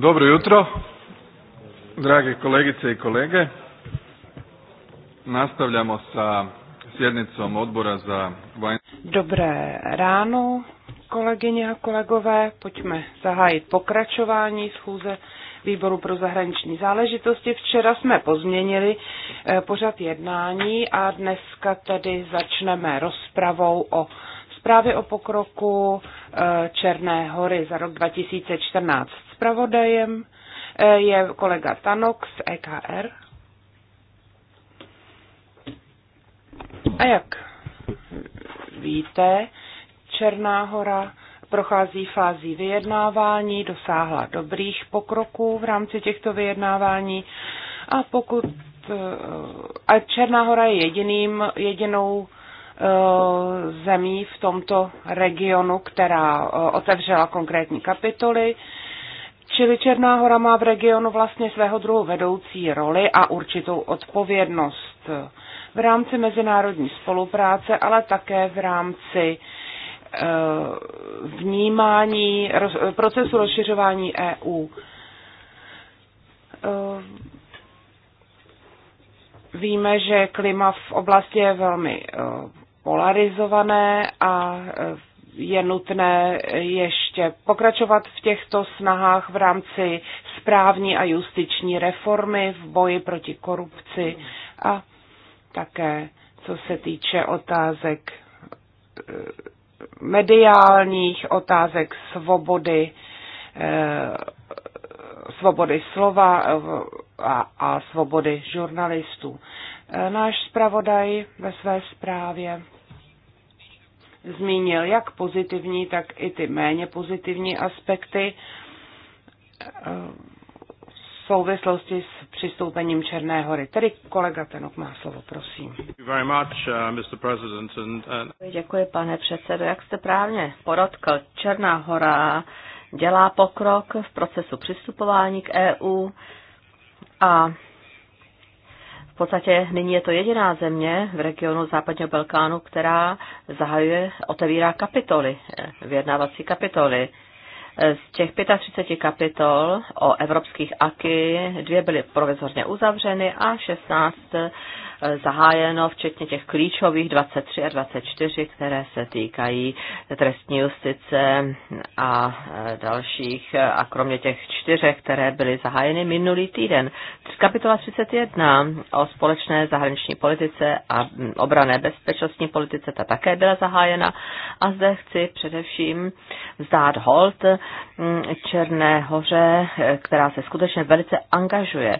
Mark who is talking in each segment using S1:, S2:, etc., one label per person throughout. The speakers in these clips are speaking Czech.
S1: Dobro jutro, drage kolegice i kolege. Nastavljamo sa sjednicom odbora za vanjske...
S2: Dobré ráno, kolegyně a kolegové. Pojďme zahájit pokračování schůze výboru pro zahraniční záležitosti. Včera jsme pozměnili eh, pořad jednání a dneska tedy začneme rozpravou o zprávě o pokroku eh, Černé hory za rok 2014 zpravodajem eh, je kolega Tanok z EKR. A jak víte, Černá hora prochází fází vyjednávání, dosáhla dobrých pokroků v rámci těchto vyjednávání a pokud eh, a Černá hora je jediným, jedinou eh, zemí v tomto regionu, která otevřela konkrétní kapitoly Čili Černá hora má v regionu vlastně svého druhu vedoucí roli a určitou odpovědnost v rámci mezinárodní spolupráce, ale také v rámci eh, vnímání procesu rozšiřování EU. Eh, víme, že klima v oblasti je velmi eh, polarizované a je nutné ještě pokračovat v těchto snahách v rámci správní a justiční reformy v boji proti korupci a také co se týče otázek eh, mediálních, otázek svobody, eh, svobody slova eh, a, a svobody žurnalistů. Náš zpravodaj ve své zprávě zmínil jak pozitivní, tak i ty méně pozitivní aspekty eh, v souvislosti s přistoupením Černé hory. Tedy kolega Tenok má slovo, prosím.
S1: Uh, uh,
S3: Děkuji, pane předsedo. Jak jste právně podotkl, Černá hora dělá pokrok v procesu přistupování k EU a podstatě nyní je to jediná země v regionu západního Balkánu, která zahajuje, otevírá kapitoly, vyjednávací kapitoly. Z těch 35 kapitol o evropských AKY dvě byly provizorně uzavřeny a 16 zahájeno, včetně těch klíčových 23 a 24, které se týkají trestní justice a e, dalších, e, a kromě těch čtyřech, které byly zahájeny minulý týden. Kapitola 31 o společné zahraniční politice a obrané bezpečnostní politice, ta také byla zahájena. A zde chci především vzdát hold Černé hoře, e, která se skutečně velice angažuje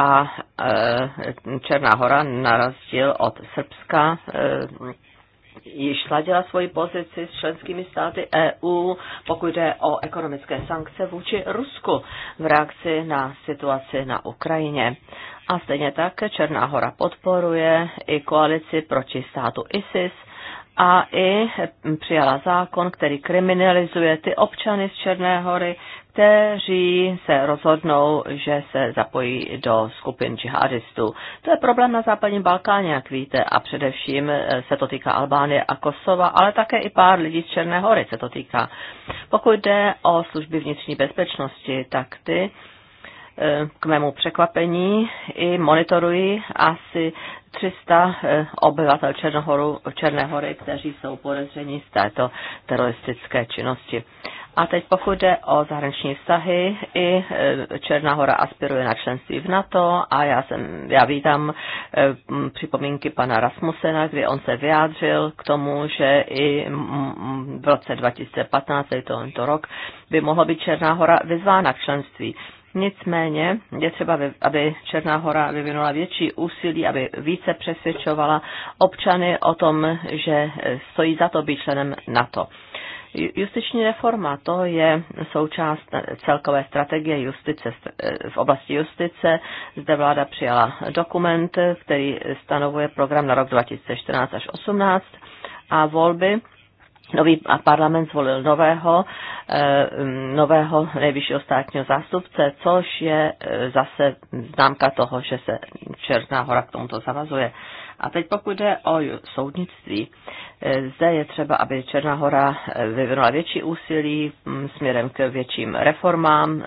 S3: a e, Černá hora na rozdíl od Srbska e, již sladila svoji pozici s členskými státy EU, pokud jde o ekonomické sankce vůči Rusku v reakci na situaci na Ukrajině. A stejně tak Černá hora podporuje i koalici proti státu ISIS a i přijala zákon, který kriminalizuje ty občany z Černé hory, kteří se rozhodnou, že se zapojí do skupin džihadistů. To je problém na západním Balkáně, jak víte, a především eh, se to týká Albánie a Kosova, ale také i pár lidí z Černé hory se to týká. Pokud jde o služby vnitřní bezpečnosti, tak ty eh, k mému překvapení i monitorují asi 300 eh, obyvatel Černohoru, Černé hory, kteří jsou podezření z této teroristické činnosti. A teď pokud jde o zahraniční vztahy, i e, Černá hora aspiruje na členství v NATO a já, jsem, já vítám e, připomínky pana Rasmusena, kdy on se vyjádřil k tomu, že i v roce 2015, to, tento rok, by mohla být Černá hora vyzvána k členství. Nicméně je třeba, aby Černá hora vyvinula větší úsilí, aby více přesvědčovala občany o tom, že stojí za to být členem NATO. Justiční reforma to je součást celkové strategie justice v oblasti justice. Zde vláda přijala dokument, který stanovuje program na rok 2014 až 2018 a volby Nový parlament zvolil nového, eh, nového nejvyššího státního zástupce, což je eh, zase známka toho, že se Černá hora k tomuto zavazuje. A teď pokud jde o soudnictví, eh, zde je třeba, aby Černá hora eh, vyvinula větší úsilí mm, směrem k větším reformám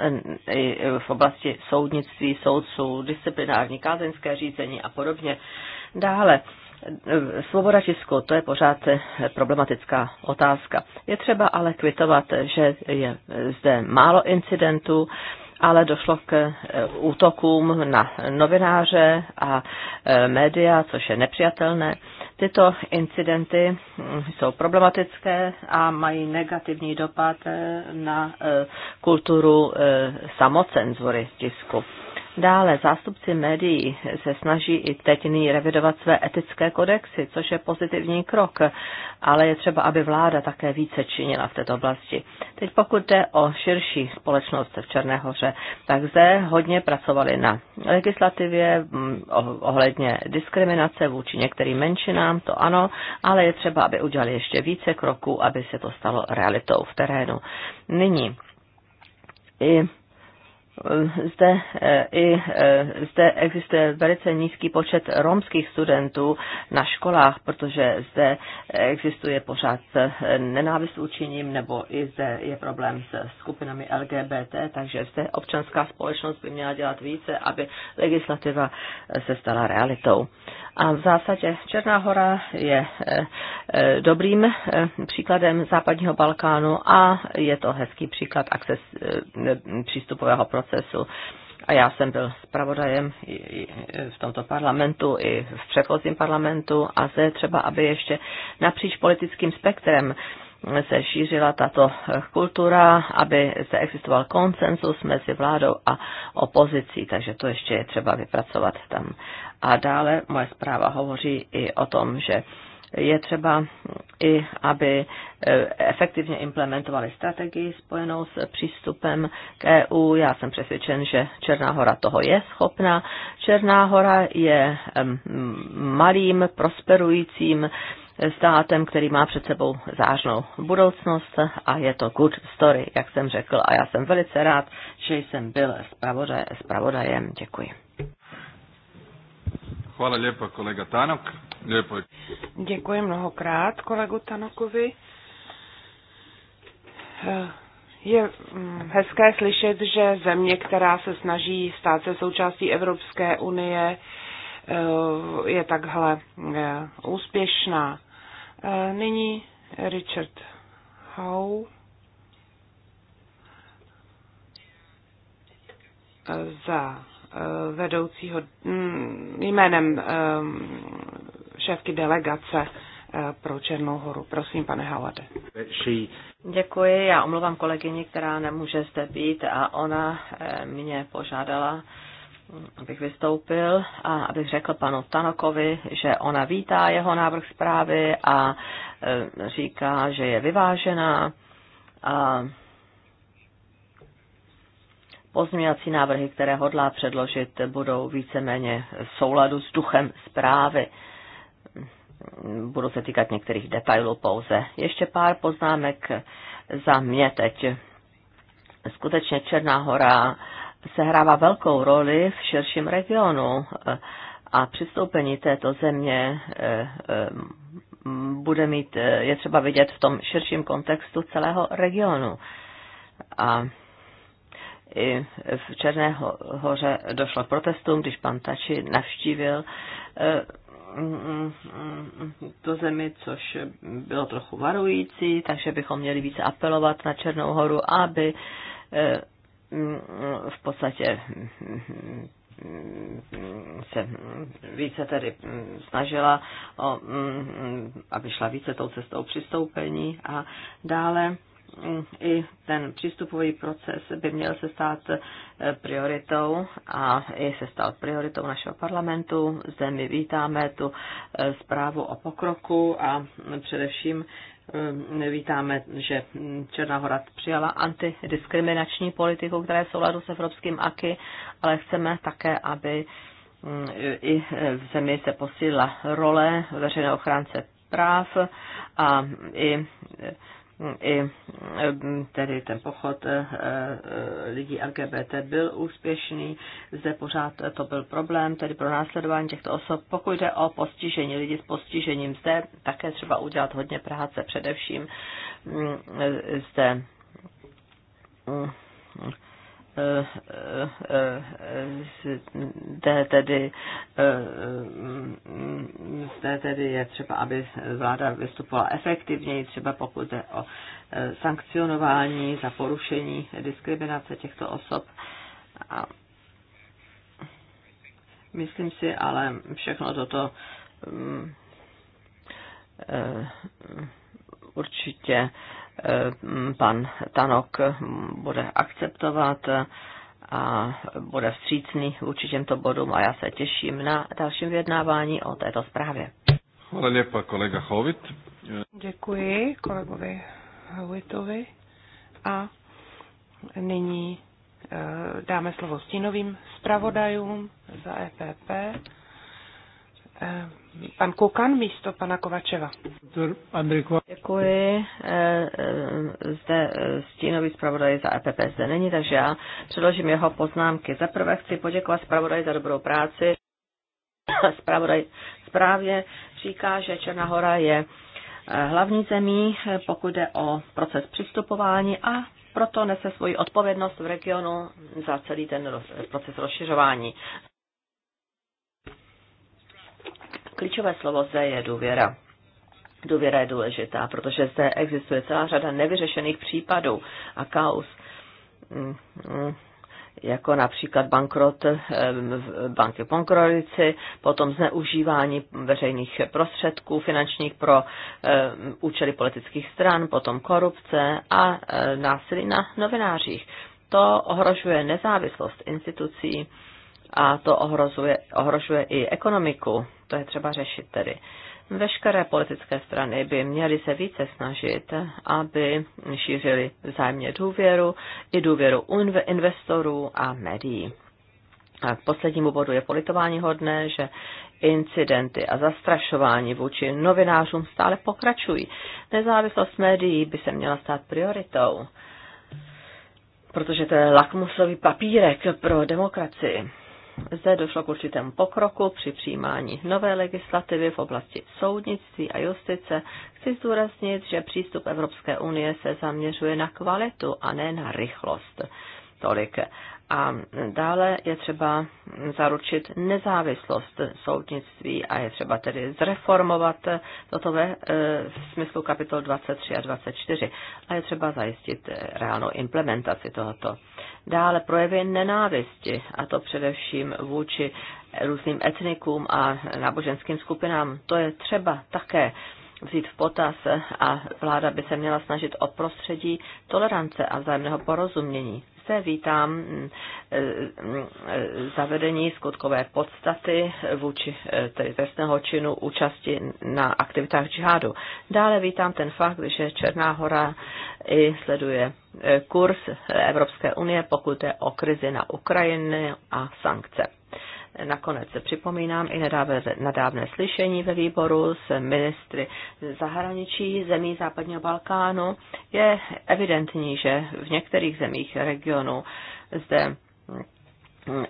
S3: eh, v oblasti soudnictví, soudců, disciplinární kázeňské řízení a podobně. Dále, Svoboda tisku, to je pořád problematická otázka. Je třeba ale kvitovat, že je zde málo incidentů, ale došlo k eh, útokům na novináře a eh, média, což je nepřijatelné. Tyto incidenty hm, jsou problematické a mají negativní dopad eh, na kulturu samocenzury tisku. Dále zástupci médií se snaží i teď nyní revidovat své etické kodexy, což je pozitivní krok, ale je třeba, aby vláda také více činila v této oblasti. Teď pokud jde o širší společnost v Černé tak zde hodně pracovali na legislativě mm, ohledně diskriminace vůči některým menšinám, to ano, ale je třeba, aby udělali ještě více kroků, aby se to stalo realitou v terénu. Nyní i zde, e, i, e, zde existuje velice nízký počet romských studentů na školách, protože zde existuje pořád e, nenávist učiním, nebo i zde je problém s skupinami LGBT, takže zde občanská společnost by měla dělat více, aby legislativa se stala realitou. A v zásadě Černá hora je dobrým příkladem západního Balkánu a je to hezký příklad akces, přístupového procesu procesu. A já jsem byl zpravodajem v tomto parlamentu i v předchozím parlamentu a zde třeba, aby ještě napříč politickým spektrem se šířila tato kultura, aby se existoval konsensus mezi vládou a opozicí, takže to ještě je třeba vypracovat tam. A dále moje zpráva hovoří i o tom, že je třeba i, aby e, efektivně implementovali strategii spojenou s přístupem k EU. Já jsem přesvědčen, že Černá hora toho je schopna. Černá hora je malým, prosperujícím státem, který má před sebou zářnou budoucnost a je to good story, jak jsem řekl. A já jsem velice rád, že jsem byl zpravodajem. Děkuji.
S1: Hvala lijepa kolega Tanok.
S4: Lijepo je.
S2: Děkuji mnohokrát kolegu Tanokovi. Je mm, hezké slyšet, že země, která se snaží stát se součástí Evropské unie, eh, je takhle eh, úspěšná. Eh, nyní Richard Howe za Eh, vedoucího mm, jménem eh, šéfky delegace eh, pro Černou horu. Prosím, pane Halade.
S3: Děkuji, já omluvám kolegyni, která nemůže zde být a ona mě požádala, mm, abych vystoupil a abych řekl panu Tanokovi, že ona vítá jeho návrh zprávy a říká, že je vyvážená a Pozměňovací návrhy, které hodlá předložit, budou víceméně v souladu s duchem zprávy. Budou se týkat některých detailů pouze. Ještě pár poznámek za mě teď. Skutečně Černá hora sehrává velkou roli v širším regionu a přistoupení této země eh, eh, bude mít, eh, je třeba vidět v tom širším kontextu celého regionu. A i v Černé hoře došlo k protestům, když pan Tači navštívil e, mm, mm, mm, To zemi, což bylo trochu varující, takže bychom měli více apelovat na Černou horu, aby e, v podstatě se více tedy snažila, aby šla více tou cestou přistoupení a dále i ten přístupový proces by měl se stát eh, prioritou a i se stal prioritou našeho parlamentu. Zde my vítáme tu eh, zprávu o pokroku a především eh, vítáme, že Černá hora přijala antidiskriminační politiku, která je v souladu s evropským AKY, ale chceme také, aby mm, i v zemi se posílila role veřejného ochránce práv a i i e, tedy ten pochod e, e, lidí LGBT byl úspěšný. Zde pořád to byl problém, tedy pro následování těchto osob. Pokud jde o postižení lidí s postižením, zde také třeba udělat hodně práce, především mm, zde mm, Eh, eh, eh, zde tedy, zde tedy je třeba, aby vláda vystupovala efektivněji, třeba pokud jde o sankcionování za porušení diskriminace těchto osob. A myslím si, ale všechno toto mm, určitě Eh, pan Tanok bude akceptovat a bude vstřícný vůči těmto bodům a já se těším na dalším vyjednávání o této zprávě.
S1: Hvala lepa kolega Hovit.
S3: Děkuji kolegovi
S2: Hovitovi a nyní eh, dáme slovo stínovým zpravodajům za EPP pan Kukan místo pana Kovačeva.
S3: Děkuji. Eh, eh, zde eh, stínový zpravodaj za EPP zde není, takže já předložím jeho poznámky. Za prvé chci poděkovat zpravodaj za dobrou práci. Zpravodaj správně říká, že Černá hora je hlavní zemí, pokud jde o proces přistupování a proto nese svoji odpovědnost v regionu za celý ten proces rozšiřování. klíčové slovo zde je důvěra. Důvěra je důležitá, protože zde existuje celá řada nevyřešených případů a kaos, mm, mm. jako například bankrot eh, banky Ponkrolici, potom zneužívání veřejných prostředků finančních pro eh, účely politických stran, potom korupce a eh, násilí na novinářích. To ohrožuje nezávislost institucí a to ohrozuje, ohrožuje i ekonomiku. To je třeba řešit tedy. Veškeré politické strany by měly se více snažit, aby šířili vzájemně důvěru i důvěru investorů a médií. A k poslednímu bodu je politování hodné, že incidenty a zastrašování vůči novinářům stále pokračují. Nezávislost médií by se měla stát prioritou, protože to je lakmusový papírek pro demokracii. Zde došlo k určitému pokroku při přijímání nové legislativy v oblasti soudnictví a justice. Chci zdůraznit, že přístup Evropské unie se zaměřuje na kvalitu a ne na rychlost. Tolik. A dále je třeba zaručit nezávislost soudnictví a je třeba tedy zreformovat toto ve e, v smyslu kapitol 23 a 24. A je třeba zajistit reálnou implementaci tohoto. Dále projevy nenávisti, a to především vůči různým etnikům a náboženským skupinám. To je třeba také vzít v potaz a vláda by se měla snažit o prostředí tolerance a vzájemného porozumění zde vítám mm, mm, mm, zavedení skutkové podstaty vůči e, trestného činu účasti na aktivitách džihádu. Dále vítám ten fakt, že Černá hora i sleduje e, kurz Evropské unie, pokud je o krizi na Ukrajině a sankce. Nakonec připomínám i nedávné, nedávné slyšení ve výboru s ministry zahraničí zemí západního Balkánu. Je evidentní, že v některých zemích regionu zde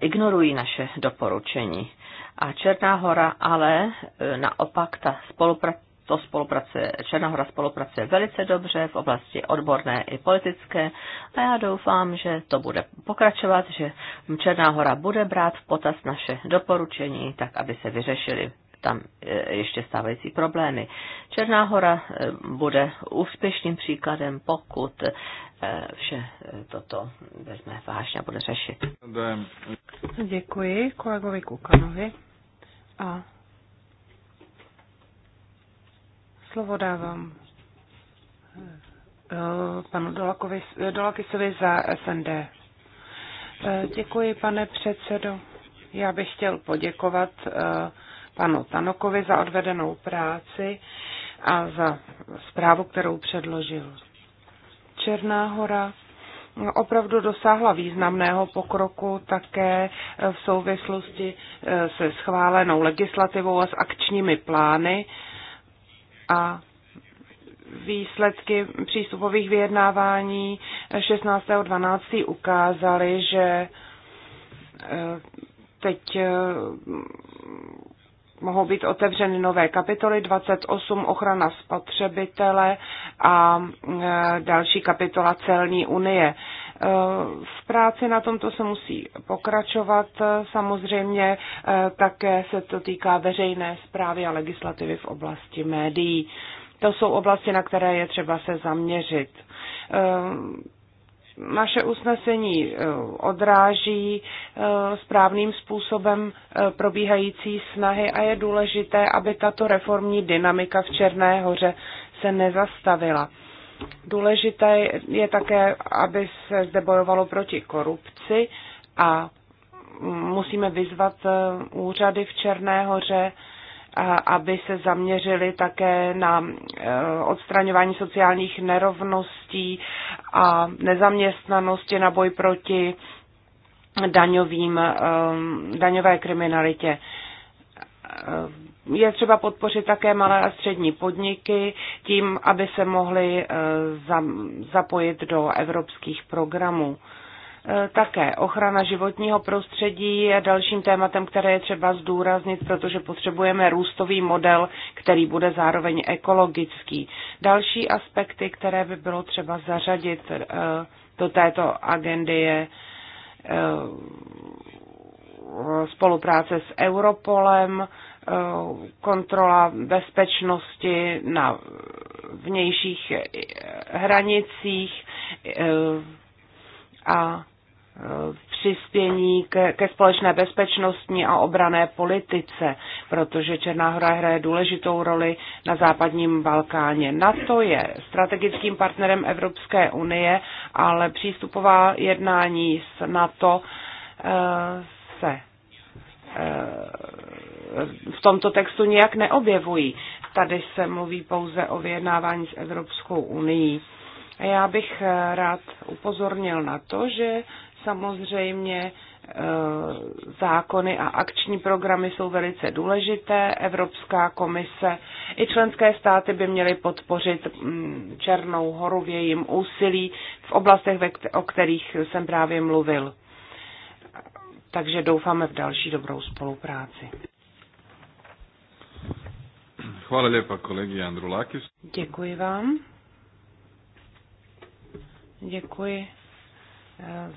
S3: ignorují naše doporučení. A Černá hora ale e, naopak ta spolupráce to spolupracuje, Černohora spolupracuje velice dobře v oblasti odborné i politické a já doufám, že to bude pokračovat, že Černá hora bude brát v potaz naše doporučení, tak aby se vyřešili tam e, ještě stávající problémy. Černá hora e, bude úspěšným příkladem, pokud e, vše toto vezme vážně a bude řešit. Děkuji kolegovi Kukanovi a
S2: Slovo dávám eh, panu eh, Dolakisovi za SND. Eh, děkuji, pane předsedo. Já bych chtěl poděkovat panu Tanokovi za odvedenou práci a za zprávu, kterou předložil. Černá hora opravdu dosáhla významného pokroku také v souvislosti se schválenou legislativou a s akčními plány a výsledky přístupových vyjednávání 16.12. ukázaly, že eh, teď eh, mohou být otevřeny nové kapitoly 28 ochrana spotřebitele a eh, další kapitola celní unie. Eh, v práci na tomto se musí pokračovat. Samozřejmě eh, také se to týká veřejné zprávy a legislativy v oblasti médií. To jsou oblasti, na které je třeba se zaměřit eh, naše usnesení odráží správným způsobem probíhající snahy a je důležité, aby tato reformní dynamika v Černé hoře se nezastavila. Důležité je také, aby se zde bojovalo proti korupci a musíme vyzvat eh, úřady v Černé hoře, aby se zaměřili také na eh, odstraňování sociálních nerovností a nezaměstnanosti na boj proti daňovým, eh, daňové kriminalitě je třeba podpořit také malé a střední podniky tím, aby se mohly eh, zapojit do evropských programů. Eh, také ochrana životního prostředí je dalším tématem, které je třeba zdůraznit, protože potřebujeme růstový model, který bude zároveň ekologický. Další aspekty, které by bylo třeba zařadit eh, do této agendy, je spolupráce s Europolem, Eh, kontrola bezpečnosti na vnějších eh, hranicích eh, a přispění ke, ke společné bezpečnostní a obrané politice, protože Černá hora hraje důležitou roli na západním Balkáně. NATO je strategickým partnerem Evropské unie, ale přístupová jednání s NATO se v tomto textu nijak neobjevují. Tady se mluví pouze o vyjednávání s Evropskou unii. A já bych eh, rád upozornil na to, že samozřejmě eh, zákony a akční programy jsou velice důležité. Evropská komise i členské státy by měly podpořit mm, Černou horu v jejím úsilí v oblastech, o kterých jsem právě mluvil. Takže doufáme v další dobrou spolupráci.
S1: Hvala lijepa kolegi Lakis.
S2: Děkuji vám. Děkuji, eh,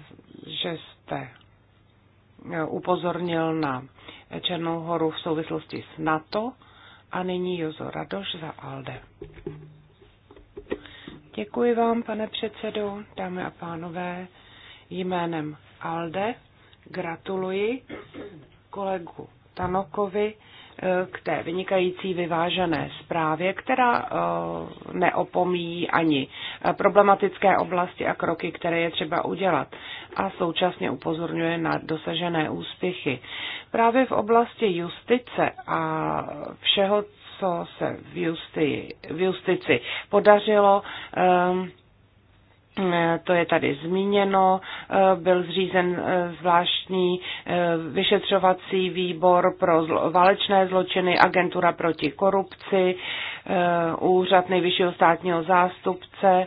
S2: že jste eh, upozornil na Černou horu v souvislosti s NATO a nyní Jozo Radoš za ALDE. Děkuji vám, pane předsedo, dámy a pánové, jménem ALDE gratuluji kolegu Tanokovi Eh, k té vynikající vyvážené zprávě, která eh, neopomíjí ani eh, problematické oblasti a kroky, které je třeba udělat a současně upozorňuje na dosažené úspěchy. Právě v oblasti justice a všeho, co se v, justi, v justici podařilo, to je tady zmíněno, eh, byl zřízen eh, zvláštní eh, vyšetřovací výbor pro válečné zločiny, agentura proti korupci, Eh, úřad nejvyššího státního zástupce, eh,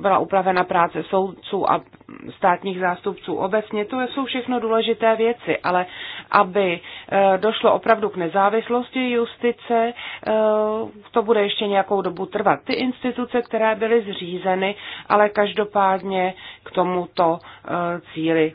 S2: byla upravena práce soudců a státních zástupců obecně. To jsou všechno důležité věci, ale aby eh, došlo opravdu k nezávislosti justice, to bude ještě nějakou dobu trvat. Ty instituce, které byly zřízeny, ale každopádně k tomuto cíli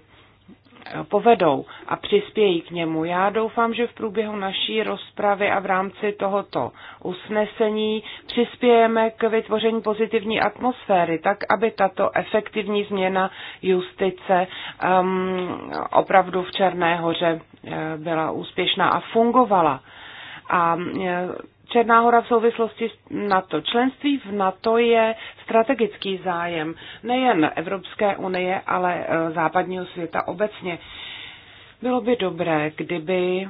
S2: Eh, povedou a přispějí k němu. Já doufám, že v průběhu naší rozpravy a v rámci tohoto usnesení přispějeme k vytvoření pozitivní atmosféry, tak aby tato efektivní změna justice um, opravdu v Černé hoře eh, byla úspěšná a fungovala. A eh, Černá hora v souvislosti s NATO. Členství v NATO je strategický zájem nejen Evropské unie, ale e, západního světa obecně. Bylo by dobré, kdyby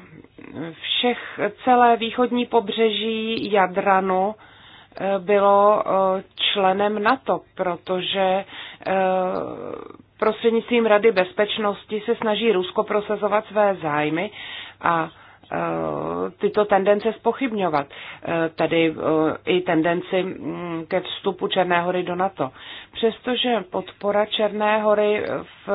S2: všech celé východní pobřeží Jadranu e, bylo e, členem NATO, protože prostřednictvím Rady bezpečnosti se snaží Rusko prosazovat své zájmy a Eh, tyto tendence spochybňovat, eh, tedy eh, i tendenci mm, ke vstupu Černé hory do NATO. Přestože podpora Černé hory v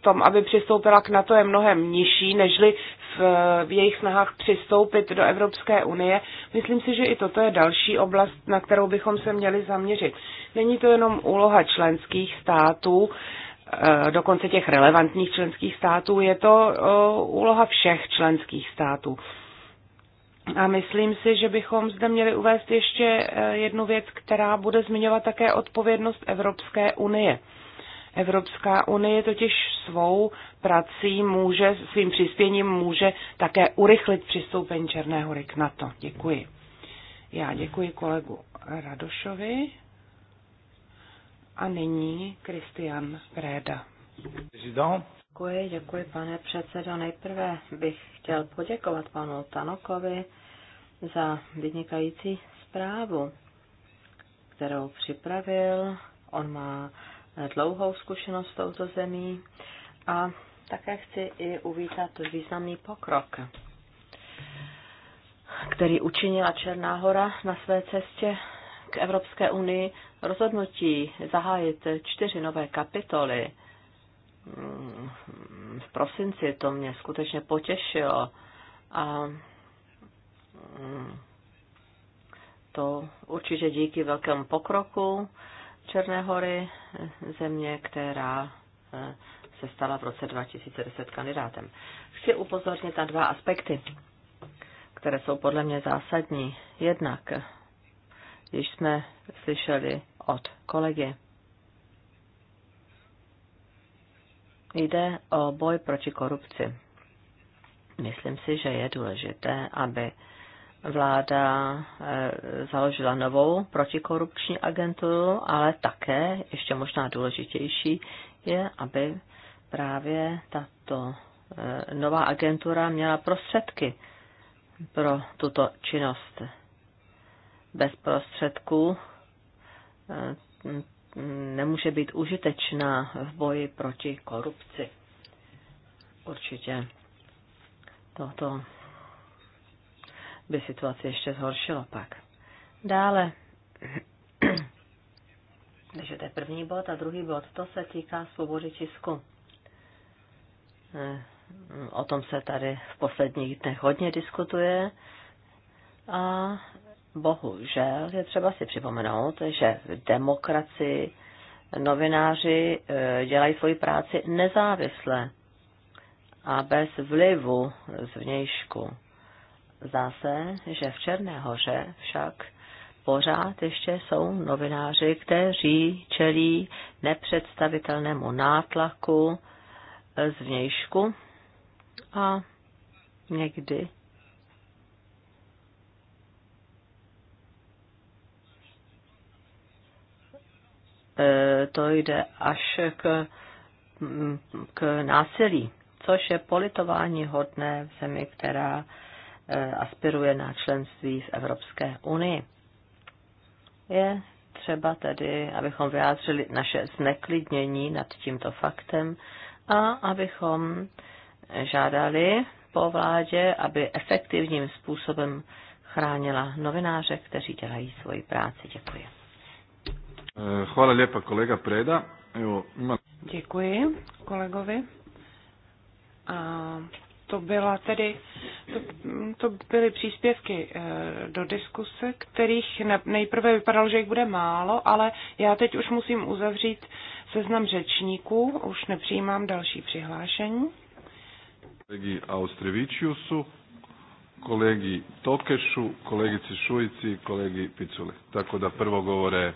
S2: tom, aby přistoupila k NATO, je mnohem nižší, nežli v, v jejich snahách přistoupit do Evropské unie, myslím si, že i toto je další oblast, na kterou bychom se měli zaměřit. Není to jenom úloha členských států, Eh, dokonce těch relevantních členských států, je to eh, úloha všech členských států. A myslím si, že bychom zde měli uvést ještě eh, jednu věc, která bude zmiňovat také odpovědnost Evropské unie. Evropská unie totiž svou prací může, svým přispěním může také urychlit přistoupení Černé hory k NATO. Děkuji. Já děkuji kolegu Radošovi. A
S3: nyní Kristian Préda. Děkuji, děkuji, pane předsedo. Nejprve bych chtěl poděkovat panu Tanokovi za vynikající zprávu, kterou připravil. On má dlouhou zkušenost s touto zemí a také chci i uvítat významný pokrok, který učinila Černá hora na své cestě k Evropské unii Rozhodnutí zahájit čtyři nové kapitoly mm, v prosinci, to mě skutečně potěšilo. A mm, to určitě díky velkému pokroku Černé hory, země, která e, se stala v roce 2010 kandidátem. Chci upozornit na dva aspekty, které jsou podle mě zásadní. Jednak, když jsme slyšeli od kolegy. Jde o boj proti korupci. Myslím si, že je důležité, aby vláda eh, založila novou protikorupční agenturu, ale také, ještě možná důležitější, je, aby právě tato eh, nová agentura měla prostředky pro tuto činnost. Bez prostředků nemůže být užitečná v boji proti korupci. Určitě toto by situaci ještě zhoršilo pak. Dále, takže to je první bod a druhý bod, to se týká svobody tisku. Eh, o tom se tady v posledních dnech hodně diskutuje a bohužel je třeba si připomenout, že v demokracii novináři e, dělají svoji práci nezávisle a bez vlivu zvnějšku. Zdá se, že v Černé hoře však pořád ještě jsou novináři, kteří čelí nepředstavitelnému nátlaku zvnějšku a někdy E, to jde až k, k násilí, což je politování hodné v zemi, která e, aspiruje na členství v Evropské unii. Je třeba tedy, abychom vyjádřili naše zneklidnění nad tímto faktem a abychom žádali po vládě, aby efektivním způsobem chránila novináře, kteří dělají svoji práci. Děkuji.
S1: Hvala lijepa kolega Preda.
S3: Děkuji kolegovi.
S2: A to byla tedy, to, to byly příspěvky eh, do diskuse, kterých nejprve vypadalo, že jich bude málo, ale já teď už musím uzavřít seznam řečníků, už nepřijímám další přihlášení.
S1: Kolegi Austrevičiusu, kolegi Tokešu, kolegici Šujici, kolegi Piculi. Tako da prvo govore...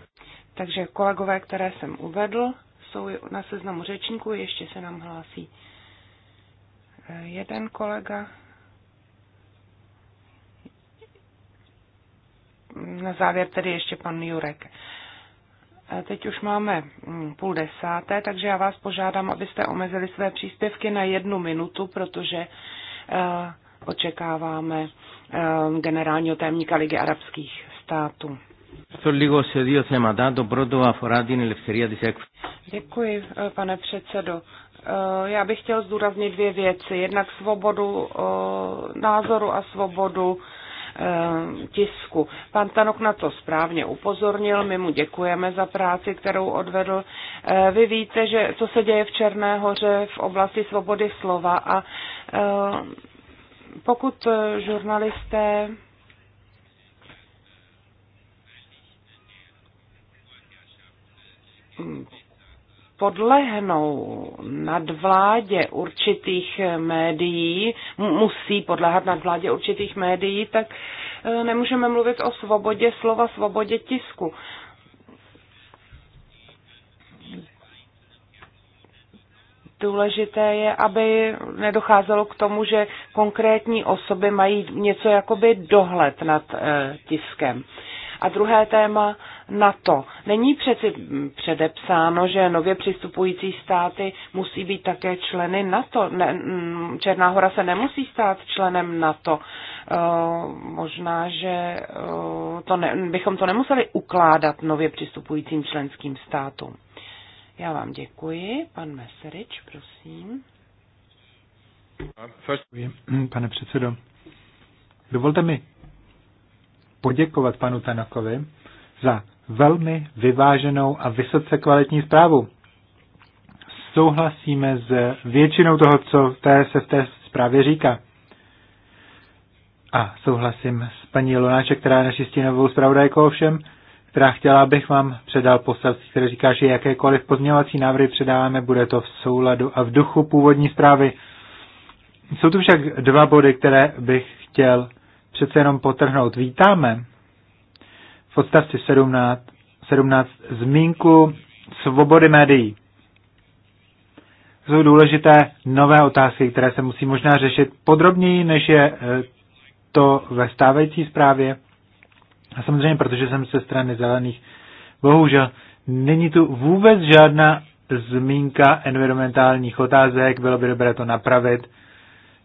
S2: Takže kolegové, které jsem uvedl, jsou na seznamu řečníků, ještě se nám hlásí eh, jeden kolega. Na závěr tedy ještě pan Jurek. Eh, teď už máme hm, půl desáté, takže já vás požádám, abyste omezili své příspěvky na jednu minutu, protože eh, očekáváme generálního témníka Ligy arabských států.
S5: To λίγο se δύο θέματα. To πρώτο αφορά την ελευθερία της
S2: Děkuji, pane předsedo. Eh, já bych chtěl zdůraznit dvě věci. Jednak svobodu eh, názoru a svobodu eh, tisku. Pan Tanok na to správně upozornil, my mu děkujeme za práci, kterou odvedl. Vy víte, že co se děje v Černé hoře v oblasti svobody slova a pokud žurnalisté podlehnou nad vládě určitých médií, musí podléhat nad vládě určitých médií, tak e, nemůžeme mluvit o svobodě slova, svobodě tisku. důležité je, aby nedocházelo k tomu, že konkrétní osoby mají něco jakoby dohled nad e, tiskem. A druhé téma NATO. Není přeci předepsáno, že nově přistupující státy musí být také členy NATO. Ne, mm, Černá hora se nemusí stát členem NATO. E, možná, že e, to ne, bychom to nemuseli ukládat nově přistupujícím členským státům. Já vám děkuji. Pan Meserič, prosím.
S6: Pane předsedo, dovolte mi poděkovat panu Tanakovi za velmi vyváženou a vysoce kvalitní zprávu. Souhlasíme s většinou toho, co té, se v té zprávě říká. A souhlasím s paní Lonáče, která je naší stínovou zpravodajkou ovšem, která chtěla, abych vám předal poselství, které říká, že jakékoliv pozměňovací návrhy předáváme, bude to v souladu a v duchu původní zprávy. Jsou tu však dva body, které bych chtěl přece jenom potrhnout. Vítáme v odstavci 17, 17 zmínku svobody médií. Jsou důležité nové otázky, které se musí možná řešit podrobněji, než je eh, to ve stávající zprávě. A samozřejmě, protože jsem se strany zelených, bohužel není tu vůbec žádná zmínka environmentálních otázek, bylo by dobré to napravit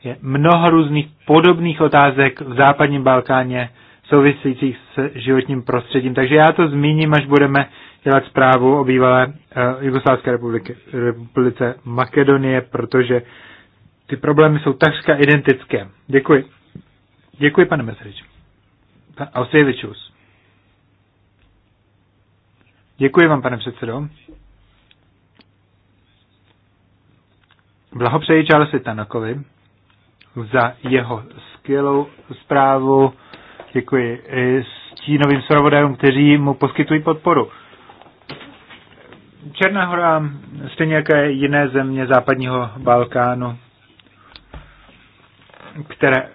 S6: je mnoho různých podobných otázek v západním Balkáně souvisejících s životním prostředím. Takže já to zmíním, až budeme dělat zprávu o bývalé uh, Jugoslávské republiky, republice Makedonie, protože ty problémy jsou takřka identické. Děkuji. Děkuji, pane Mesrič. Austrijevičus. Děkuji vám, pane předsedo. Blahopřeji Charlesi Tanakovi za jeho skvělou zprávu. Děkuji stínovým zpravodajům, kteří mu poskytují podporu. Černá hora, stejně jako jiné země západního Balkánu, které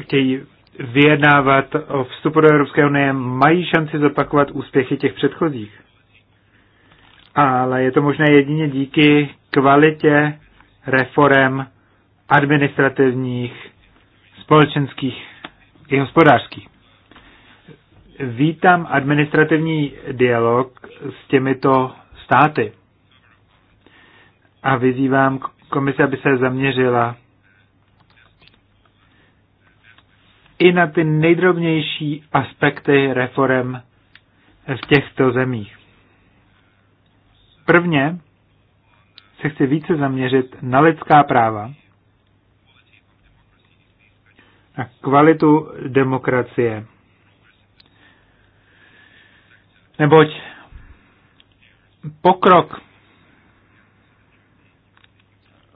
S6: chtějí vyjednávat o vstupu do Evropské unie, mají šanci zopakovat úspěchy těch předchozích. Ale je to možné jedině díky kvalitě reform administrativních, společenských i hospodářských. Vítám administrativní dialog s těmito státy a vyzývám komise, aby se zaměřila i na ty nejdrobnější aspekty reform v těchto zemích. Prvně se chci více zaměřit na lidská práva na kvalitu demokracie. Neboť pokrok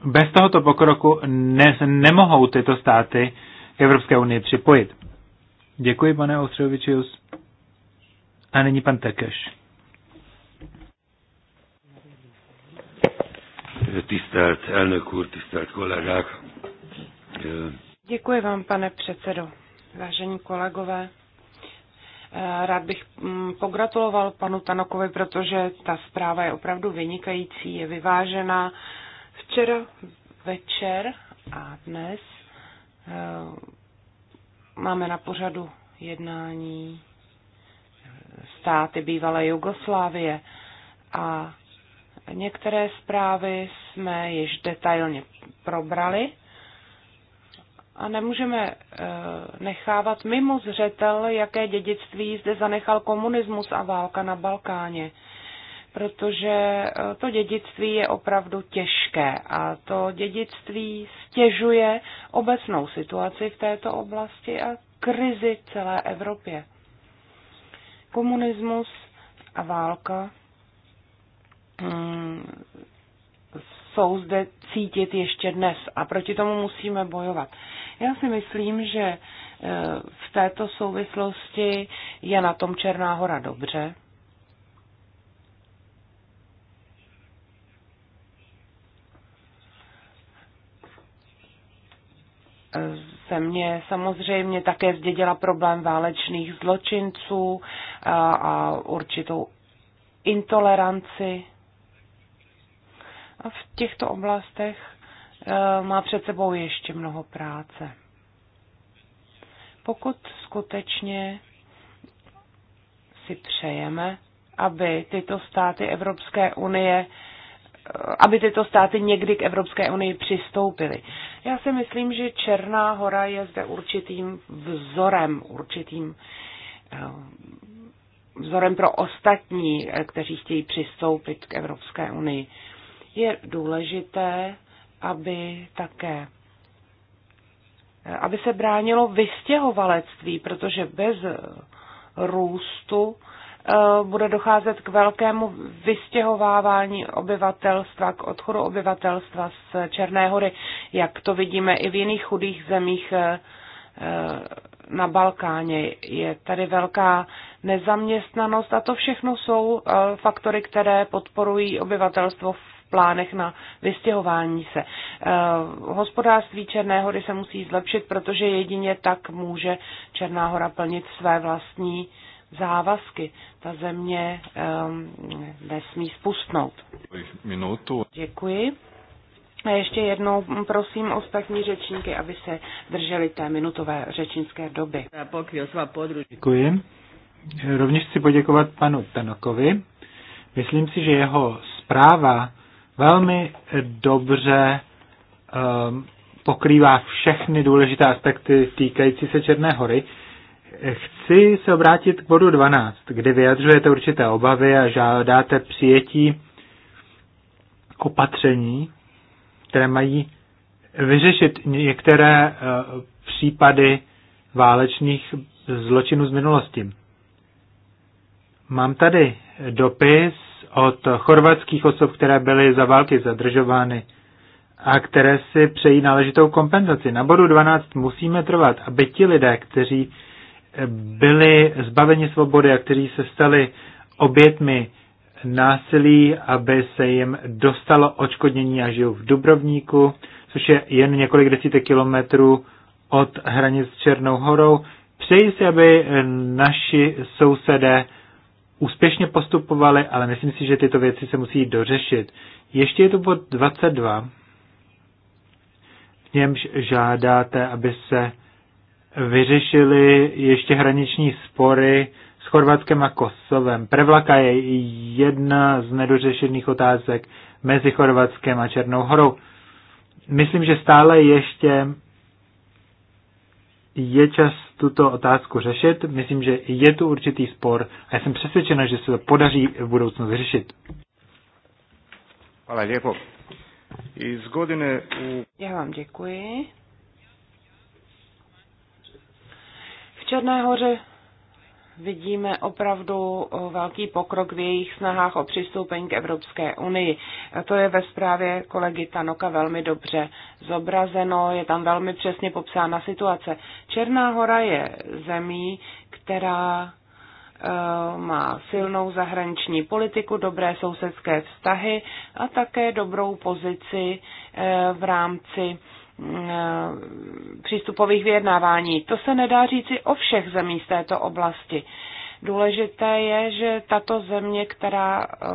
S6: bez tohoto pokroku ne, nemohou tyto státy k Evropské unii připojit. Děkuji, pane Ostřovičius. A nyní pan Tekeš.
S4: Tisztelt elnök úr, tisztelt kollégák!
S2: Děkuji vám, pane předsedo. Vážení kolegové, eh, rád bych mm, pogratuloval panu Tanokovi, protože ta zpráva je opravdu vynikající, je vyvážená. Včera večer a dnes eh, máme na pořadu jednání eh, státy bývalé Jugoslávie a některé zprávy jsme již detailně probrali a nemůžeme eh, nechávat mimo zřetel, jaké dědictví zde zanechal komunismus a válka na Balkáně. Protože eh, to dědictví je opravdu těžké a to dědictví stěžuje obecnou situaci v této oblasti a krizi celé Evropě. Komunismus a válka hmm, jsou zde cítit ještě dnes a proti tomu musíme bojovat. Já si myslím, že e, v této souvislosti je na tom Černá hora dobře. Země samozřejmě také zdědila problém válečných zločinců a, a určitou intoleranci. A v těchto oblastech Eh, má před sebou ještě mnoho práce. Pokud skutečně si přejeme, aby tyto státy Evropské unie eh, aby tyto státy někdy k Evropské unii přistoupily. Já si myslím, že Černá hora je zde určitým vzorem, určitým eh, vzorem pro ostatní, kteří chtějí přistoupit k Evropské unii. Je důležité, aby také aby se bránilo vystěhovalectví, protože bez růstu eh, bude docházet k velkému vystěhovávání obyvatelstva, k odchodu obyvatelstva z Černé hory, jak to vidíme i v jiných chudých zemích eh, eh, na Balkáně. Je tady velká nezaměstnanost a to všechno jsou faktory, které podporují obyvatelstvo v plánech na vystěhování se. Eh, hospodářství Černé hory se musí zlepšit, protože jedině tak může Černá hora plnit své vlastní závazky. Ta země eh, nesmí spustnout.
S1: Minutu.
S2: Děkuji. A ještě jednou prosím ostatní řečníky, aby se drželi té minutové řečnické doby.
S6: Děkuji. Rovněž chci poděkovat panu Tanokovi. Myslím si, že jeho zpráva velmi dobře um, pokrývá všechny důležité aspekty týkající se Černé hory. Chci se obrátit k bodu 12, kdy vyjadřujete určité obavy a žádáte přijetí opatření, které mají vyřešit některé eh, případy válečných zločinů z minulosti. Mám tady dopis od chorvatských osob, které byly za války zadržovány a které si přejí náležitou kompenzaci. Na bodu 12 musíme trvat, aby ti lidé, kteří byli zbaveni svobody a kteří se stali obětmi násilí, aby se jim dostalo očkodnění a žijou v Dubrovníku, což je jen několik desítek kilometrů od hranic s Černou horou. Přeji si, aby naši sousedé úspěšně postupovali, ale myslím si, že tyto věci se musí dořešit. Ještě je to bod 22, v němž žádáte, aby se vyřešili ještě hraniční spory s Chorvatskem a Kosovem. Prevlaka je jedna z nedořešených otázek mezi Chorvatskem a Černou horou. Myslím, že stále ještě je čas tuto otázku řešit. Myslím, že je tu určitý spor a já jsem přesvědčena, že se to podaří v budoucnu řešit.
S2: Hvala lijepo. z godine u... Já vám děkuji. V Černé hoře vidíme opravdu velký pokrok v jejich snahách o přistoupení k Evropské unii. A to je ve zprávě kolegy Tanoka velmi dobře zobrazeno, je tam velmi přesně popsána situace. Černá hora je zemí, která e, má silnou zahraniční politiku, dobré sousedské vztahy a také dobrou pozici e, v rámci Eh, přístupových vyjednávání. To se nedá říci o všech zemích z této oblasti. Důležité je, že tato země, která eh,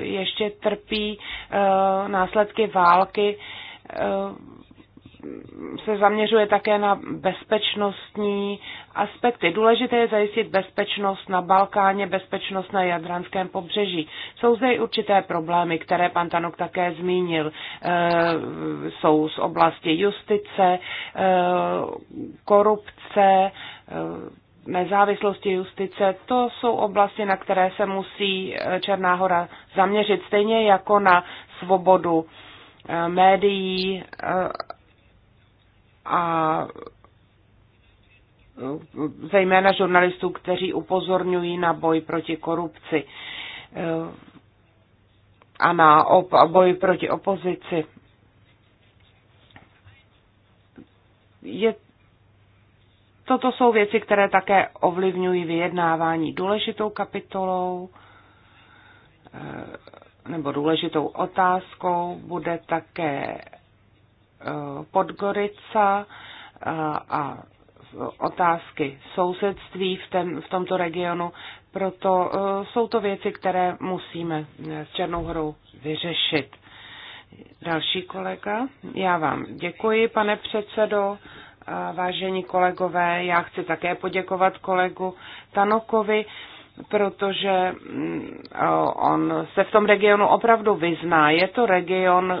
S2: ještě trpí eh, následky války, se zaměřuje také na bezpečnostní aspekty. Důležité je zajistit bezpečnost na Balkáně, bezpečnost na Jadranském pobřeží. Jsou zde i určité problémy, které pan Tanok také zmínil. Eh, jsou z oblasti justice, eh, korupce, eh, nezávislosti justice, to jsou oblasti, na které se musí Černá hora zaměřit, stejně jako na svobodu médií a zejména žurnalistů, kteří upozorňují na boj proti korupci eh, a na op- boj proti opozici. Je, toto jsou věci, které také ovlivňují vyjednávání. Důležitou kapitolou eh, nebo důležitou otázkou bude také Eh, Podgorica eh, a otázky sousedství v, ten, v tomto regionu. Proto eh, jsou to věci, které musíme s Černou horou vyřešit. Další kolega. Já vám děkuji, pane předsedo. Vážení kolegové, já chci také poděkovat kolegu Tanokovi, protože mm, on se v tom regionu opravdu vyzná. Je to region,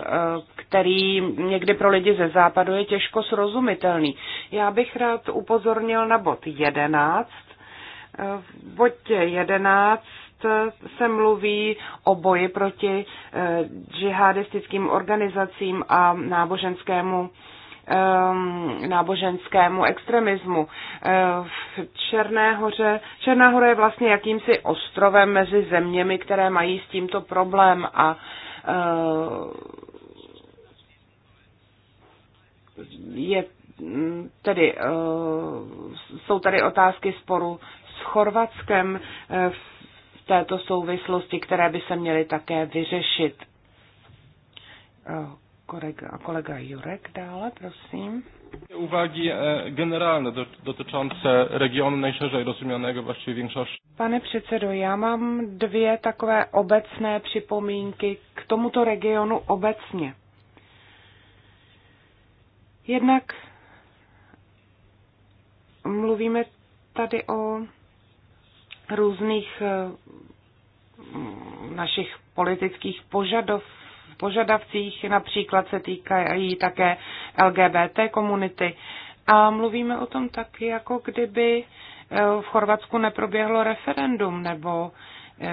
S2: který někdy pro lidi ze západu je těžko srozumitelný. Já bych rád upozornil na bod 11. V bodě 11 se mluví o boji proti eh, džihadistickým organizacím a náboženskému ehm, náboženskému extremismu. Eh, v Černé hoře, Černá hora je vlastně jakýmsi ostrovem mezi zeměmi, které mají s tímto problém a eh, je mm, tedy, eh, jsou tady otázky sporu s Chorvatskem eh, v této souvislosti, které by se měly také vyřešit. Eh, kolega, kolega Jurek dále, prosím.
S1: Uwagi generalne dotyczące regionu najszerzej rozumianego właściwie większości.
S2: Pane předsedo, já mám dvě takové obecné připomínky k tomuto regionu obecně. Jednak mluvíme tady o různých eh, našich politických požadov, požadavcích, například se týkají také LGBT komunity. A mluvíme o tom tak, jako kdyby eh, v Chorvatsku neproběhlo referendum, nebo Eh,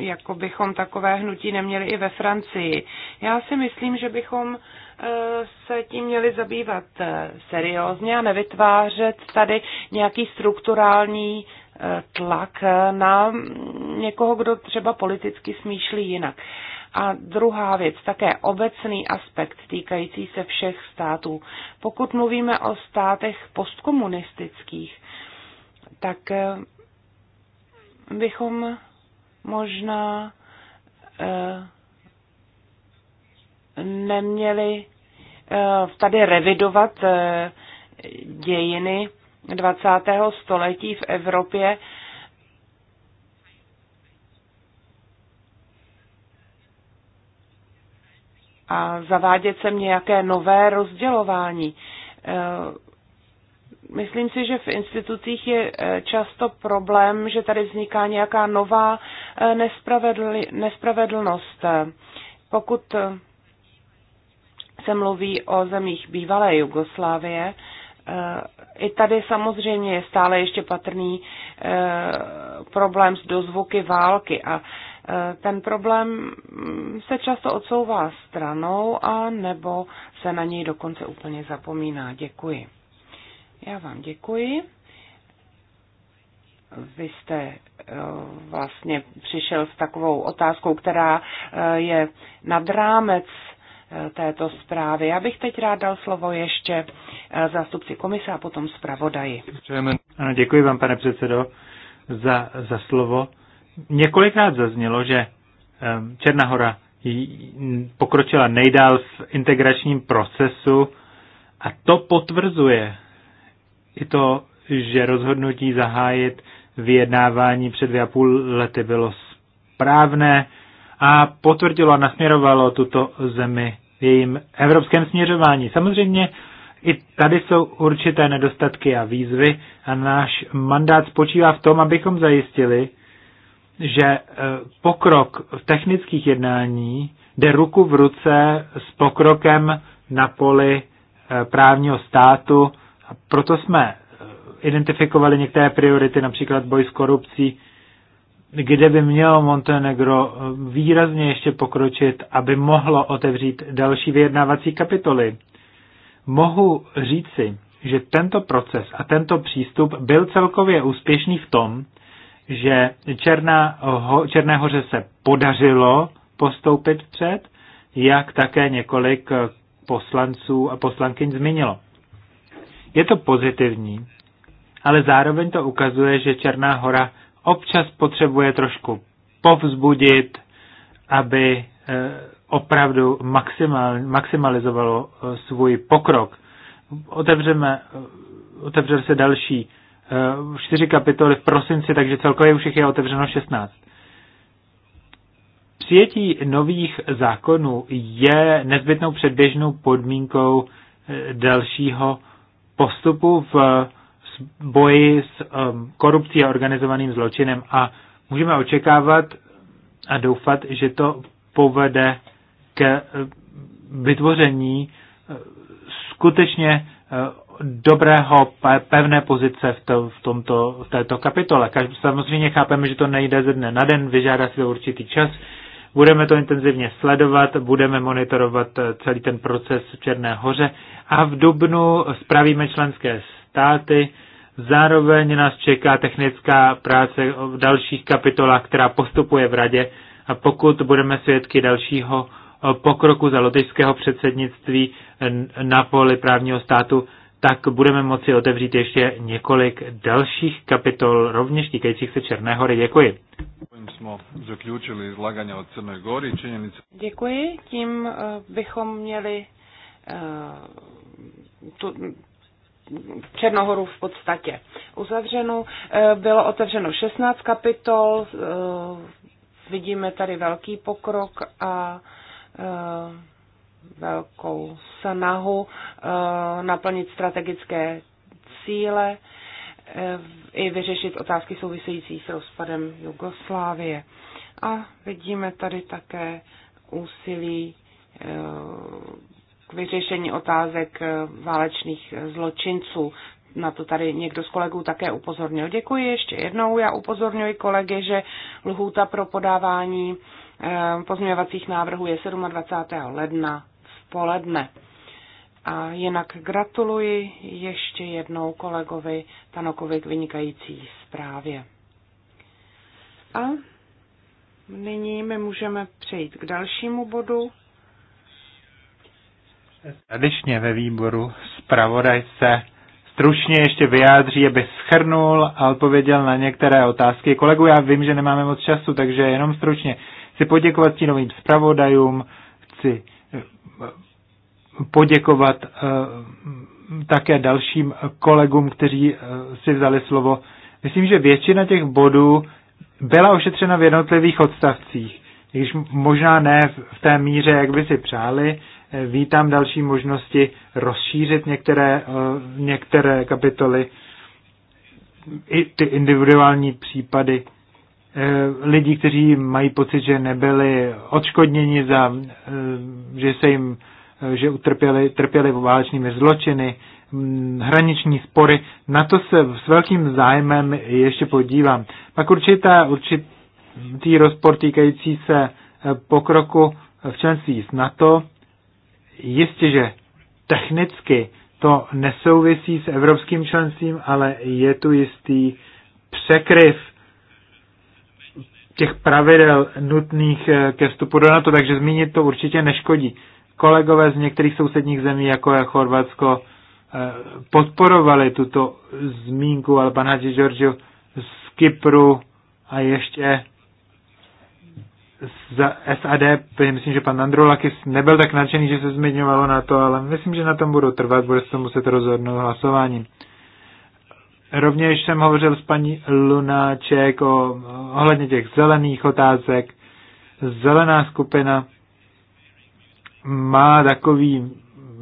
S2: jako bychom takové hnutí neměli i ve Francii. Já si myslím, že bychom eh, se tím měli zabývat eh, seriózně a nevytvářet tady nějaký strukturální tlak na někoho, kdo třeba politicky smýšlí jinak. A druhá věc, také obecný aspekt týkající se všech států. Pokud mluvíme o státech postkomunistických, tak bychom možná eh, neměli eh, tady revidovat eh, dějiny 20. století v Evropě. A zavádět sem nějaké nové rozdělování. Myslím si, že v institucích je eh, často problém, že tady vzniká nějaká nová eh, nespravedlnost. Pokud eh, se mluví o zemích bývalé Jugoslávie, i tady samozřejmě je stále ještě patrný problém s dozvuky války a ten problém mm, se často odsouvá stranou a nebo se na něj dokonce úplně zapomíná. Děkuji. Já vám děkuji. Vy jste eh, vlastně přišel s takovou otázkou, která eh, je nad rámec eh, této zprávy. Já bych teď rád dal slovo ještě zástupci komise a potom zpravodaji.
S6: Ano, děkuji vám, pane předsedo, za, za slovo. Několikrát zaznělo, že Černá hora pokročila nejdál v integračním procesu a to potvrzuje i to, že rozhodnutí zahájit vyjednávání před dvě a půl lety bylo správné a potvrdilo a nasměrovalo tuto zemi v jejím evropském směřování. Samozřejmě i tady jsou určité nedostatky a výzvy a náš mandát spočívá v tom, abychom zajistili, že e, pokrok v technických jednání jde ruku v ruce s pokrokem na poli e, právního státu a proto jsme eh, identifikovali některé priority, například boj s korupcí, kde by mělo Montenegro eh, výrazně ještě pokročit, aby mohlo otevřít další vyjednávací kapitoly. Mohu říci, že tento proces a tento přístup byl celkově úspěšný v tom, že Černá, ho, Černé hoře se podařilo postoupit před, jak také několik eh, poslanců a poslankyň zmínilo. Je to pozitivní, ale zároveň to ukazuje, že Černá hora občas potřebuje trošku povzbudit, aby eh, opravdu maximal, maximalizovalo eh, svůj pokrok. Otevřeme, eh, otevřel se další čtyři kapitoly v prosinci, takže celkově už je otevřeno 16. Přijetí nových zákonů je nezbytnou předběžnou podmínkou dalšího postupu v eh, boji s eh, korupcí a organizovaným zločinem a můžeme očekávat a doufat, že to povede k eh, vytvoření skutečně dobrého, pevné pozice v, to, v, tomto, v této kapitole. samozřejmě chápeme, že to nejde ze dne na den, vyžádá si to určitý čas, Budeme to intenzivně sledovat, budeme monitorovat eh, celý ten proces v Černé hoře a v Dubnu spravíme členské státy. Zároveň nás čeká technická práce v dalších kapitolách, která postupuje v radě a pokud budeme svědky dalšího eh, pokroku za lotyšského předsednictví eh, na poli právního státu, tak budeme moci otevřít ještě několik dalších kapitol, rovněž týkajících se Černé hory. Děkuji. Jsme
S2: Děkuji. Tím eh, bychom měli eh, tu, Černohoru v podstatě uzavřenu. Eh, bylo otevřeno 16 kapitol, vidíme tady velký pokrok a velkou snahu eh, naplnit strategické cíle eh, i vyřešit otázky související s rozpadem Jugoslávie. A vidíme tady také úsilí eh, k vyřešení otázek válečných zločinců. Na to tady někdo z kolegů také upozornil. Děkuji ještě jednou. Já upozorňuji kolegy, že lhůta pro podávání Ehm, pozměňovacích návrhů je 27. ledna v poledne. A jinak gratuluji ještě jednou kolegovi Tanokovi k vynikající zprávě. A nyní my můžeme přejít k dalšímu bodu.
S6: Tradičně ve výboru zpravodaj se stručně ještě vyjádří, aby schrnul a odpověděl na některé otázky. Kolegu, já vím, že nemáme moc času, takže jenom stručně. Chci poděkovat novým zpravodajům, chci eh, poděkovat eh, také dalším kolegům, kteří eh, si vzali slovo. Myslím, že většina těch bodů byla ošetřena v jednotlivých odstavcích, když možná ne v té míře, jak by si přáli. Vítám další možnosti rozšířit některé, některé kapitoly, i ty individuální případy Eh, lidí, kteří mají pocit, že nebyli odškodněni za, eh, že se jim, eh, že utrpěli, trpěli válečnými zločiny, hraniční spory. Na to se s velkým zájmem ještě podívám. Pak určitá, určitý rozpor týkající se pokroku v členství s NATO. Jistě, že technicky to nesouvisí s evropským členstvím, ale je tu jistý překryv těch pravidel nutných eh, ke vstupu do NATO, takže zmínit to určitě neškodí. Kolegové z některých sousedních zemí, jako je Chorvatsko, eh, podporovali tuto zmínku, ale pan Hadži Giorgio z Kypru a ještě za SAD, myslím, že pan Andrulakis nebyl tak nadšený, že se zmiňovalo na to, ale myslím, že na tom budou trvat, bude se to muset rozhodnout hlasováním. Rovněž jsem hovořil s paní Lunáček o, ohledně těch zelených otázek. Zelená skupina má takový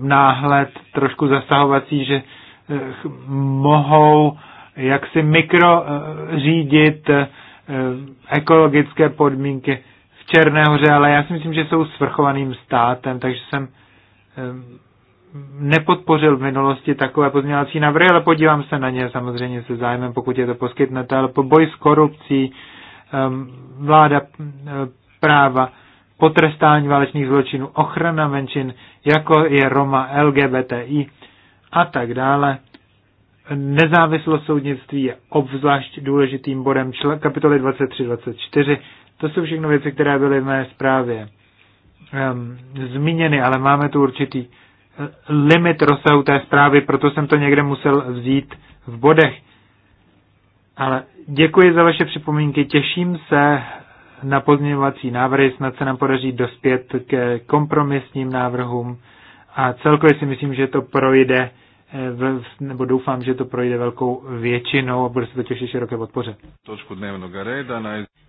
S6: náhled trošku zasahovací, že eh, mohou jaksi mikrořídit eh, eh, ekologické podmínky v Černé ale já si myslím, že jsou svrchovaným státem, takže jsem nepodpořil v minulosti takové pozměňovací návrhy, ale podívám se na ně samozřejmě se zájmem, pokud je to poskytnete, ale po boj s korupcí, ehm, vláda eh, práva, potrestání válečných zločinů, ochrana menšin, jako je Roma, LGBTI a tak dále. Nezávislost soudnictví je obzvlášť důležitým bodem čl- kapitoly 23-24. To jsou všechno věci, které byly v mé zprávě um, zmíněny, ale máme tu určitý limit rozsahu té zprávy, proto jsem to někde musel vzít v bodech. Ale děkuji za vaše připomínky, těším se na pozměňovací návrhy, snad se nám podaří dospět k kompromisním návrhům a celkově si myslím, že to projde Eh, v, nebo doufám, že to projde velkou většinou a bude se to těšit široké podpoře.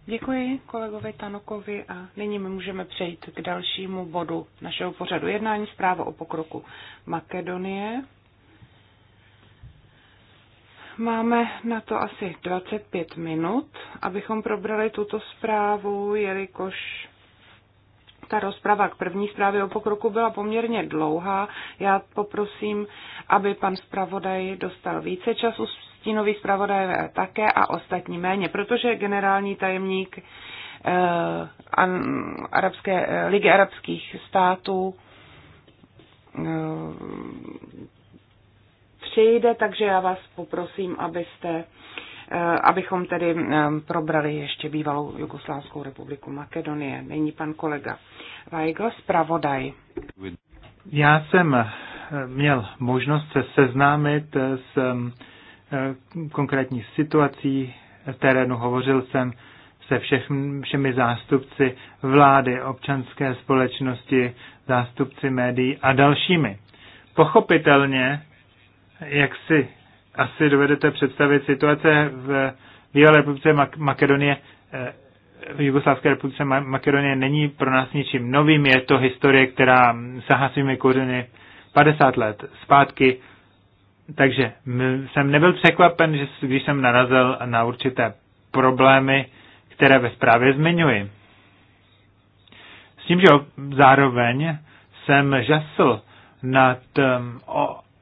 S2: Děkuji kolegovi Tanokovi a nyní my můžeme přejít k dalšímu bodu našeho pořadu jednání zpráva o pokroku Makedonie. Máme na to asi 25 minut, abychom probrali tuto zprávu, jelikož ta rozprava k první zprávě o pokroku byla poměrně dlouhá. Já poprosím, aby pan zpravodaj dostal více času, stínový zpravodaj také a ostatní méně, protože generální tajemník eh, Arabské, eh, Ligy arabských států eh, přijde, takže já vás poprosím, abyste Eh, abychom tedy eh, probrali ještě bývalou Jugoslávskou republiku Makedonie. Není pan kolega Weigl, zpravodaj.
S6: Já jsem eh, měl možnost se seznámit s konkrétní situací terénu. Hovořil jsem se všech, všemi zástupci vlády, občanské společnosti, zástupci médií a dalšími. Pochopitelně, jak si asi dovedete představit situace v bývalé republice Mak- Makedonie, eh, v Jugoslávské republice Ma- Makedonie není pro nás ničím novým, je to historie, která sahá svými kořeny 50 let zpátky, takže jsem nebyl překvapen, že když jsem narazil na určité problémy, které ve zprávě zmiňuji. S tím, že zároveň jsem žasl nad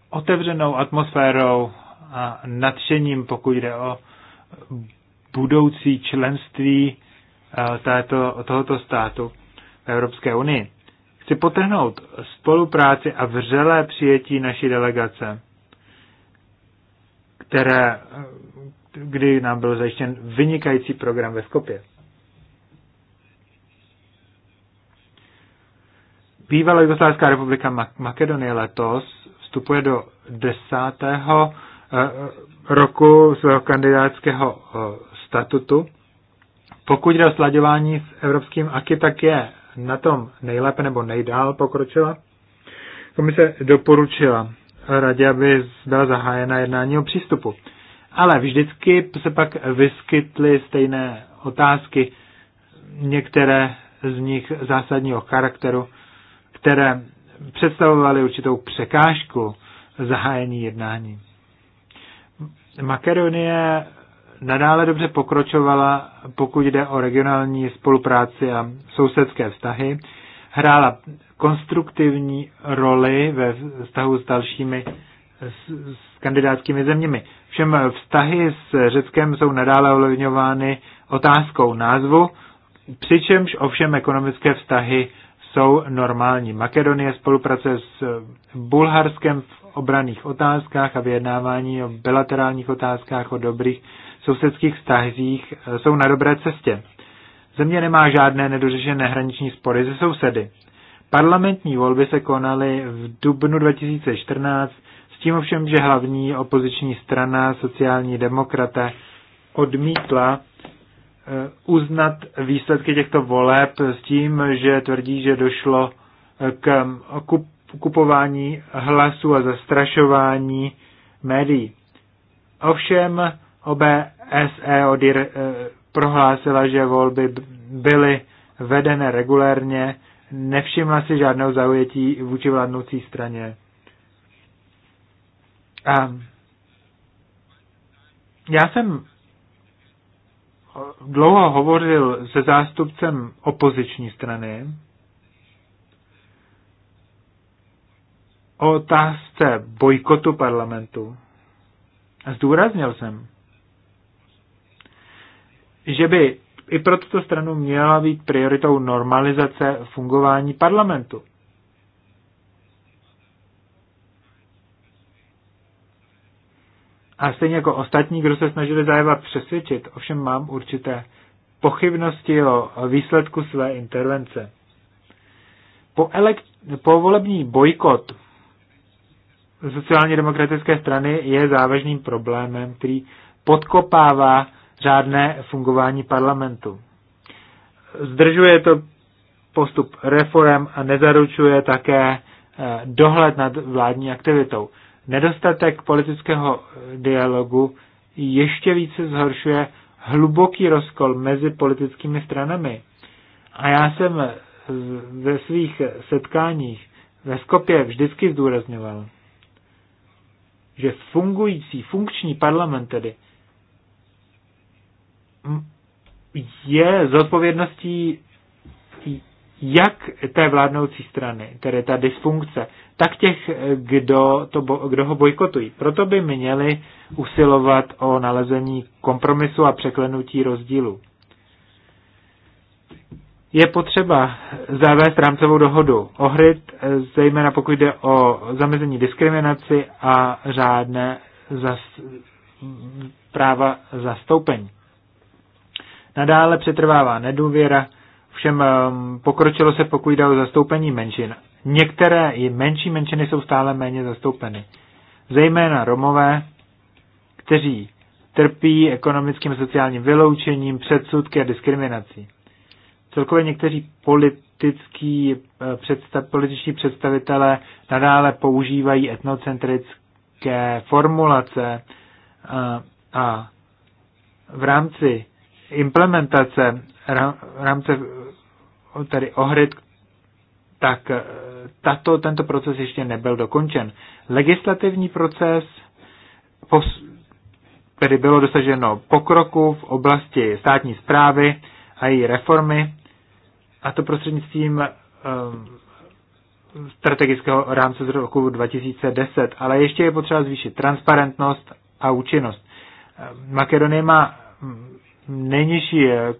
S6: otevřenou atmosférou a nadšením, pokud jde o budoucí členství eh, této, tohoto státu v Evropské unii. Chci potrhnout spolupráci a vřelé přijetí naší delegace, které, eh, kdy nám byl zajištěn vynikající program ve Skopě. Bývalá Jugoslávská republika Makedonie letos vstupuje do desátého roku svého kandidátského statutu. Pokud jde o sladěvání s evropským AKI, tak je na tom nejlépe nebo nejdál pokročila. Komise doporučila radě, aby byla zahájena jednání o přístupu. Ale vždycky se pak vyskytly stejné otázky, některé z nich zásadního charakteru, které představovaly určitou překážku zahájení jednání. Makedonie nadále dobře pokročovala, pokud jde o regionální spolupráci a sousedské vztahy. Hrála konstruktivní roli ve vztahu s dalšími
S4: s
S6: kandidátskými zeměmi. Všem vztahy s Řeckem jsou nadále ovlivňovány otázkou názvu, přičemž ovšem ekonomické vztahy jsou normální. Makedonie spolupracuje s Bulharskem v obraných otázkách a vyjednávání o bilaterálních otázkách, o dobrých sousedských vztazích eh, jsou na dobré cestě. Země nemá žádné nedořešené hraniční spory ze sousedy. Parlamentní volby se konaly v dubnu 2014 s tím ovšem, že hlavní opoziční strana sociální demokrata odmítla eh, uznat výsledky těchto voleb s tím, že tvrdí, že došlo eh, k, k kupování hlasu a zastrašování médií. Ovšem OBSE odir, eh, prohlásila, že volby byly vedené regulérně, nevšimla si žádného zaujetí vůči vládnoucí straně. A já jsem dlouho hovořil se zástupcem opoziční strany o otázce bojkotu parlamentu a zdůraznil jsem, že by i pro tuto stranu měla být prioritou normalizace fungování parlamentu. A stejně jako ostatní, kdo se snažili zajevat přesvědčit, ovšem mám určité pochybnosti o výsledku své intervence. Po, elekt- po volební bojkot sociálně demokratické strany je závažným problémem, který podkopává řádné fungování parlamentu. Zdržuje to postup reform a nezaručuje také eh, dohled nad vládní aktivitou. Nedostatek politického eh, dialogu ještě více zhoršuje hluboký rozkol mezi politickými stranami. A já jsem eh, ve svých setkáních ve Skopě vždycky zdůrazňoval, že fungující, funkční parlament tedy je zodpovědností jak té vládnoucí strany, tedy ta dysfunkce, tak těch, kdo, to, kdo ho bojkotují. Proto by měli usilovat o nalezení kompromisu a překlenutí rozdílu je potřeba zavést rámcovou dohodu o hry, zejména pokud jde o zamezení diskriminaci a řádné zas, práva zastoupení. Nadále přetrvává nedůvěra, všem ehm, pokročilo se pokud jde o zastoupení menšin. Některé i menší menšiny jsou stále méně zastoupeny. Zejména Romové, kteří trpí ekonomickým a sociálním vyloučením, předsudky a diskriminací. Celkově někteří politický, eh, představ, političtí představitelé nadále používají etnocentrické formulace a, eh, a v rámci implementace v rámce eh, tady ohryt, tak tato, tento proces ještě nebyl dokončen. Legislativní proces, pos, tedy bylo dosaženo pokroku v oblasti státní zprávy a její reformy, a to prostřednictvím ehm, strategického rámce z roku 2010. Ale ještě je potřeba zvýšit transparentnost a účinnost. Ehm, Makedonie má mm, nejnižší eh,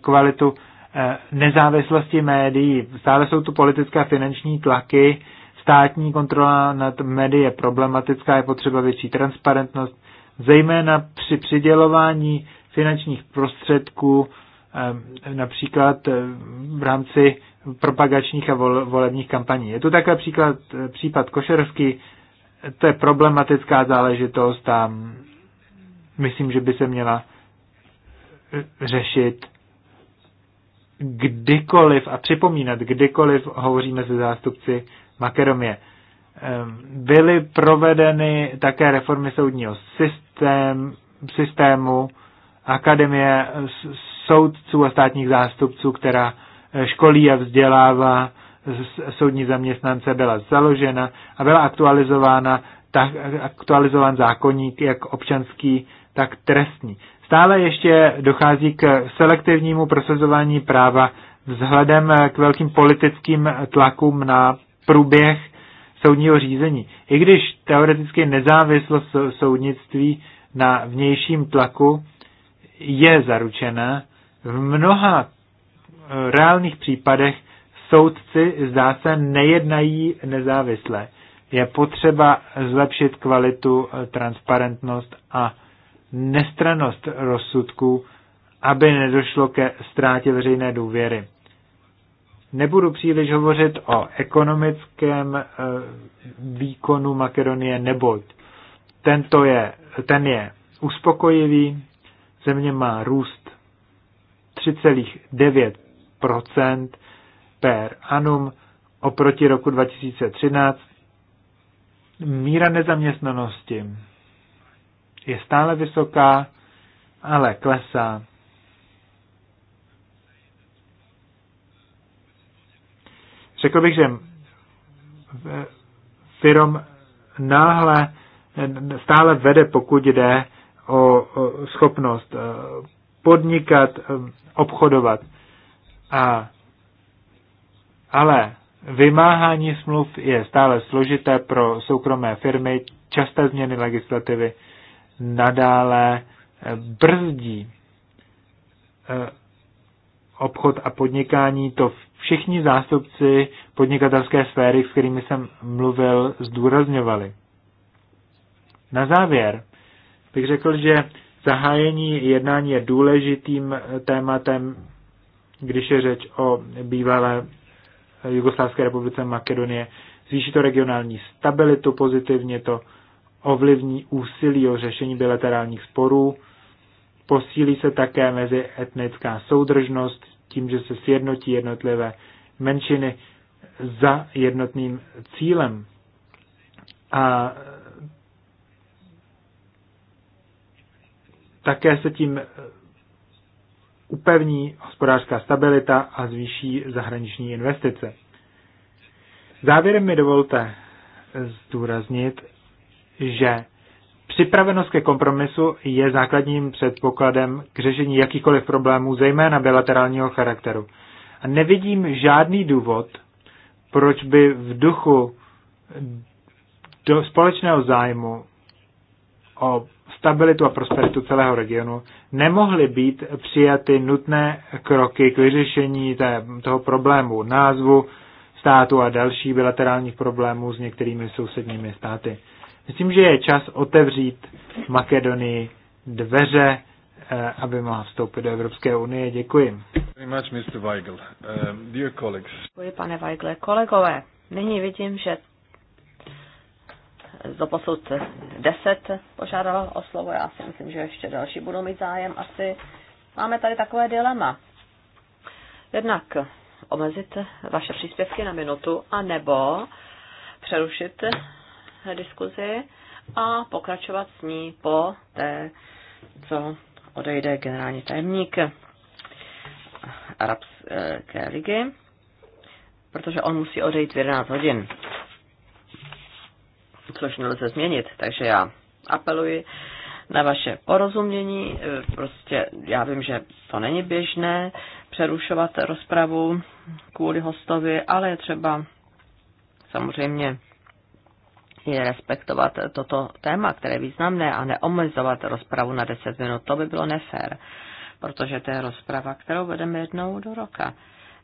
S6: kvalitu eh, nezávislosti médií. Stále jsou tu politické a finanční tlaky, státní kontrola nad médií je problematická, je potřeba větší transparentnost, zejména při přidělování finančních prostředků například eh, v rámci propagačních a volebních kampaní. Je tu také příklad, eh, případ Košerovky, to je problematická záležitost a myslím, že by se měla eh, řešit kdykoliv a připomínat, kdykoliv hovoříme se zástupci Makedonie. Ehm, byly provedeny také reformy soudního systém, systému, akademie soudců a státních zástupců, která eh, školí a vzdělává soudní zaměstnance, byla založena a byla aktualizována, tak, aktualizován zákonník, jak občanský, tak trestní. Stále ještě dochází k selektivnímu prosazování práva vzhledem eh, k velkým politickým tlakům na průběh soudního řízení. I když teoreticky nezávislost soudnictví na vnějším tlaku je zaručena, v mnoha eh, reálných případech soudci, zdá se, nejednají nezávisle. Je potřeba zlepšit kvalitu, eh, transparentnost a nestranost rozsudků, aby nedošlo ke ztrátě veřejné důvěry. Nebudu příliš hovořit o ekonomickém eh, výkonu Makedonie, neboť tento je, ten je uspokojivý, země má růst 3,9 per annum oproti roku 2013. Míra nezaměstnanosti je stále vysoká, ale klesá. Řekl bych, že firm náhle stále vede, pokud jde o schopnost podnikat, ehm, obchodovat. A, ale vymáhání smluv je stále složité pro soukromé firmy, časté změny legislativy nadále eh, brzdí eh, obchod a podnikání, to všichni zástupci podnikatelské sféry, s kterými jsem mluvil, zdůrazňovali. Na závěr bych řekl, že Zahájení jednání je důležitým eh, tématem, když je řeč o bývalé Jugoslávské republice Makedonie. Zvýší to regionální stabilitu, pozitivně to ovlivní úsilí o řešení bilaterálních sporů. Posílí se také mezi etnická soudržnost tím, že se sjednotí jednotlivé menšiny za jednotným cílem. A Také se tím eh, upevní hospodářská stabilita a zvýší zahraniční investice. Závěrem mi dovolte eh, zdůraznit, že připravenost ke kompromisu je základním předpokladem k řešení jakýchkoliv problémů, zejména bilaterálního charakteru. A nevidím žádný důvod, proč by v duchu do společného zájmu o stabilitu a prosperitu celého regionu, nemohly být přijaty nutné kroky k vyřešení té, toho problému názvu státu a dalších bilaterálních problémů s některými sousedními státy. Myslím, že je čas otevřít Makedonii dveře, eh, aby mohla vstoupit do Evropské unie. Děkuji.
S1: Eh, Děkuji,
S3: pane Weigle. Kolegové, nyní vidím, že posud deset požádalo o slovo, já si myslím, že ještě další budou mít zájem asi. Máme tady takové dilema. Jednak omezit vaše příspěvky na minutu, anebo přerušit diskuzi a pokračovat s ní po té, co odejde generální tajemník Arabské ligy, protože on musí odejít v 11 hodin což nelze změnit. Takže já apeluji na vaše porozumění. E, prostě já vím, že to není běžné přerušovat rozpravu kvůli hostovi, ale je třeba samozřejmě je respektovat toto téma, které je významné a neomezovat rozpravu na 10 minut. To by bylo nefér, protože to je rozprava, kterou vedeme jednou do roka.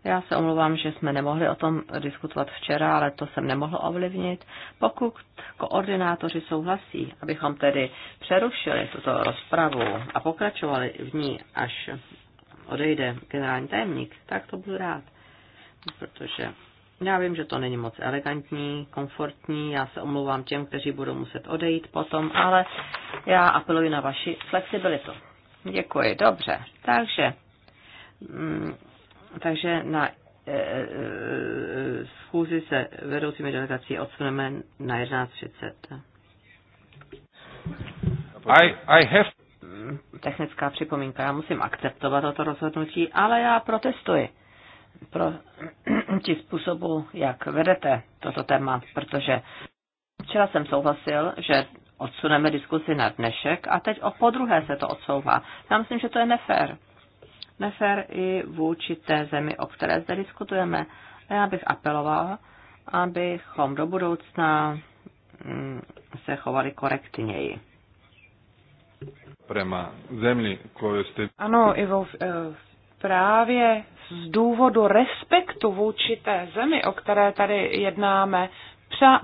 S3: Já se omlouvám, že jsme nemohli o tom diskutovat včera, ale to jsem nemohl ovlivnit. Pokud koordinátoři souhlasí, abychom tedy přerušili tuto rozpravu a pokračovali v ní, až odejde generální tajemník, tak to budu rád. Protože já vím, že to není moc elegantní, komfortní, já se omlouvám těm, kteří budou muset odejít potom, ale já apeluji na vaši flexibilitu. Děkuji, dobře. Takže mm, takže na e, e, schůzi se vedoucími delegací odsuneme na 11.30. I, I have... Technická připomínka. Já musím akceptovat toto rozhodnutí, ale já protestuji pro ti způsobu, jak vedete toto téma, protože včera jsem souhlasil, že odsuneme diskusi na dnešek a teď o podruhé se to odsouvá. Já myslím, že to je nefér nefér i vůči té zemi, o které zde diskutujeme. A já bych apeloval, abychom do budoucna mm, se chovali korektněji.
S1: Prema zemli, jste...
S3: Ano,
S2: Ivo, eh, právě z důvodu respektu vůči té zemi, o které tady jednáme,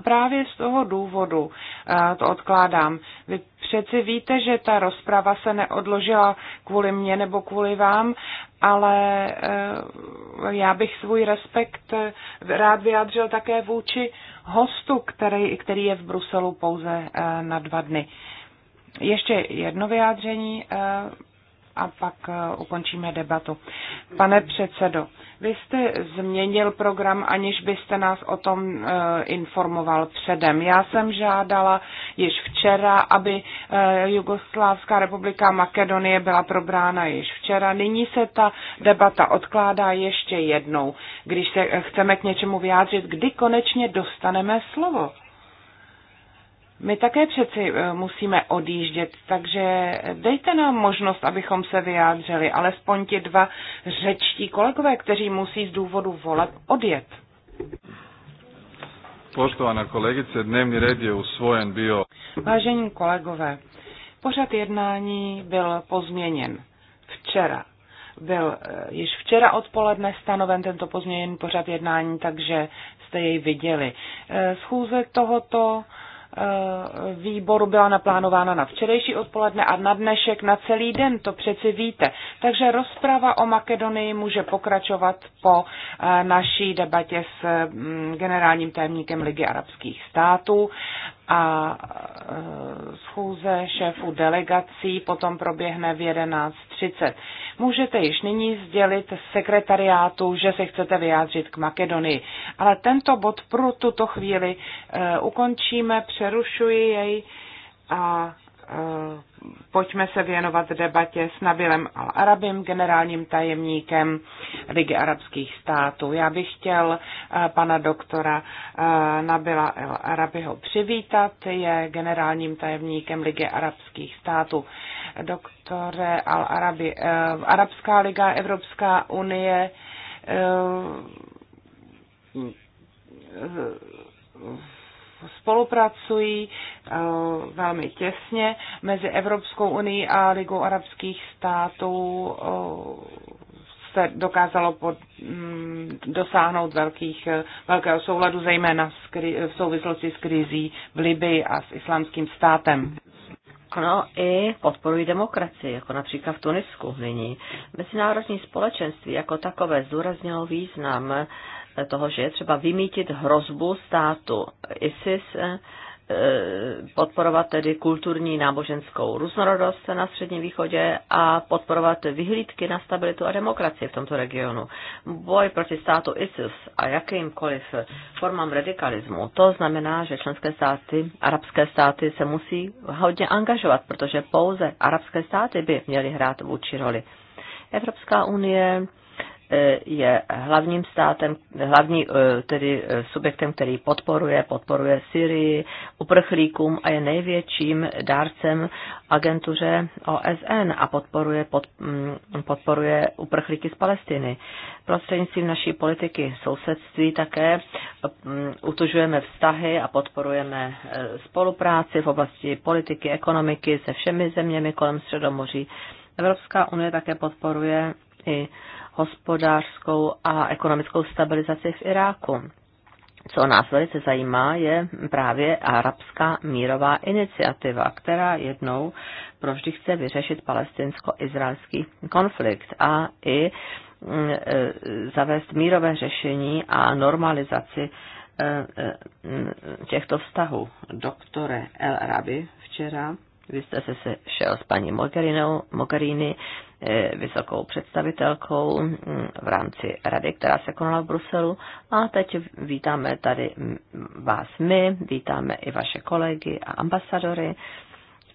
S2: právě z toho důvodu eh, to odkládám. Vy přeci víte, že ta rozprava se neodložila kvůli mně nebo kvůli vám, ale eh, já bych svůj respekt eh, rád vyjádřil také vůči hostu, který, který je v Bruselu pouze na dva dny. Ještě jedno vyjádření a pak eh, ukončíme debatu. Pane předsedo, vy jste změnil program, aniž byste nás o tom eh, informoval předem. Já jsem žádala již včera, aby eh, Jugoslávská republika Makedonie byla probrána již včera. Nyní se ta debata odkládá ještě jednou, když se chceme k něčemu vyjádřit, kdy konečně dostaneme slovo. My také přeci eh, musíme odjíždět, takže dejte nám možnost, abychom se vyjádřili, alespoň ti dva řečtí kolegové, kteří musí z důvodu voleb odjet.
S1: Poštovaná kolegice, dnevní red je usvojen bio.
S2: Vážení kolegové, pořad jednání byl pozměněn včera. Byl eh, již včera odpoledne stanoven tento pozměněný pořad jednání, takže jste jej viděli. Eh, schůze tohoto Eh, výboru byla naplánována na včerejší odpoledne a na dnešek na celý den, to přeci víte. Takže rozprava o Makedonii může pokračovat po eh, naší debatě s mm, generálním tajemníkem Ligy arabských států a e, schůze šéfů delegací potom proběhne v 11.30. Můžete již nyní sdělit sekretariátu, že se chcete vyjádřit k Makedonii. Ale tento bod pro tuto chvíli e, ukončíme, přerušuji jej a Eh, pojďme se věnovat debatě s Nabilem Al-Arabim, generálním tajemníkem Ligy arabských států. Já bych chtěl eh, pana doktora eh, Nabila Al-Arabiho přivítat, je generálním tajemníkem Ligy arabských států. Doktore Al-Arabi, Arabská liga, Evropská unie, spolupracují eh, velmi těsně mezi Evropskou unii a Ligou arabských států eh, se dokázalo pod, m, mm, dosáhnout velkých, eh, velkého souladu, zejména v, skri, v souvislosti s krizí v Libii a s islámským
S3: státem. Ano, i podporují demokracii, jako například v Tunisku nyní. Mezinárodní společenství jako takové zdůraznilo význam toho, že je třeba vymítit hrozbu státu ISIS, eh, podporovat tedy kulturní náboženskou různorodost na Středním východě a podporovat vyhlídky na stabilitu a demokracii v tomto regionu. Boj proti státu ISIS a jakýmkoliv formám radikalismu, to znamená, že členské státy, arabské státy se musí hodně angažovat, protože pouze arabské státy by měly hrát vůči roli. Evropská unie Eh, je hlavním státem, hlavní eh, tedy eh, subjektem, který podporuje, podporuje Syrii, uprchlíkům a je největším dárcem agentuře OSN a podporuje, pod, mm, podporuje uprchlíky z Palestiny. Prostřednictvím naší politiky sousedství také mm, utužujeme vztahy a podporujeme spolupráci v oblasti politiky, ekonomiky se všemi zeměmi kolem Středomoří. Evropská unie také podporuje i uh, hospodářskou a ekonomickou stabilizaci v Iráku. Co nás velice zajímá, je právě arabská mírová iniciativa, která jednou provždy chce vyřešit palestinsko-izraelský konflikt a i e, zavést mírové řešení a normalizaci e, e, těchto vztahů. Doktore El Rabi včera vy jste se šel s paní Mogherini, eh, vysokou představitelkou mm, v rámci rady, která se konala v Bruselu. A teď vítáme tady vás my, vítáme i vaše kolegy a ambasadory.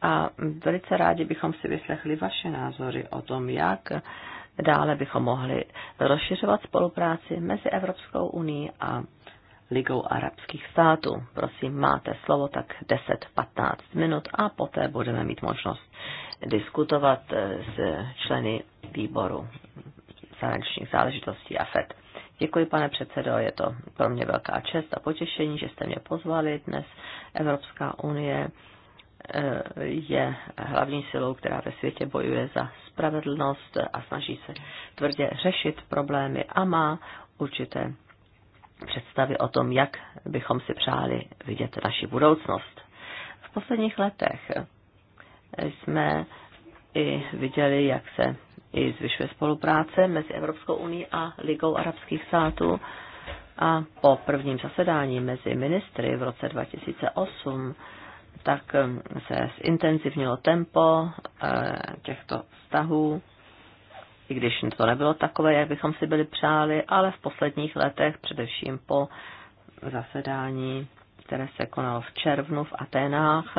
S3: A velice rádi bychom si vyslechli vaše názory o tom, jak dále bychom mohli rozšiřovat spolupráci mezi Evropskou unii a Ligou arabských států. Prosím, máte slovo tak 10-15 minut a poté budeme mít možnost diskutovat eh, s členy výboru zahraničních záležitostí a FED. Děkuji, pane předsedo, je to pro mě velká čest a potěšení, že jste mě pozvali dnes. Evropská unie eh, je hlavní silou, která ve světě bojuje za spravedlnost a snaží se tvrdě řešit problémy a má určité představy o tom, jak bychom si přáli vidět naši budoucnost. V posledních letech jsme i viděli, jak se i zvyšuje spolupráce mezi Evropskou unii a Ligou arabských států. A po prvním zasedání mezi ministry v roce 2008 tak se zintenzivnilo tempo eh, těchto vztahů i když to nebylo takové, jak bychom si byli přáli, ale v posledních letech, především po zasedání které se konalo v červnu v Aténách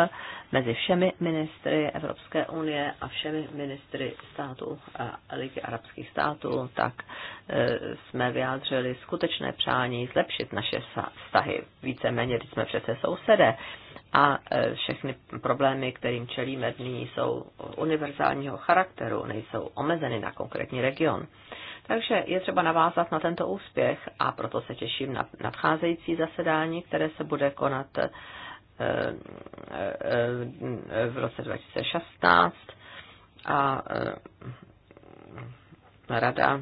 S3: mezi všemi ministry Evropské unie a všemi ministry států a eh, Ligy arabských států, tak eh, jsme vyjádřili skutečné přání zlepšit naše vztahy. Víceméně, když jsme přece sousedé a eh, všechny problémy, kterým čelíme nyní, jsou univerzálního charakteru, nejsou omezeny na konkrétní region. Takže je třeba navázat na tento úspěch a proto se těším na nadcházející zasedání, které se bude konat eh, eh, v roce 2016 a eh, rada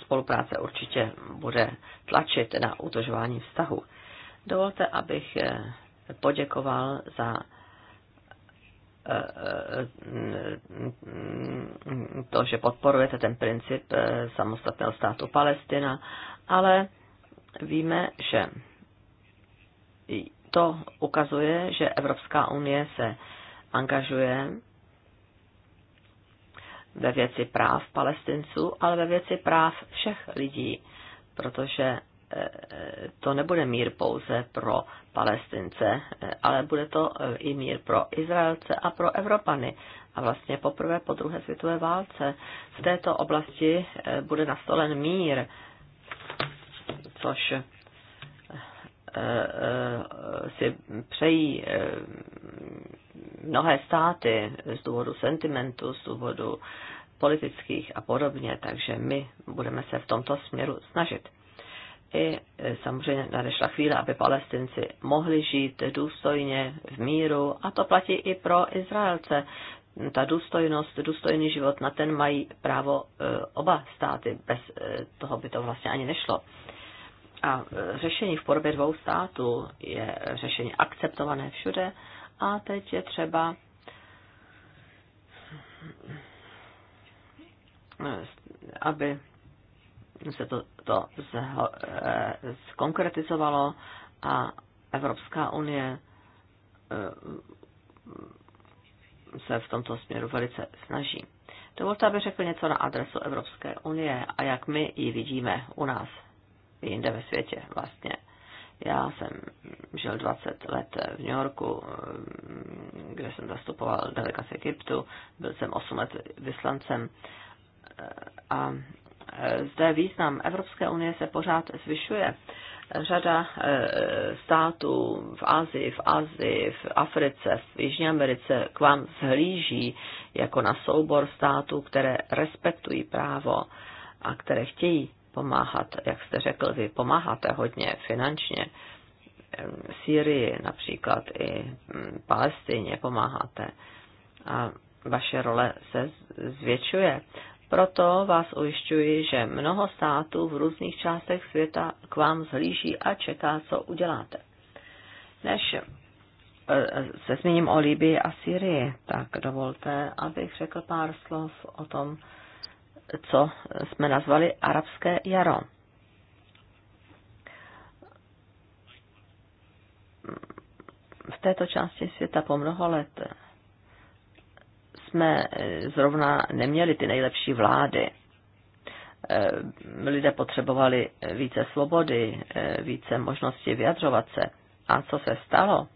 S3: spolupráce určitě bude tlačit na utožování vztahu. Dovolte, abych poděkoval za to, že podporujete ten princip eh, samostatného státu Palestina, ale víme, že to ukazuje, že Evropská unie se angažuje ve věci práv palestinců, ale ve věci práv všech lidí, protože to nebude mír pouze pro Palestince, ale bude to i mír pro Izraelce a pro Evropany. A vlastně poprvé po druhé světové válce v této oblasti eh, bude nastolen mír, což eh, eh, si přejí mnohé státy z důvodu sentimentu, z důvodu politických a podobně, takže my budeme se v tomto směru snažit i e, samozřejmě nadešla chvíle, aby palestinci mohli žít důstojně v míru a to platí i pro Izraelce. Ta důstojnost, důstojný život, na ten mají právo e, oba státy, bez e, toho by to vlastně ani nešlo. A řešení v podobě dvou států je řešení akceptované všude a teď je třeba aby se to, to zho, eh, zkonkretizovalo a Evropská unie eh, se v tomto směru velice snaží. Dovolte, abych řekl něco na adresu Evropské unie a jak my ji vidíme u nás, jinde ve světě vlastně. Já jsem žil 20 let v New Yorku, eh, kde jsem zastupoval delegaci Egyptu, byl jsem 8 let vyslancem eh, a zde význam Evropské unie se pořád zvyšuje. Řada e, států v Asii, v Azii, v Africe, v Jižní Americe k vám zhlíží jako na soubor států, které respektují právo a které chtějí pomáhat. Jak jste řekl, vy pomáháte hodně finančně. Syrii například i Palestině pomáháte. A vaše role se zvětšuje. Proto vás ujišťuji, že mnoho států v různých částech světa k vám zhlíží a čeká, co uděláte. Než eh, se zmíním o Libii a Syrii, tak dovolte, abych řekl pár slov o tom, co jsme nazvali arabské jaro. V této části světa po mnoho let jsme eh, zrovna neměli ty nejlepší vlády. Eh, lidé potřebovali eh, více svobody, více možnosti vyjadřovat se. A co se stalo?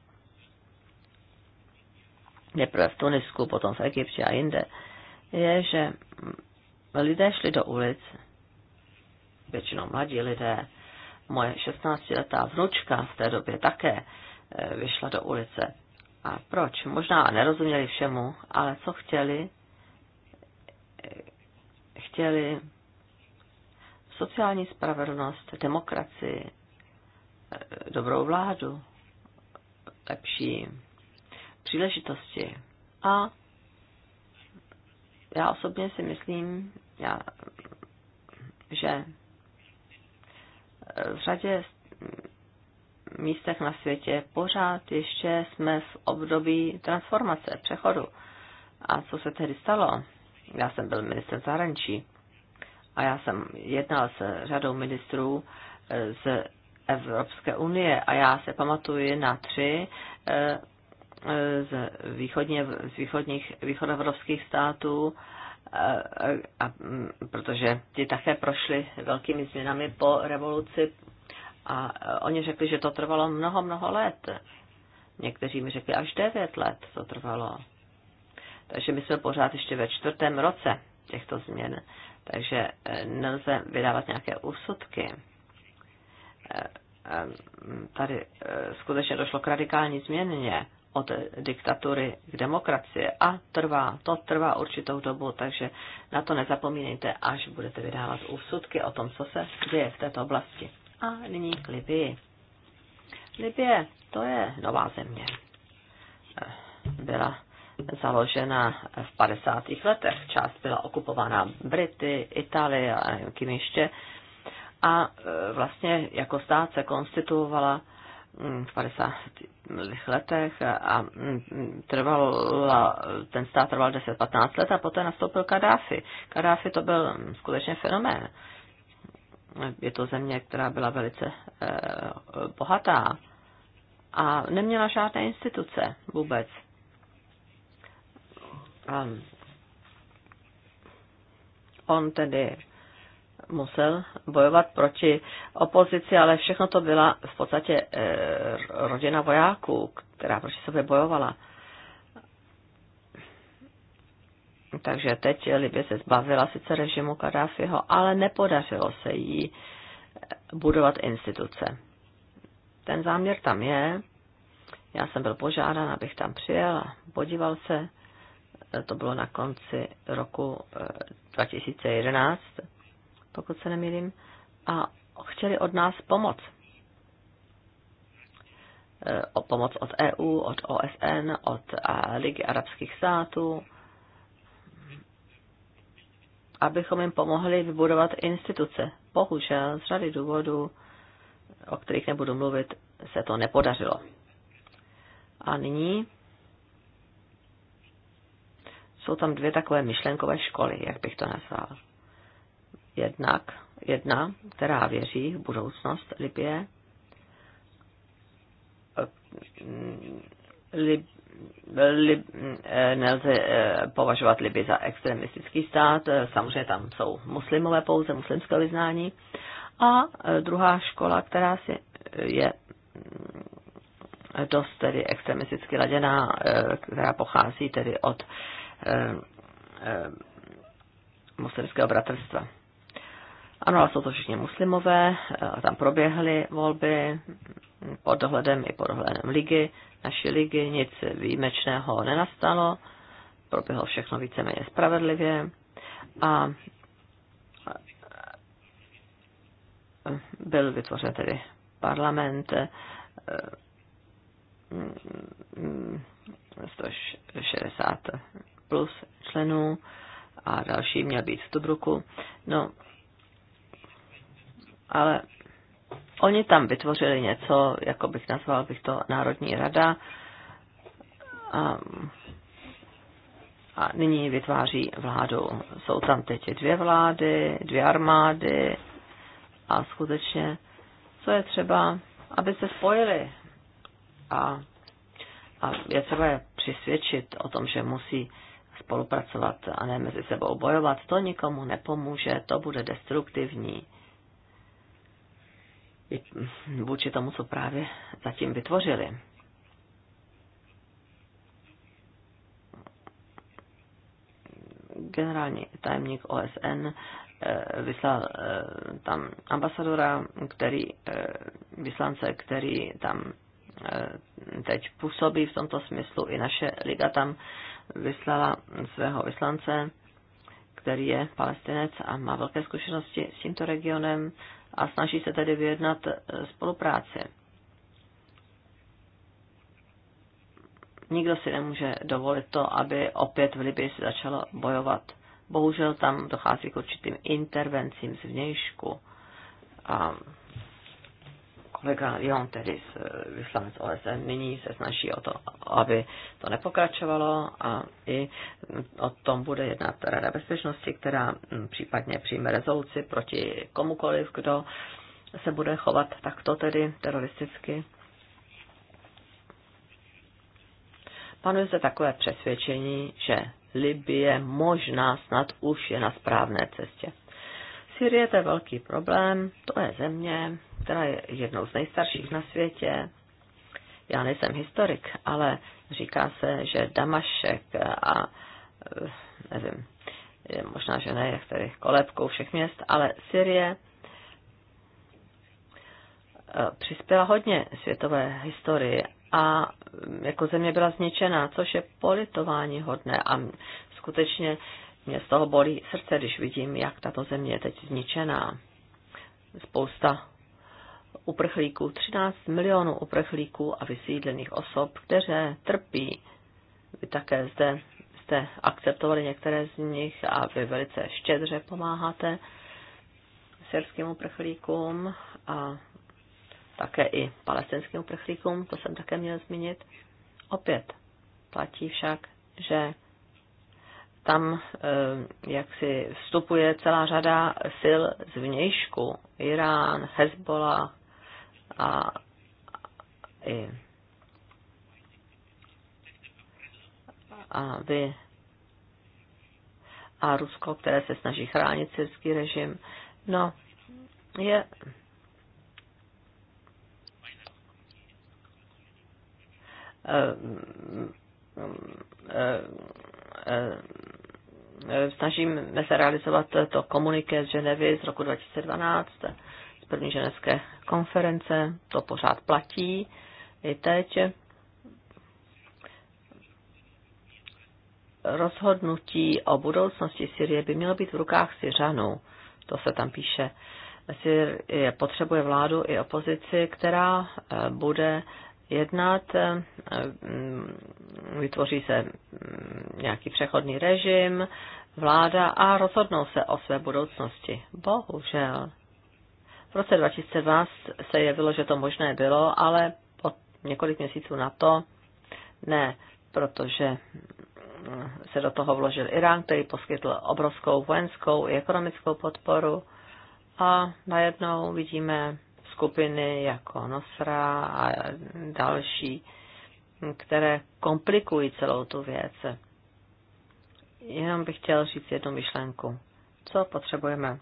S3: Nejprve v Tunisku, potom v Egyptě a jinde, je, že lidé šli do ulic, většinou mladí lidé, moje 16-letá vnučka v té době také vyšla do ulice a proč? Možná nerozuměli všemu, ale co chtěli? Chtěli sociální spravedlnost, demokracii, dobrou vládu, lepší příležitosti. A já osobně si myslím, já, že v řadě místech na světě pořád ještě jsme v období transformace, přechodu. A co se tehdy stalo? Já jsem byl minister zahraničí a já jsem jednal se řadou ministrů eh, z Evropské unie a já se pamatuju na tři eh, eh, z, východně, z východních, východoevropských států, a, a, mm, a, protože ti také prošli velkými změnami po revoluci a e, oni řekli, že to trvalo mnoho, mnoho let. Někteří mi řekli, až devět let to trvalo. Takže my jsme pořád ještě ve čtvrtém roce těchto změn, takže e, nelze vydávat nějaké úsudky. E, tady skutečně došlo k radikální změně od diktatury k demokracii a trvá, to trvá určitou dobu, takže na to nezapomínejte, až budete vydávat úsudky o tom, co se děje v této oblasti. A nyní k Libii. Libie, to je nová země. Eh, byla založena v 50. letech. Část byla okupována Brity, Itálie a kým ještě. A eh, vlastně jako stát se konstituovala hm, v 50. letech a hm, trval, ten stát trval 10-15 let a poté nastoupil Kadáfi. Kadáfi to byl hm, skutečně fenomén je to země, která byla velice eh, bohatá a neměla žádné instituce vůbec. A on tedy musel bojovat proti opozici, ale všechno to byla v podstatě eh, rodina vojáků, která proti sobě bojovala. Takže teď Libě se zbavila sice režimu Kadáfiho, ale nepodařilo se jí eh, budovat instituce. Ten záměr tam je. Já jsem byl požádán, abych tam přijel a podíval se. Eh, to bylo na konci roku 2011, eh, pokud se nemýlím. A chtěli od nás pomoc. O pomoc od EU, od OSN, od Ligy arabských států, abychom jim pomohli vybudovat instituce. Bohužel z řady důvodů, o kterých nebudu mluvit, se to nepodařilo. A nyní jsou tam dvě takové myšlenkové školy, jak bych to nazval. Jednak jedna, která věří v budoucnost Libie, Lib, Lib, eh, nelze eh, považovat Liby za extremistický stát, eh, samozřejmě tam jsou muslimové pouze, muslimské vyznání. A druhá škola, která si je mm, dost tedy extremisticky laděná, která pochází tedy od muslimského bratrstva. Ano, ale jsou to všichni muslimové, eh, tam proběhly volby pod dohledem i pod dohledem ligy, naší ligy, nic výjimečného nenastalo, proběhlo všechno víceméně spravedlivě a byl vytvořen tedy parlament 160 eh, plus členů a další měl být v Tubruku. No, ale oni tam vytvořili něco, jako bych nazval bych to Národní rada, a, a nyní vytváří vládu. Jsou tam teď dvě vlády, dvě armády a skutečně, co je třeba, aby se spojili a, a je třeba je přisvědčit o tom, že musí spolupracovat a ne mezi sebou bojovat, to nikomu nepomůže, to bude destruktivní vůči tomu, co právě zatím vytvořili. Generální tajemník OSN eh, vyslal eh, tam ambasadora, který, eh, vyslance, který tam teď působí v tomto smyslu. I naše liga tam vyslala svého vyslance, který je palestinec a má velké zkušenosti s tímto regionem a snaží se tedy vyjednat eh, spolupráci. Nikdo si nemůže dovolit to, aby opět v Libii se začalo bojovat. Bohužel tam dochází k určitým intervencím zvnějšku. A kolega Lyon, tedy z eh, vyslanec OSN nyní se snaží o to, aby to nepokračovalo a i hm, o tom bude jednat Rada bezpečnosti, která hm, případně přijme rezoluci proti komukoliv, kdo se bude chovat takto tedy teroristicky. Panuje se takové přesvědčení, že Libie možná snad už je na správné cestě. Syrie to je velký problém, to je země, která je jednou z nejstarších na světě. Já nejsem historik, ale říká se, že Damašek a eh, nevím, možná, že ne, jak tady kolebkou všech měst, ale Syrie eh, přispěla hodně světové historii a mm, jako země byla zničená, což je politování hodné a skutečně mě z toho bolí srdce, když vidím, jak tato země je teď zničená. Spousta uprchlíků, 13 milionů uprchlíků a vysídlených osob, které trpí. Vy také zde jste akceptovali některé z nich a vy velice štědře pomáháte syrským uprchlíkům a také i palestinským uprchlíkům, to jsem také měl zmínit. Opět platí však, že tam eh, jak si vstupuje celá řada sil z vnějšku, Irán, Hezbollah, a i a vy a Rusko, které se snaží chránit syrský režim. No, je snažíme se realizovat to komuniké z Ženevy z roku 2012 první ženevské konference, to pořád platí i teď. Rozhodnutí o budoucnosti Syrie by mělo být v rukách Syřanů, to se tam píše. Syrie potřebuje vládu i opozici, která eh, bude jednat, eh, mm, vytvoří se mm, nějaký přechodný režim, vláda a rozhodnou se o své budoucnosti. Bohužel v roce 2012 se jevilo, že to možné bylo, ale od několik měsíců na to ne, protože se do toho vložil Irán, který poskytl obrovskou vojenskou i ekonomickou podporu. A najednou vidíme skupiny jako Nosra a další, které komplikují celou tu věc. Jenom bych chtěl říct jednu myšlenku. Co potřebujeme?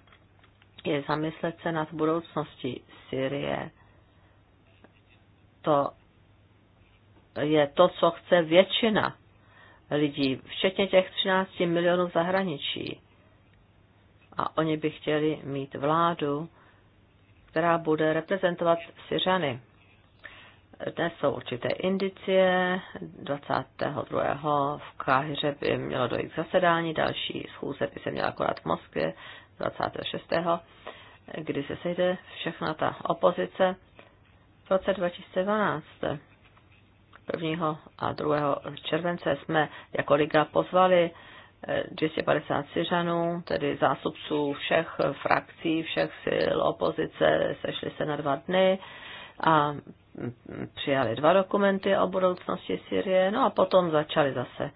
S3: je zamyslet se nad budoucností Syrie. To je to, co chce většina lidí, včetně těch 13 milionů zahraničí. A oni by chtěli mít vládu, která bude reprezentovat Syřany. Dnes jsou určité indicie. 22. v Káhyře by mělo dojít k zasedání, další schůze by se měla konat v Moskvě 26., kdy se sejde všechna ta opozice v roce 2012. 1. a 2. července jsme jako liga pozvali 250 eh, Syřanů, tedy zástupců všech frakcí, všech sil opozice, sešli se na dva dny a přijali dva dokumenty o budoucnosti Syrie, no a potom začali zase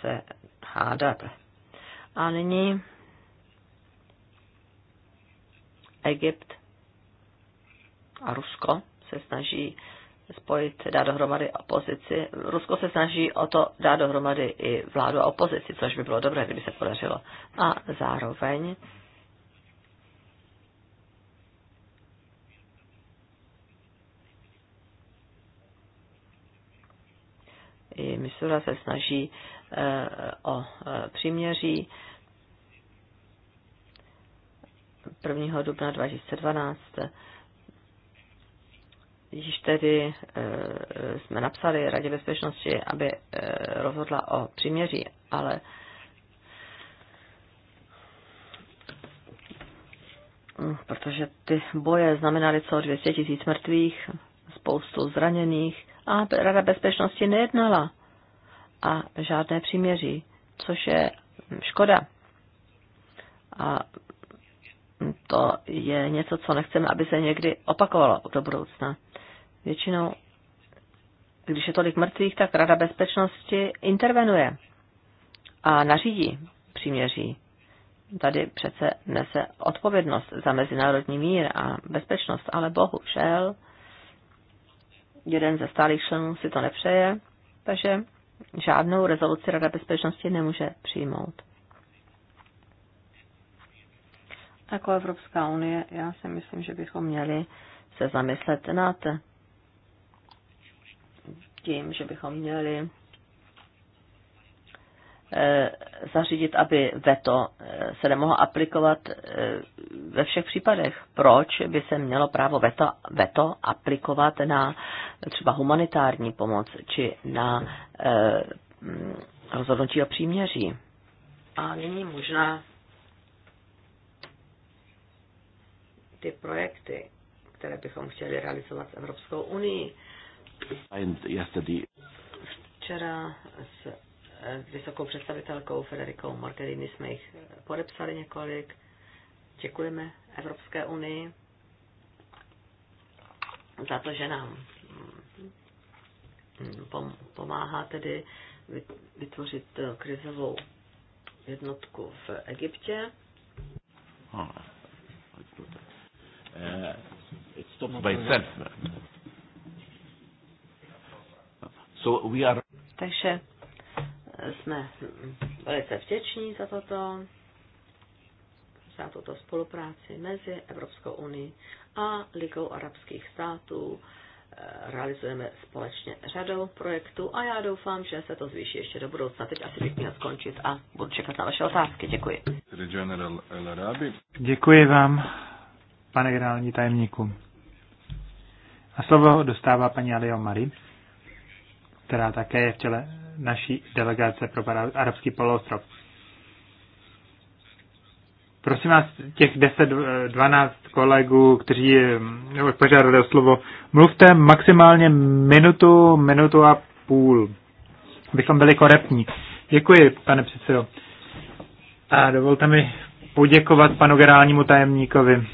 S3: se hádat. A nyní Egypt a Rusko se snaží spojit, dát dohromady opozici. Rusko se snaží o to dát dohromady i vládu a opozici, což by bylo dobré, kdyby se podařilo. A zároveň i Misura se snaží eh, o eh, příměří 1. dubna 2012. Již tedy e, jsme napsali Radě bezpečnosti, aby e, rozhodla o příměří, ale hm, protože ty boje znamenaly co 200 tisíc mrtvých, spoustu zraněných a Rada bezpečnosti nejednala a žádné příměří, což je hm, škoda. A to je něco, co nechceme, aby se někdy opakovalo do budoucna. Většinou, když je tolik mrtvých, tak Rada bezpečnosti intervenuje a nařídí příměří. Tady přece nese odpovědnost za mezinárodní mír a bezpečnost, ale bohužel jeden ze stálých členů si to nepřeje, takže žádnou rezoluci Rada bezpečnosti nemůže přijmout. jako Evropská unie, já si myslím, že bychom měli se zamyslet nad tím, že bychom měli eh, zařídit, aby veto eh, se nemohlo aplikovat eh, ve všech případech. Proč by se mělo právo veto, veto aplikovat na třeba humanitární pomoc či na mm, rozhodnutí o příměří? A nyní možná ty projekty, které bychom chtěli realizovat s Evropskou unii. Včera eh, s vysokou představitelkou Federikou Margerini jsme jich podepsali několik. Děkujeme Evropské unii za to, že nám mm, mm, pomáhá tedy vytvořit eh, krizovou jednotku v Egyptě.
S4: Uh, it stops by itself. So we are...
S3: Takže eh, jsme velice vděční za toto za toto spolupráci mezi Evropskou unii a Ligou arabských států. Eh, realizujeme společně řadou projektů a já doufám, že se to zvýší ještě do budoucna. Teď asi bych měl skončit a budu čekat na vaše otázky. Děkuji.
S6: Děkuji vám pane generální tajemníku. A slovo dostává paní Alio Mari, která také je v těle naší delegace pro arabský poloostrov. Prosím vás, těch 10-12 kolegů, kteří eh, požádali o slovo, mluvte maximálně minutu, minutu a půl, abychom byli korektní. Děkuji, pane předsedo. A dovolte mi poděkovat panu generálnímu tajemníkovi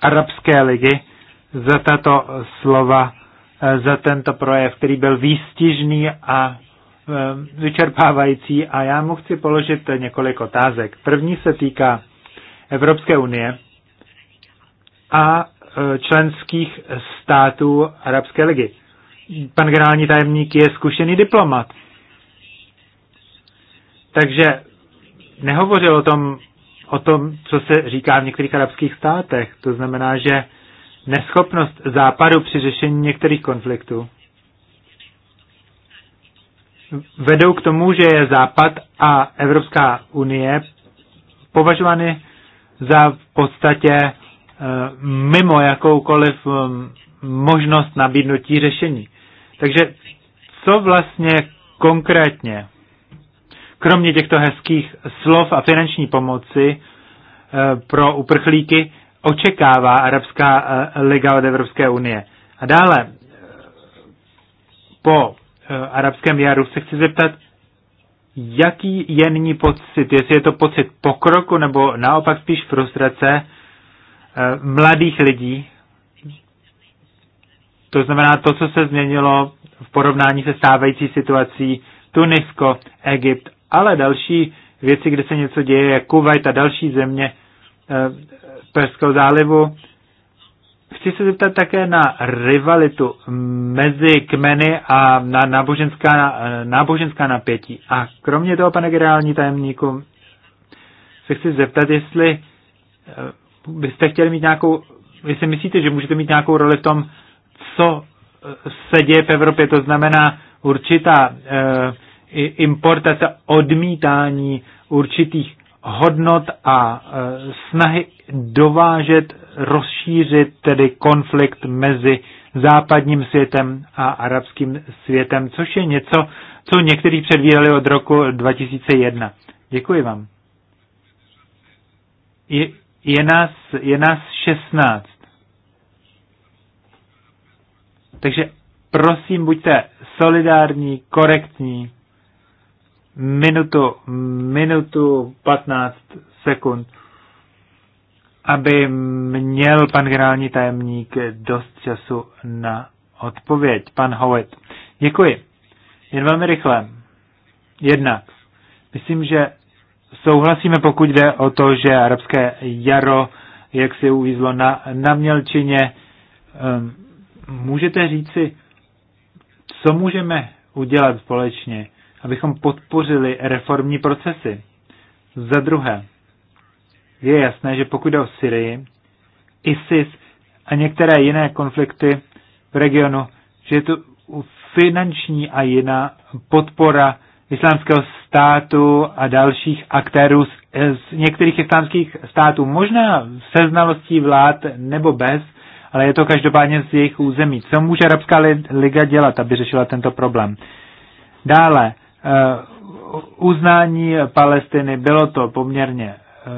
S6: Arabské ligy za tato slova, eh, za tento projev, který byl výstižný a eh, vyčerpávající a já mu chci položit několik otázek. První se týká Evropské unie a eh, členských států Arabské ligy. Pan generální tajemník je zkušený diplomat. Takže nehovořil o tom o tom, co se říká v některých arabských státech. To znamená, že neschopnost západu při řešení některých konfliktů vedou k tomu, že je Západ a Evropská unie považovány za v podstatě e, mimo jakoukoliv e, možnost nabídnutí řešení. Takže co vlastně konkrétně kromě těchto hezkých slov a finanční pomoci eh, pro uprchlíky očekává Arabská eh, liga od Evropské unie. A dále, po eh, arabském jaru se chci zeptat, jaký je nyní pocit, jestli je to pocit pokroku nebo naopak spíš frustrace mladých lidí, to znamená to, co se změnilo v porovnání se stávající situací Tunisko, Egypt ale další věci, kde se něco děje, je Kuwait a další země eh, Perského zálivu. Chci se zeptat také na rivalitu mezi kmeny a na náboženská, eh, náboženská napětí. A kromě toho, pane generální tajemníku, se chci zeptat, jestli eh, byste chtěli mít nějakou, jestli myslíte, že můžete mít nějakou roli v tom, co se děje v Evropě, to znamená určitá eh, importace odmítání určitých hodnot a e, snahy dovážet, rozšířit tedy konflikt mezi západním světem a arabským světem, což je něco, co někteří předvídali od roku 2001. Děkuji vám. Je, je, nás, je nás 16. Takže prosím, buďte solidární, korektní minutu, minutu 15 sekund, aby měl pan generální tajemník dost času na odpověď. Pan Howitt. Děkuji. Jen velmi rychle. Jednak, myslím, že souhlasíme, pokud jde o to, že arabské jaro, jak si uvízlo na, na mělčině, ehm, můžete říci, co můžeme udělat společně abychom podpořili reformní procesy. Za druhé, je jasné, že pokud jde o Syrii, ISIS a některé jiné konflikty v regionu, že je tu finanční a jiná podpora islámského státu a dalších aktérů z, z některých islámských států, možná se znalostí vlád nebo bez, ale je to každopádně z jejich území. Co může Arabská liga dělat, aby řešila tento problém? Dále, Eh, uznání Palestiny. Bylo to poměrně eh,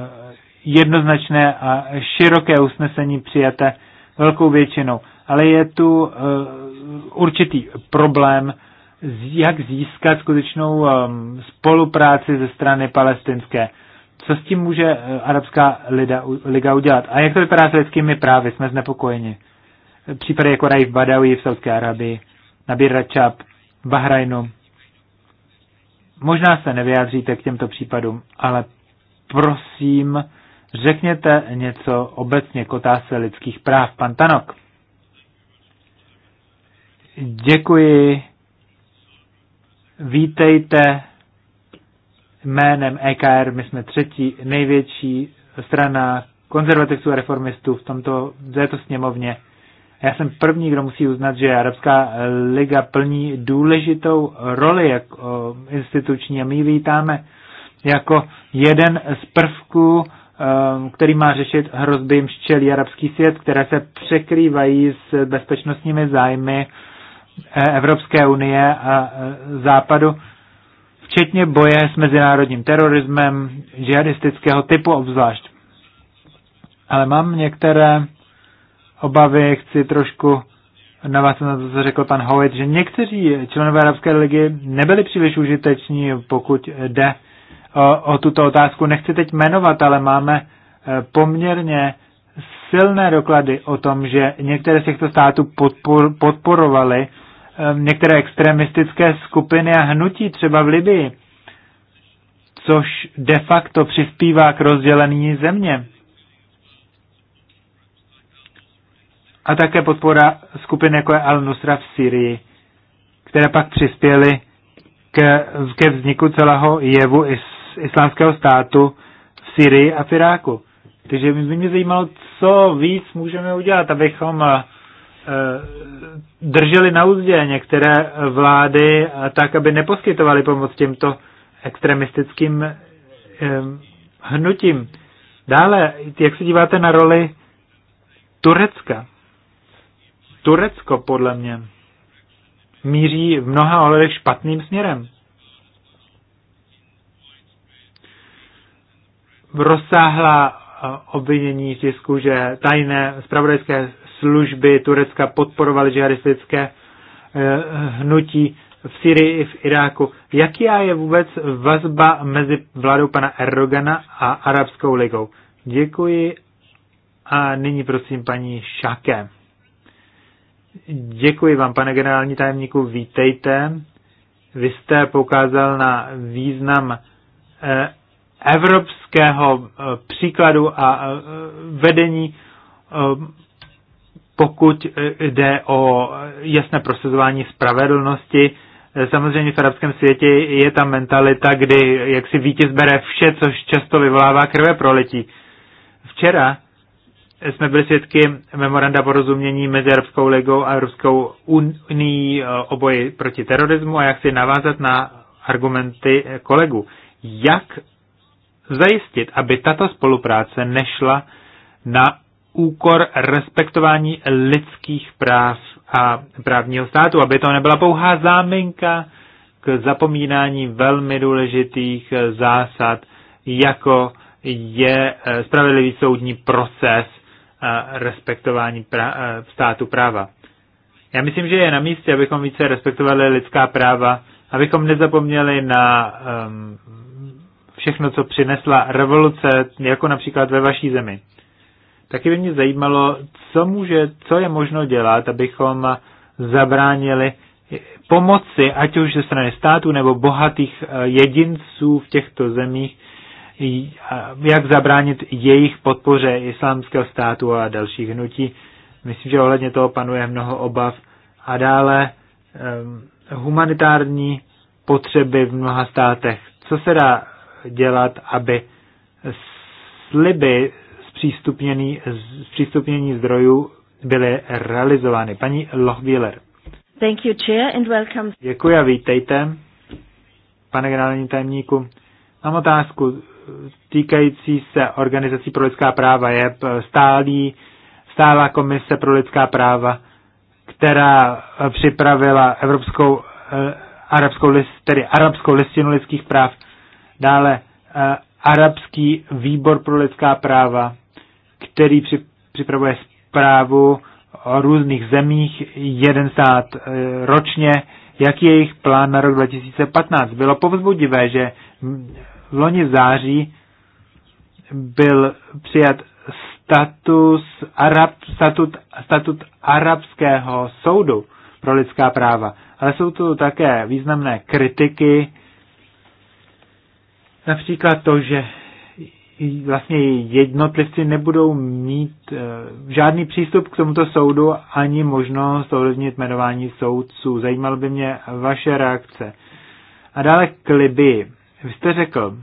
S6: jednoznačné a široké usnesení přijaté velkou většinou. Ale je tu eh, určitý problém, jak získat skutečnou spolupráci ze strany palestinské. Co s tím může Arabská liga udělat? A jak to vypadá s lidskými právy? Jsme znepokojeni. Případy jako Raif Badawi v Saudské Arabii, Nabir Rachab, Bahrajnu, Možná se nevyjádříte k těmto případům, ale prosím, řekněte něco obecně k otázce lidských práv. Pan Tanok. Děkuji. Vítejte jménem EKR. My jsme třetí největší strana konzervativců a reformistů v tomto této sněmovně. Já jsem první, kdo musí uznat, že Arabská eh, liga plní důležitou roli jak instituční a my ji vítáme jako jeden z prvků, ehm, který má řešit hrozby mščelí arabský svět, které se překrývají s bezpečnostními zájmy eh, Evropské unie a eh, Západu, včetně boje s mezinárodním terorismem, džihadistického typu obzvlášť. Ale mám některé obavy, chci trošku navázat na to, co řekl pan Howitt, že někteří členové Arabské ligy nebyli příliš užiteční, pokud jde o, o tuto otázku. Nechci teď jmenovat, ale máme e, poměrně silné doklady o tom, že některé z těchto států podpor, podporovaly e, některé extremistické skupiny a hnutí, třeba v Libii, což de facto přispívá k rozdělení země. a také podpora skupin jako je Al-Nusra v Syrii, které pak přispěly ke, ke vzniku celého jevu is, islámského státu v Syrii a v Iráku. Takže by mě zajímalo, co víc můžeme udělat, abychom eh, drželi na úzdě některé vlády tak, aby neposkytovali pomoc těmto extremistickým eh, hnutím. Dále, jak se díváte na roli Turecka? Turecko podle mě míří v mnoha ohledech špatným směrem. Rozsáhlá eh, obvinění tisku, že tajné zpravodajské služby Turecka podporovaly džihadistické eh, hnutí v Syrii i v Iráku. Jaká je vůbec vazba mezi vládou pana Erdogana a Arabskou ligou? Děkuji a nyní prosím paní Šakem. Děkuji vám, pane generální tajemníku, vítejte. Vy jste poukázal na význam eh, evropského eh, příkladu a eh, vedení, pokud jde o jasné prosazování spravedlnosti. Samozřejmě v arabském světě je ta mentalita, kdy jaksi vítěz bere vše, což často vyvolává krve proletí. Včera jsme byli svědky memoranda porozumění mezi Evropskou ligou a Evropskou unii eh, o boji proti terorismu a já chci navázat na argumenty eh, kolegu. Jak zajistit, aby tato spolupráce nešla na úkor respektování lidských práv a právního státu, aby to nebyla pouhá záminka k zapomínání velmi důležitých eh, zásad, jako je spravedlivý soudní proces respektování prá, státu práva. Já myslím, že je na místě, abychom více respektovali lidská práva, abychom nezapomněli na um, všechno, co přinesla revoluce, jako například ve vaší zemi. Taky by mě zajímalo, co, může, co je možno dělat, abychom zabránili pomoci, ať už ze strany států nebo bohatých eh, jedinců v těchto zemích, jak zabránit jejich podpoře islámského státu a dalších hnutí. Myslím, že ohledně toho panuje mnoho obav. A dále humanitární potřeby v mnoha státech. Co se dá dělat, aby sliby zpřístupnění, zdrojů byly realizovány? Paní Lochwieler.
S3: Thank you, Chair, and welcome.
S6: Děkuji a vítejte, pane generální tajemníku. Mám otázku týkající se organizací pro lidská práva je stálý, stálá komise pro lidská práva, která eh, připravila Evropskou eh, arabskou, list, tedy arabskou listinu lidských práv, dále eh, Arabský výbor pro lidská práva, který připravuje zprávu o různých zemích, jeden stát ročně, jaký je jejich plán na rok 2015. Bylo povzbudivé, že v loni v září byl přijat status Arab, statut, statut Arabského soudu pro lidská práva. Ale jsou tu také významné kritiky, například to, že vlastně jednotlivci nebudou mít e, žádný přístup k tomuto soudu ani možnost ovlivnit jmenování soudců. Zajímalo by mě vaše reakce. A dále k Libii. Vy jste řekl,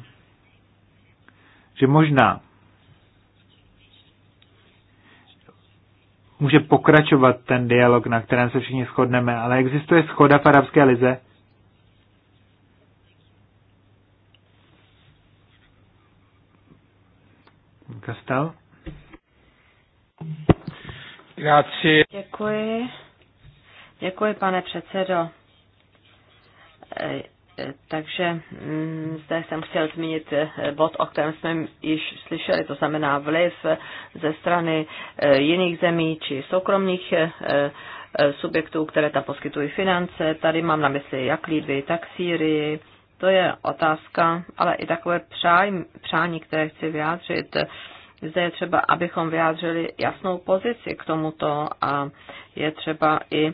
S6: že možná může pokračovat ten dialog, na kterém se všichni shodneme, ale existuje schoda v Arabské lize? Kastel?
S3: Děkuji. Děkuji, pane předsedo. Takže mm, zde jsem chtěl zmínit eh, bod, o kterém jsme již slyšeli, to znamená vliv ze strany eh, jiných zemí či soukromých eh, subjektů, které tam poskytují finance. Tady mám na mysli jak Líby, tak Sýrii. To je otázka, ale i takové přání, přání které chci vyjádřit. Zde je třeba, abychom vyjádřili jasnou pozici k tomuto a je třeba i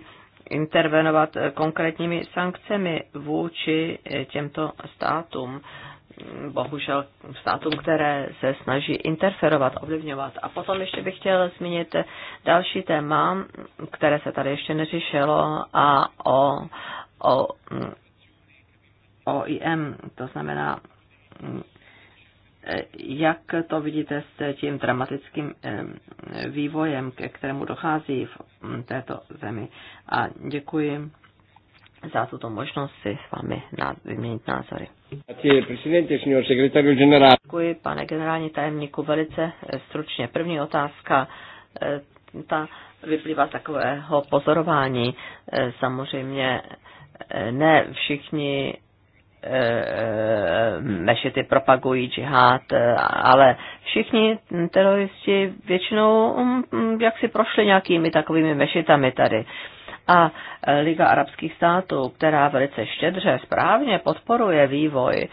S3: intervenovat konkrétními sankcemi vůči těmto státům. Bohužel státům, které se snaží interferovat, ovlivňovat. A potom ještě bych chtěl zmínit další téma, které se tady ještě neřešilo, a o, o to znamená jak to vidíte s tím dramatickým vývojem, ke kterému dochází v této zemi. A děkuji za tuto možnost si s vámi vyměnit názory. Děkuji, pane generální tajemníku, velice eh, stručně. První otázka, eh, ta vyplývá z takového pozorování. Eh, samozřejmě ne všichni Eh, eh, mešity propagují džihad, eh, ale všichni teroristi většinou mm, mm, jak si prošli nějakými takovými mešitami tady. A Liga arabských států, která velice štědře, správně podporuje vývoj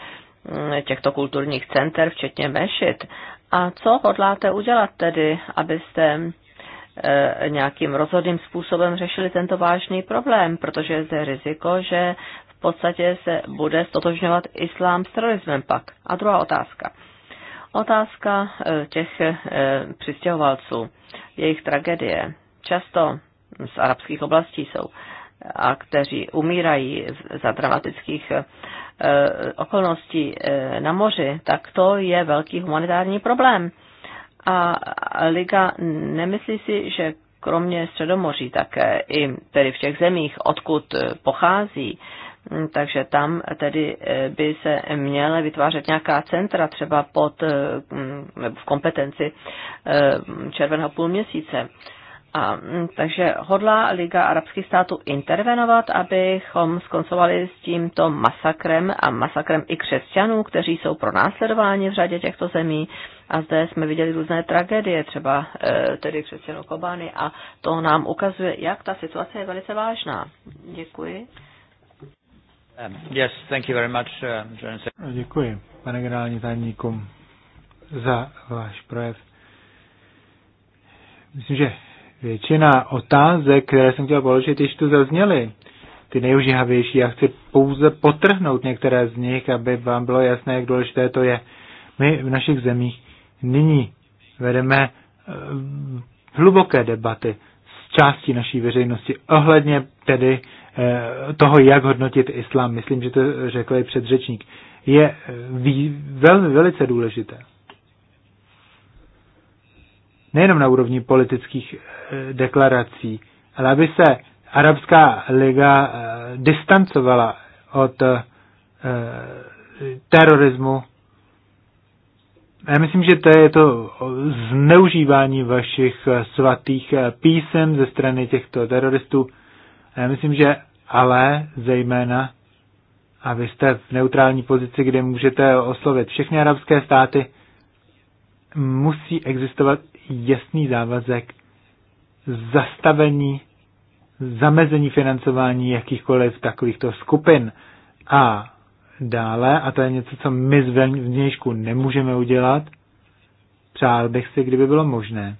S3: mm, těchto kulturních center, včetně mešit. A co hodláte udělat tedy, abyste nějakým rozhodným způsobem řešili tento vážný problém, protože je zde riziko, že podstatě se bude stotožňovat islám s terorismem pak. A druhá otázka. Otázka e, těch e, přistěhovalců, jejich tragédie. Často z arabských oblastí jsou a kteří umírají za dramatických e, okolností na moři, tak to je velký humanitární problém. A Liga nemyslí si, že kromě Středomoří také i tedy v těch zemích, odkud pochází, Hm, takže tam tedy eh, by se měla vytvářet nějaká centra třeba pod, eh, hm, nebo v kompetenci eh, červeného půlměsíce. A, hm, takže hodlá Liga arabských států intervenovat, abychom skoncovali s tímto masakrem a masakrem i křesťanů, kteří jsou pronásledováni v řadě těchto zemí. A zde jsme viděli různé tragédie, třeba tedy křesťanů Kobány a to nám ukazuje, jak ta situace je velice vážná. Děkuji.
S6: Um, uh, Děkuji, pane generální tajemníku, za váš projev. Myslím, že většina otázek, které jsem chtěl položit, již tu zazněly. Ty nejužihavější. Já chci pouze potrhnout některé z nich, aby vám bylo jasné, jak důležité to je. My v našich zemích nyní vedeme eh, hluboké debaty Části naší veřejnosti ohledně tedy eh, toho, jak hodnotit islám. Myslím, že to řekl i předřečník. Je eh, velmi velice důležité. Nejenom na úrovni politických eh, deklarací, ale aby se Arabská liga distancovala od terorismu já myslím, že to je to zneužívání vašich eh, svatých eh, písem ze strany těchto teroristů. Já myslím, že ale zejména, a vy jste v neutrální pozici, kde můžete oslovit všechny arabské státy, musí existovat jasný závazek zastavení, zamezení financování jakýchkoliv takovýchto skupin. A dále, a to je něco, co my z vnějšku nemůžeme udělat, přál bych si, kdyby bylo možné,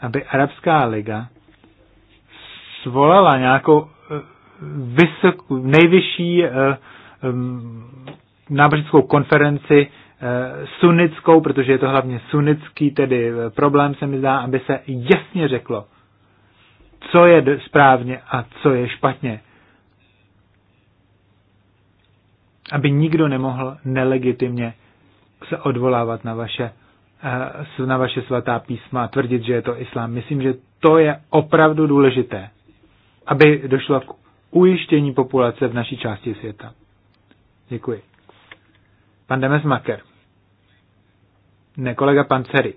S6: aby Arabská liga svolala nějakou eh, vysokou, nejvyšší eh, náboženskou konferenci eh, sunnickou, protože je to hlavně sunnický, tedy problém se mi zdá, aby se jasně řeklo, co je správně a co je špatně. aby nikdo nemohl nelegitimně se odvolávat na vaše, eh, na vaše svatá písma a tvrdit, že je to islám. Myslím, že to je opravdu důležité, aby došlo k ujištění populace v naší části světa. Děkuji. Pan Maker. Ne, kolega Panceri.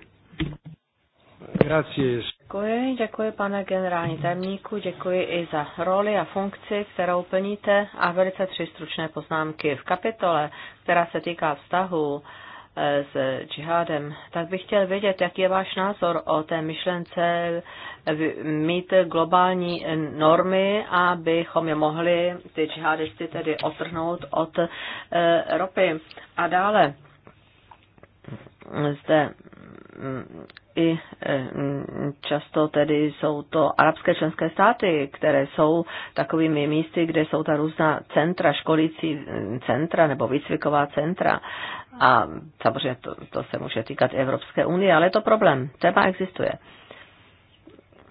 S6: Grazie.
S3: Děkuji, děkuji pane generální tajemníku, děkuji i za roli a funkci, kterou plníte a velice tři stručné poznámky v kapitole, která se týká vztahu eh, s džihádem, tak bych chtěl vědět, jaký je váš názor o té myšlence eh, mít globální eh, normy, abychom je mohli, ty džihadisty tedy otrhnout od ropy. A dále zde mm, i e, často tedy jsou to arabské členské státy, které jsou takovými místy, kde jsou ta různá centra, školící mm, centra nebo výcviková centra. A samozřejmě to, to se může týkat Evropské unie, ale je to problém. Téma existuje.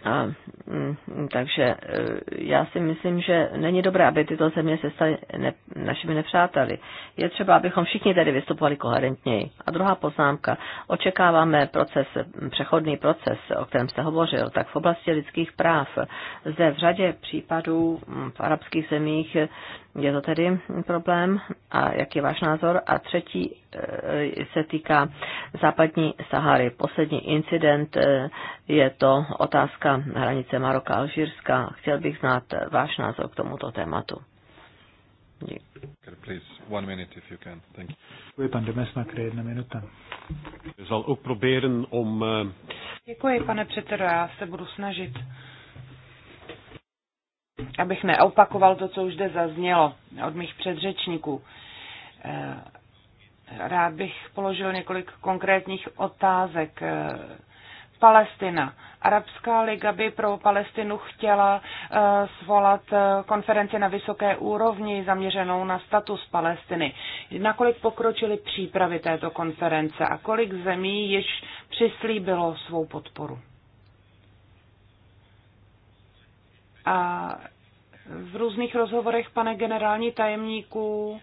S3: A, mm, takže e, já si myslím, že není dobré, aby tyto země se staly ne, našimi nepřáteli. Je třeba, abychom všichni tedy vystupovali koherentněji. A druhá poznámka. Očekáváme proces, přechodný proces, o kterém jste hovořil, tak v oblasti lidských práv. Zde v řadě případů mm, v arabských zemích je to tedy problém a jaký je váš názor? A třetí eh, se týká západní Sahary. Poslední incident eh, je to otázka hranice Maroka Alžírska. Chtěl bych znát eh, váš názor k tomuto tématu. Děkuji, pan Demesmaker, jedna minuta.
S2: Děkuji, pane předsedo, já se budu snažit abych neopakoval to, co už zde zaznělo od mých předřečníků. Eh, rád bych položil několik konkrétních otázek. Eh, Palestina. Arabská liga by pro Palestinu chtěla eh, svolat konferenci na vysoké úrovni zaměřenou na status Palestiny. Nakolik pokročily přípravy této konference a kolik zemí již přislíbilo svou podporu? A v různých rozhovorech, pane generální tajemníku,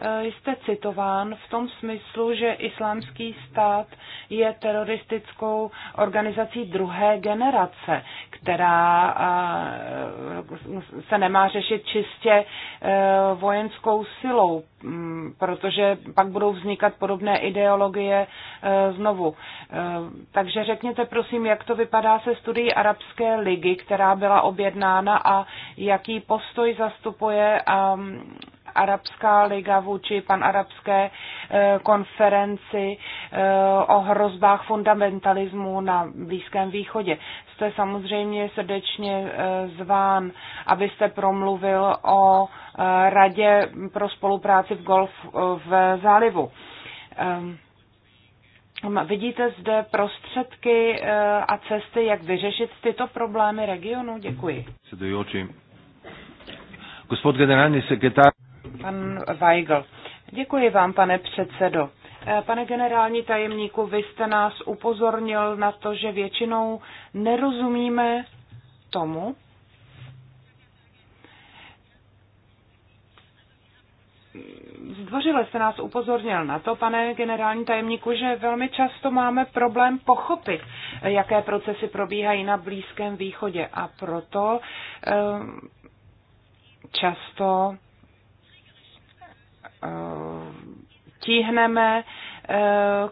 S2: Eh, jste citován v tom smyslu, že islámský stát je teroristickou organizací druhé generace, která eh, se nemá řešit čistě eh, vojenskou silou, hm, protože pak budou vznikat podobné ideologie znovu. Takže řekněte prosím, jak to vypadá se studií Arabské ligy, která byla objednána a jaký postoj zastupuje a hm, Arabská liga vůči panarabské eh, konferenci eh, o hrozbách fundamentalismu na Blízkém východě. Jste samozřejmě srdečně eh, zván, abyste promluvil o Radě pro spolupráci v golf v zálivu. Ehm, vidíte zde prostředky a cesty, jak vyřešit tyto problémy regionu? Děkuji.
S1: Gospod generální sekretář.
S2: Pan Weigl. Děkuji vám, pane předsedo. Eh, pane generální tajemníku, vy jste nás upozornil na to, že většinou nerozumíme tomu, Zdvořile se nás upozornil na to, pane generální tajemníku, že velmi často máme problém pochopit, eh, jaké procesy probíhají na Blízkém východě a proto eh, často Eh, tíhneme eh,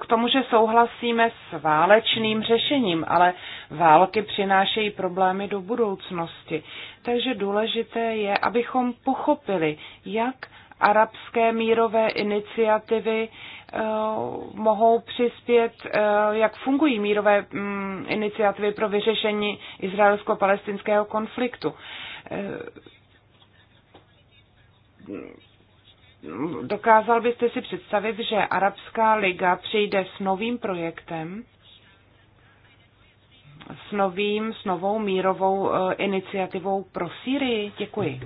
S2: k tomu, že souhlasíme s válečným řešením, ale války přinášejí problémy do budoucnosti. Takže důležité je, abychom pochopili, jak arabské mírové iniciativy eh, mohou přispět, jak fungují mírové mm, iniciativy pro vyřešení izraelsko-palestinského konfliktu dokázal byste si představit, že Arabská liga přijde s novým projektem, s novým, s novou mírovou eh, iniciativou pro
S6: Sýrii? Děkuji.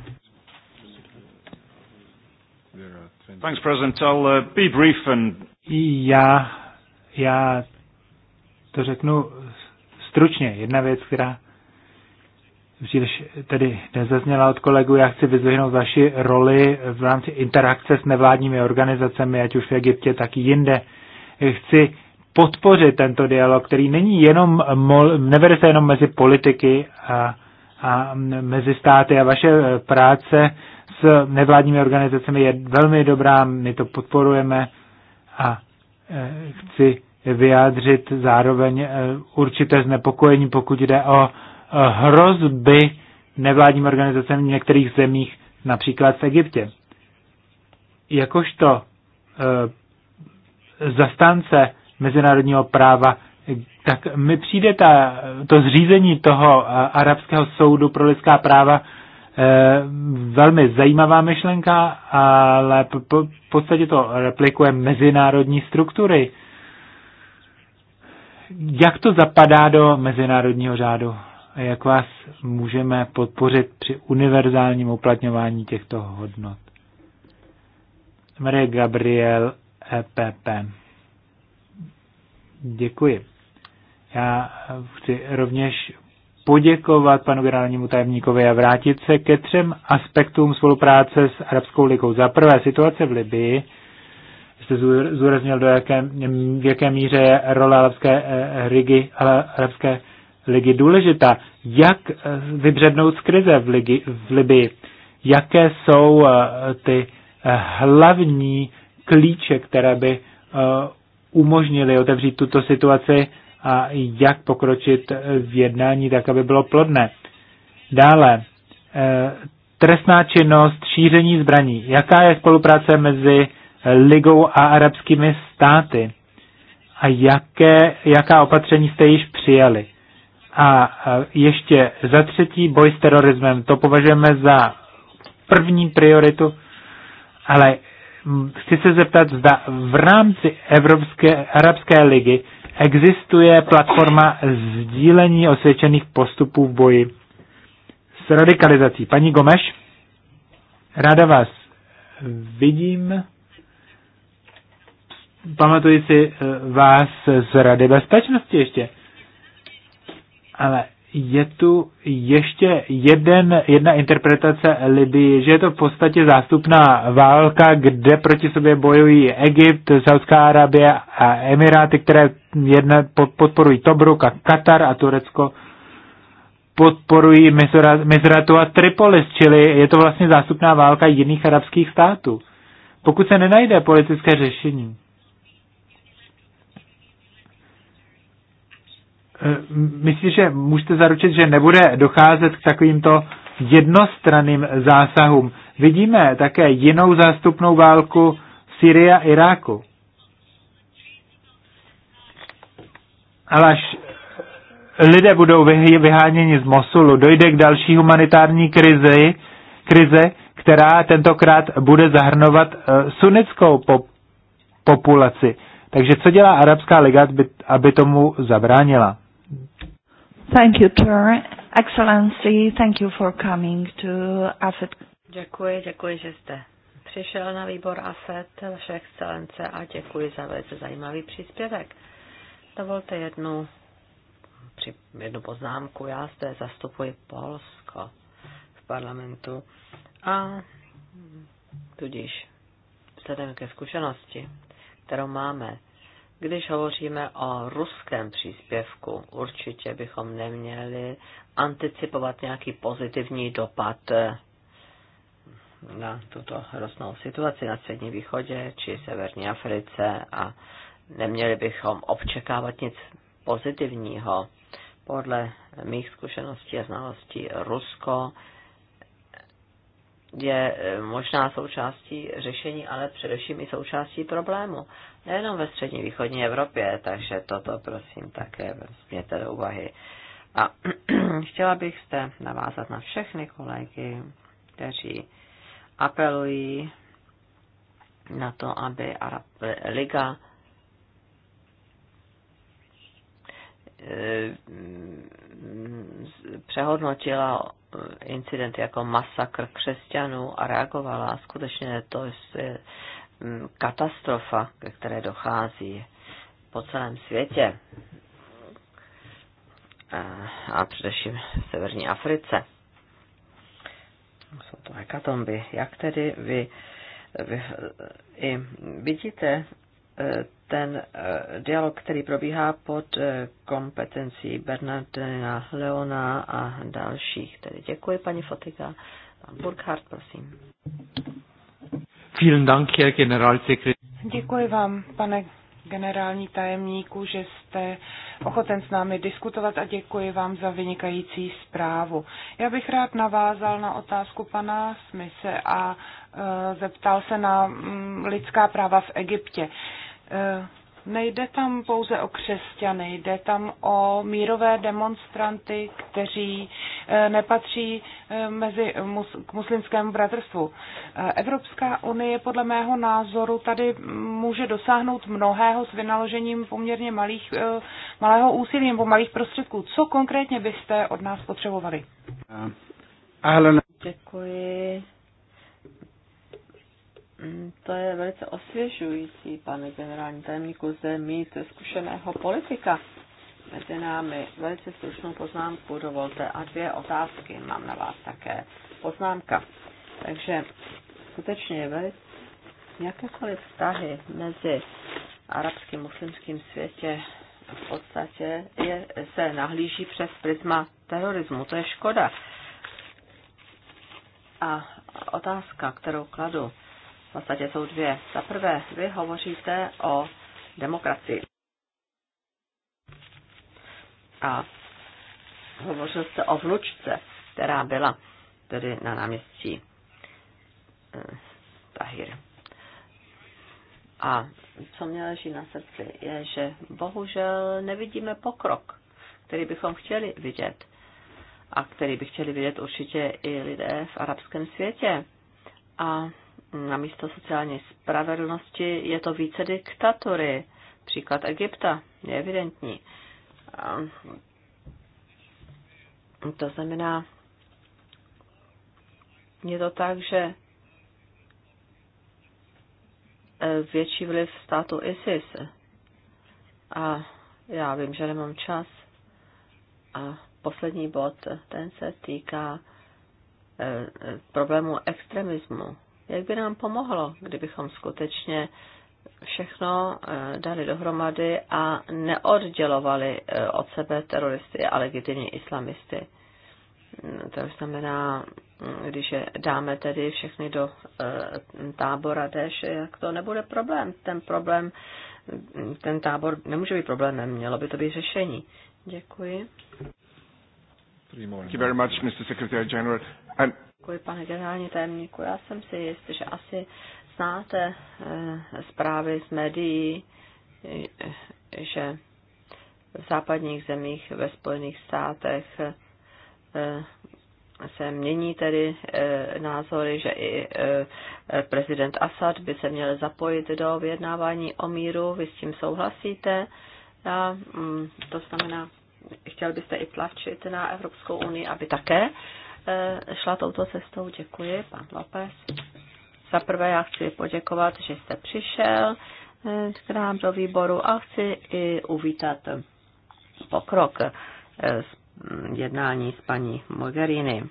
S4: Thanks, President.
S1: I'll uh, be brief and...
S6: Já, já to řeknu stručně. Jedna věc, která příliš tedy nezazněla od kolegu, já chci vyzvihnout vaši roli v rámci interakce s nevládními organizacemi, ať už v Egyptě, tak i jinde. Chci podpořit tento dialog, který není jenom, nevede se jenom mezi politiky a, a mezi státy a vaše práce s nevládními organizacemi je velmi dobrá, my to podporujeme a e, chci vyjádřit zároveň e, určité znepokojení, pokud jde o hrozby nevládním organizacím v některých zemích, například v Egyptě. Jakožto eh, zastánce mezinárodního práva, tak mi přijde ta, to zřízení toho eh, Arabského soudu pro lidská práva eh, velmi zajímavá myšlenka, ale v podstatě to replikuje mezinárodní struktury. Jak to zapadá do mezinárodního řádu? a jak vás můžeme podpořit při univerzálním uplatňování těchto hodnot. Marie Gabriel EPP. Děkuji. Já chci rovněž poděkovat panu generálnímu tajemníkovi a vrátit se ke třem aspektům spolupráce s Arabskou ligou. Za prvé situace v Libii, jste zúraznil, do jaké, v jaké míře je role Arabské, eh, eh rigi, Arabské ligy důležitá jak eh, vybřednout z krize v, Ligi, v Libii, jaké jsou eh, ty eh, hlavní klíče, které by umožnili otevřít tuto situaci a jak pokročit v jednání tak, aby bylo plodné. Dále, trestná činnost, šíření zbraní. Jaká je spolupráce mezi Ligou a arabskými státy? A jaké, jaká opatření jste již přijali? A ještě za třetí, boj s terorismem. To považujeme za první prioritu, ale chci se zeptat, zda v rámci Evropské arabské ligy existuje platforma sdílení osvědčených postupů v boji s radikalizací. Paní Gomeš, ráda vás vidím. Pamatuji si e, vás z Rady bezpečnosti ještě. Ale je tu ještě jeden, jedna interpretace lidí, že je to v podstatě zástupná válka, kde proti sobě bojují Egypt, Saudská Arábie a Emiráty, které jedna, podporují Tobruk a Katar a Turecko podporují Mizratu a Tripolis, čili je to vlastně zástupná válka jiných arabských států. Pokud se nenajde politické řešení, Eh, myslím, že můžete zaručit, že nebude docházet k takovýmto jednostranným zásahům. Vidíme také jinou zástupnou válku Syrie a Iráku. Ale až lidé budou vyháněni z Mosulu, dojde k další humanitární krizi, krize, která tentokrát bude zahrnovat eh, sunnickou pop- populaci. Takže co dělá Arabská liga, aby tomu zabránila?
S2: Thank you, Chair. Excellency, thank you for coming to AFET.
S3: Děkuji, děkuji, že jste přišel na výbor AFET, vaše excelence, a děkuji za velice zajímavý příspěvek. Dovolte jednu, při, jednu poznámku. Já zde zastupuji Polsko v parlamentu a tudíž vzhledem ke zkušenosti, kterou máme když hovoříme o ruském příspěvku, určitě bychom neměli anticipovat nějaký pozitivní dopad eh, na tuto hroznou situaci na Středním východě či Severní Africe a neměli bychom očekávat nic pozitivního. Podle mých zkušeností a znalostí Rusko je eh, možná součástí řešení, ale především i součástí problému nejenom ve střední východní Evropě, takže toto prosím také vezměte do úvahy. A chtěla bych zde navázat na všechny kolegy, kteří apelují na to, aby Arab Liga eh, přehodnotila incident jako masakr křesťanů a reagovala. Skutečně to je Mm, katastrofa, ke které dochází po celém světě a především v severní Africe. Jsou to hekatomby. Jak tedy vy, vy i vidíte e, ten e, dialog, který probíhá pod e, kompetencí Bernardina Leona a dalších. Tedy děkuji, paní Fotika. Burkhardt, prosím.
S2: Děkuji vám, pane generální tajemníku, že jste ochoten s námi diskutovat a děkuji vám za vynikající zprávu. Já bych rád navázal na otázku pana Smise a e, zeptal se na m, mm, lidská práva v Egyptě. E, Nejde tam pouze o křesťany, jde tam o mírové demonstranty, kteří eh, nepatří eh, mezi k muslimskému bratrstvu. Eh, Evropská unie podle mého názoru tady může dosáhnout mnohého s vynaložením poměrně malých, malého úsilí nebo malých prostředků. Co konkrétně byste od nás potřebovali?
S3: Děkuji. Mm, to je velice osvěžující, pane generální tajemníku, zde mít zkušeného politika mezi námi. Velice stručnou poznámku dovolte a dvě otázky mám na vás také. Poznámka. Takže skutečně velice jakékoliv vztahy mezi arabským muslimským světě v podstatě je, se nahlíží přes prisma terorismu. To je škoda. A otázka, kterou kladu, v podstatě jsou dvě. Za prvé, vy hovoříte o demokracii. A hovořil jste o vlučce, která byla tedy na náměstí eh, Tahir. A co mě leží na srdci, je, že bohužel nevidíme pokrok, který bychom chtěli vidět a který by chtěli vidět určitě i lidé v arabském světě. A na místo sociální spravedlnosti je to více diktatury. Příklad Egypta je evidentní. To znamená, je to tak, že e, větší vliv státu ISIS. A já vím, že nemám čas. A poslední bod, ten se týká e, e, problému extremismu jak by nám pomohlo, kdybychom skutečně všechno eh, dali dohromady a neoddělovali eh, od sebe teroristy a legitimní islamisty. Mm, to znamená, mm, když je dáme tedy všechny do eh, tábora Deš, jak to nebude problém. Ten problém, mm, ten tábor nemůže být problémem, mělo by to být řešení. Děkuji.
S1: Thank you very much, Mr. Secretary General. And
S3: Děkuji, pane generální tajemníku. Já jsem si jist, že asi znáte eh, zprávy z médií, eh, že v západních zemích, ve Spojených státech eh, se mění tedy názory, že i prezident Assad by se měl zapojit do vyjednávání o míru. Vy s tím souhlasíte? A, mm, to znamená, chtěl byste i tlačit na Evropskou unii, aby také E, šla touto cestou. Děkuji, pan Lopez. Za prvé já chci poděkovat, že jste přišel e, k nám do výboru a chci i uvítat pokrok z e, jednání s paní Mogherini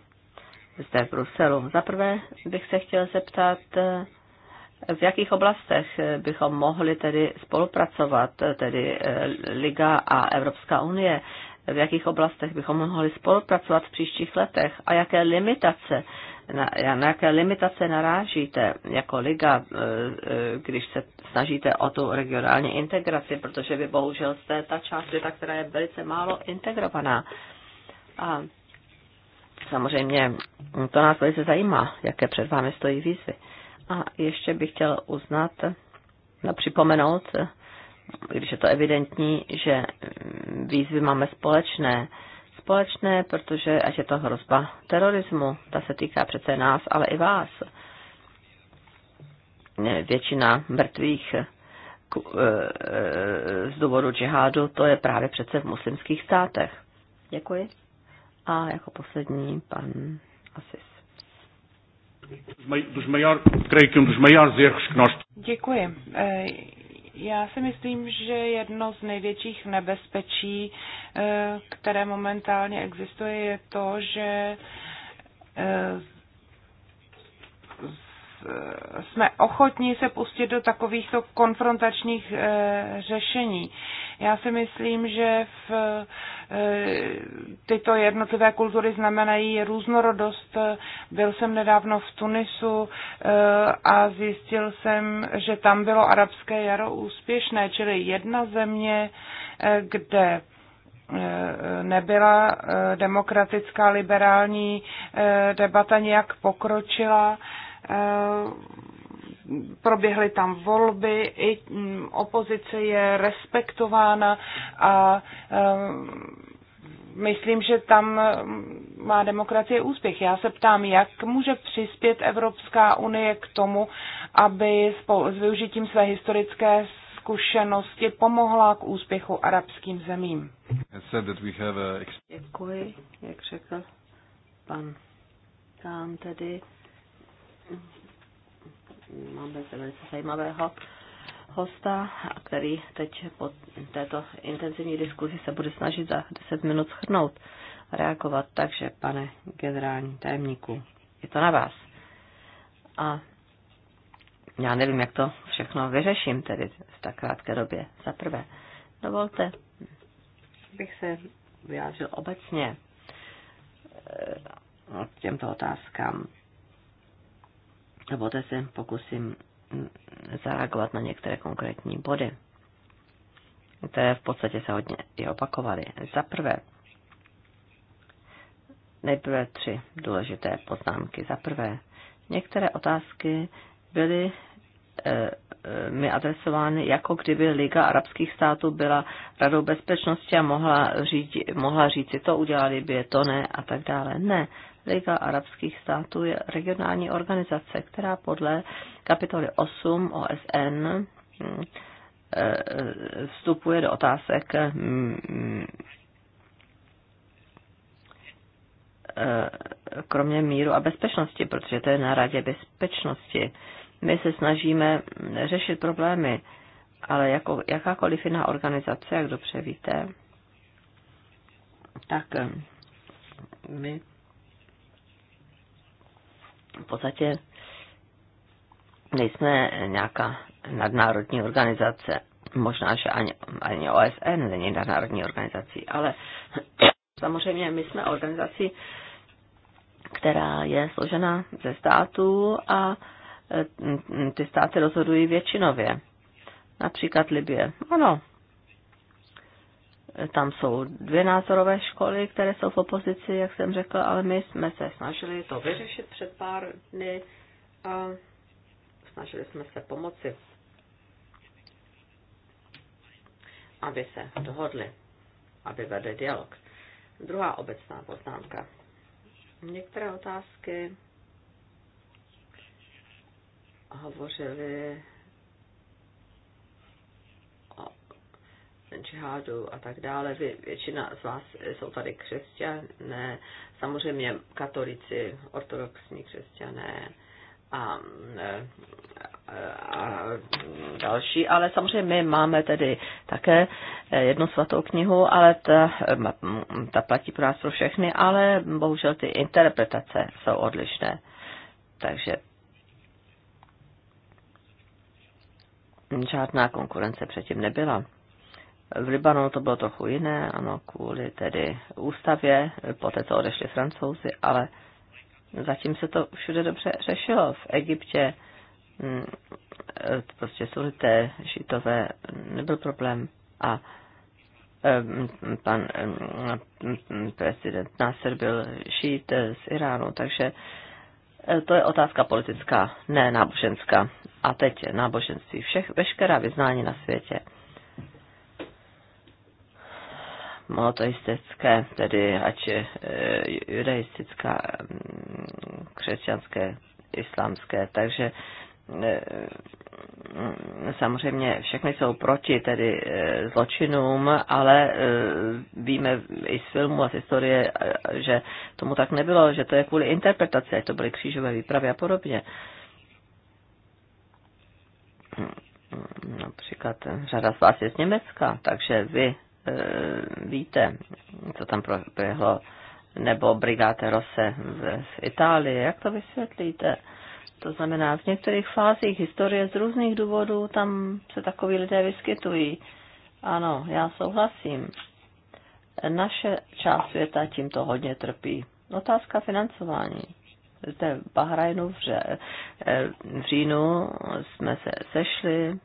S3: zde v Bruselu. Za prvé bych se chtěl zeptat, v jakých oblastech bychom mohli tedy spolupracovat, tedy Liga a Evropská unie, v jakých oblastech bychom mohli spolupracovat v příštích letech a jaké limitace, na, na jaké limitace narážíte jako liga, e, e, když se snažíte o tu regionální integraci, protože vy bohužel jste ta část světa, která je velice málo integrovaná. A samozřejmě to nás velice zajímá, jaké před vámi stojí výzvy. A ještě bych chtěl uznat, no, připomenout když je to evidentní, že výzvy máme společné. Společné, protože ať je to hrozba terorismu, ta se týká přece nás, ale i vás. Většina mrtvých e, e, z důvodu džihádu, to je právě přece v muslimských státech. Děkuji. A jako poslední pan Asis. Um Děkuji.
S2: E, já si myslím, že jedno z největších nebezpečí, eh, které momentálně existuje, je to, že eh, jsme ochotní se pustit do takovýchto konfrontačních eh, řešení. Já si myslím, že v, eh, tyto jednotlivé kultury znamenají různorodost. Byl jsem nedávno v Tunisu eh, a zjistil jsem, že tam bylo arabské jaro úspěšné, čili jedna země, kde nebyla demokratická liberální debata nějak pokročila Eh, proběhly tam volby, i mm, opozice je respektována a eh, myslím, že tam mm, má demokracie úspěch. Já se ptám, jak může přispět Evropská unie k tomu, aby s využitím své historické zkušenosti pomohla k úspěchu arabským zemím.
S3: Děkuji, jak řekl pan tam tedy Máme se velice zajímavého hosta, který teď po této intenzivní diskuzi se bude snažit za 10 minut schrnout a reagovat. Takže, pane generální tajemníku, je to na vás. A já nevím, jak to všechno vyřeším tedy v tak krátké době. Za prvé, dovolte, bych se vyjádřil obecně eh, k těmto otázkám. A poté se pokusím mm, zareagovat na některé konkrétní body, které v podstatě se hodně i opakovaly. Za prvé, nejprve tři důležité poznámky. Za prvé, některé otázky byly e, e, mi adresovány, jako kdyby Liga arabských států byla radou bezpečnosti a mohla, říct, mohla říct si to udělali by je to ne a tak dále. Ne, Liga arabských států je regionální organizace, která podle kapitoly 8 OSN hm, e, e, vstupuje do otázek hm, e, kromě míru a bezpečnosti, protože to je na radě bezpečnosti. My se snažíme řešit problémy, ale jako jakákoliv jiná organizace, jak dobře víte, tak hm, my v podstatě nejsme nějaká nadnárodní organizace. Možná, že ani, ani OSN není nadnárodní organizací, ale samozřejmě my jsme organizací, která je složena ze států a mm, ty státy rozhodují většinově. Například Libie. Ano, tam jsou dvě názorové školy, které jsou v opozici, jak jsem řekl, ale my jsme se snažili to vyřešit před pár dny a snažili jsme se pomoci, aby se dohodli, aby vedli dialog. Druhá obecná poznámka. Některé otázky hovořili džihádu a tak dále. Vy, většina z vás jsou tady křesťané, samozřejmě katolici, ortodoxní křesťané a, e, a, a další, ale samozřejmě my máme tedy také e, jednu svatou knihu, ale ta, ta platí pro nás pro všechny, ale bohužel ty interpretace jsou odlišné. Takže žádná konkurence předtím nebyla. V Libanonu to bylo trochu jiné, ano, kvůli tedy ústavě, poté co odešli francouzi, ale zatím se to všude dobře řešilo. V Egyptě mm, prostě sunité, šitové, nebyl problém. A mm, pan mm, prezident Nasser byl šít z Iránu, takže e, to je otázka politická, ne náboženská. A teď náboženství všech, veškerá vyznání na světě monoteistické, tedy ať je eh, judaistická, mm, křesťanské, islámské. Takže eh, samozřejmě všechny jsou proti tedy eh, zločinům, ale víme i z filmu a z historie, že tomu tak nebylo, že to je kvůli interpretaci, to byly křížové výpravy a podobně. Hm, hm, hm, například řada z vás je z Německa, takže vy E, víte, co tam proběhlo, nebo Brigáte Rose z Itálie, jak to vysvětlíte? To znamená, v některých fázích historie z různých důvodů tam se takoví lidé vyskytují. Ano, já souhlasím. Naše část světa tímto hodně trpí. Otázka financování. Zde v Bahrajnu v, ře, v říjnu jsme se sešli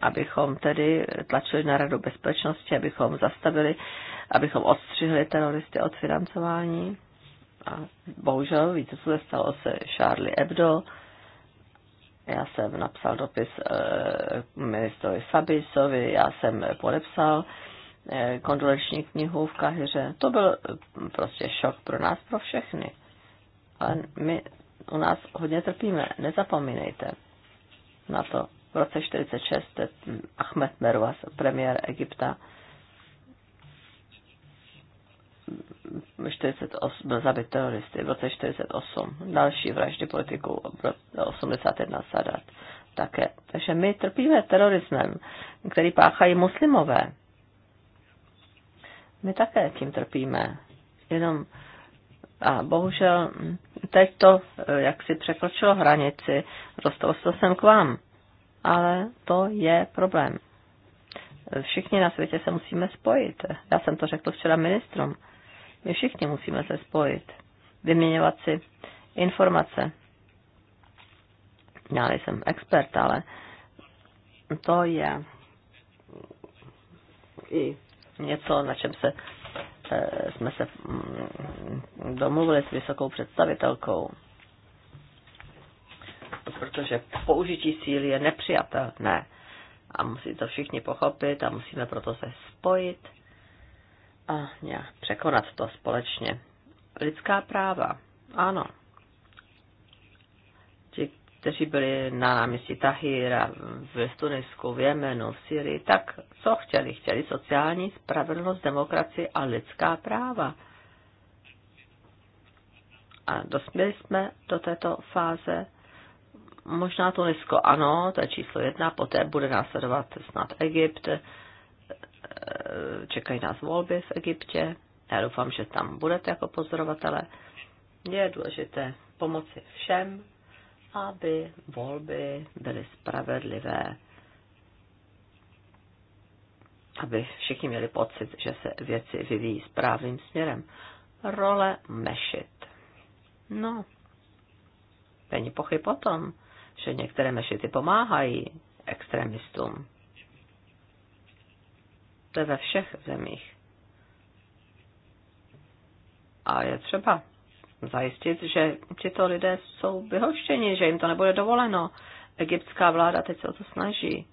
S3: abychom tedy tlačili na Radu bezpečnosti, abychom zastavili, abychom odstřihli teroristy od financování. A bohužel, víte, co se stalo se Charlie Hebdo. Já jsem napsal dopis eh, ministrovi Fabisovi, já jsem podepsal eh, kondoleční knihu v Kahyře. To byl eh, prostě šok pro nás, pro všechny. Ale my u nás hodně trpíme, nezapomínejte na to v roce 1946 Ahmed Merwas, premiér Egypta, byl zabit teroristy v roce 1948 Další vraždy politiků v roce 81 Sadat také. Takže my trpíme terorismem, který páchají muslimové. My také tím trpíme. Jenom a bohužel teď to eh, jak si překročilo hranici, dostalo se sem k vám ale to je problém. Všichni na světě se musíme spojit. Já jsem to řekl včera ministrům. My všichni musíme se spojit, vyměňovat si informace. Já nejsem expert, ale to je i něco, na čem se, eh, jsme se mm, domluvili s vysokou představitelkou protože použití síly je nepřijatelné. A musí to všichni pochopit a musíme proto se spojit a nějak překonat to společně. Lidská práva, ano. Ti, kteří byli na náměstí Tahira v Tunisku, v Jemenu, v Syrii, tak co chtěli? Chtěli sociální spravedlnost, demokracii a lidská práva. A dospěli jsme do této fáze možná Tunisko ano, to je číslo jedna, poté bude následovat snad Egypt, e, čekají nás volby v Egyptě, já doufám, že tam budete jako pozorovatele. Je důležité pomoci všem, aby volby byly spravedlivé, aby všichni měli pocit, že se věci vyvíjí správným směrem. Role mešit. No, není pochyb o tom, že některé mešity pomáhají extremistům. To je ve všech zemích. A je třeba zajistit, že tyto lidé jsou vyhoštěni, že jim to nebude dovoleno. Egyptská vláda teď se o to snaží.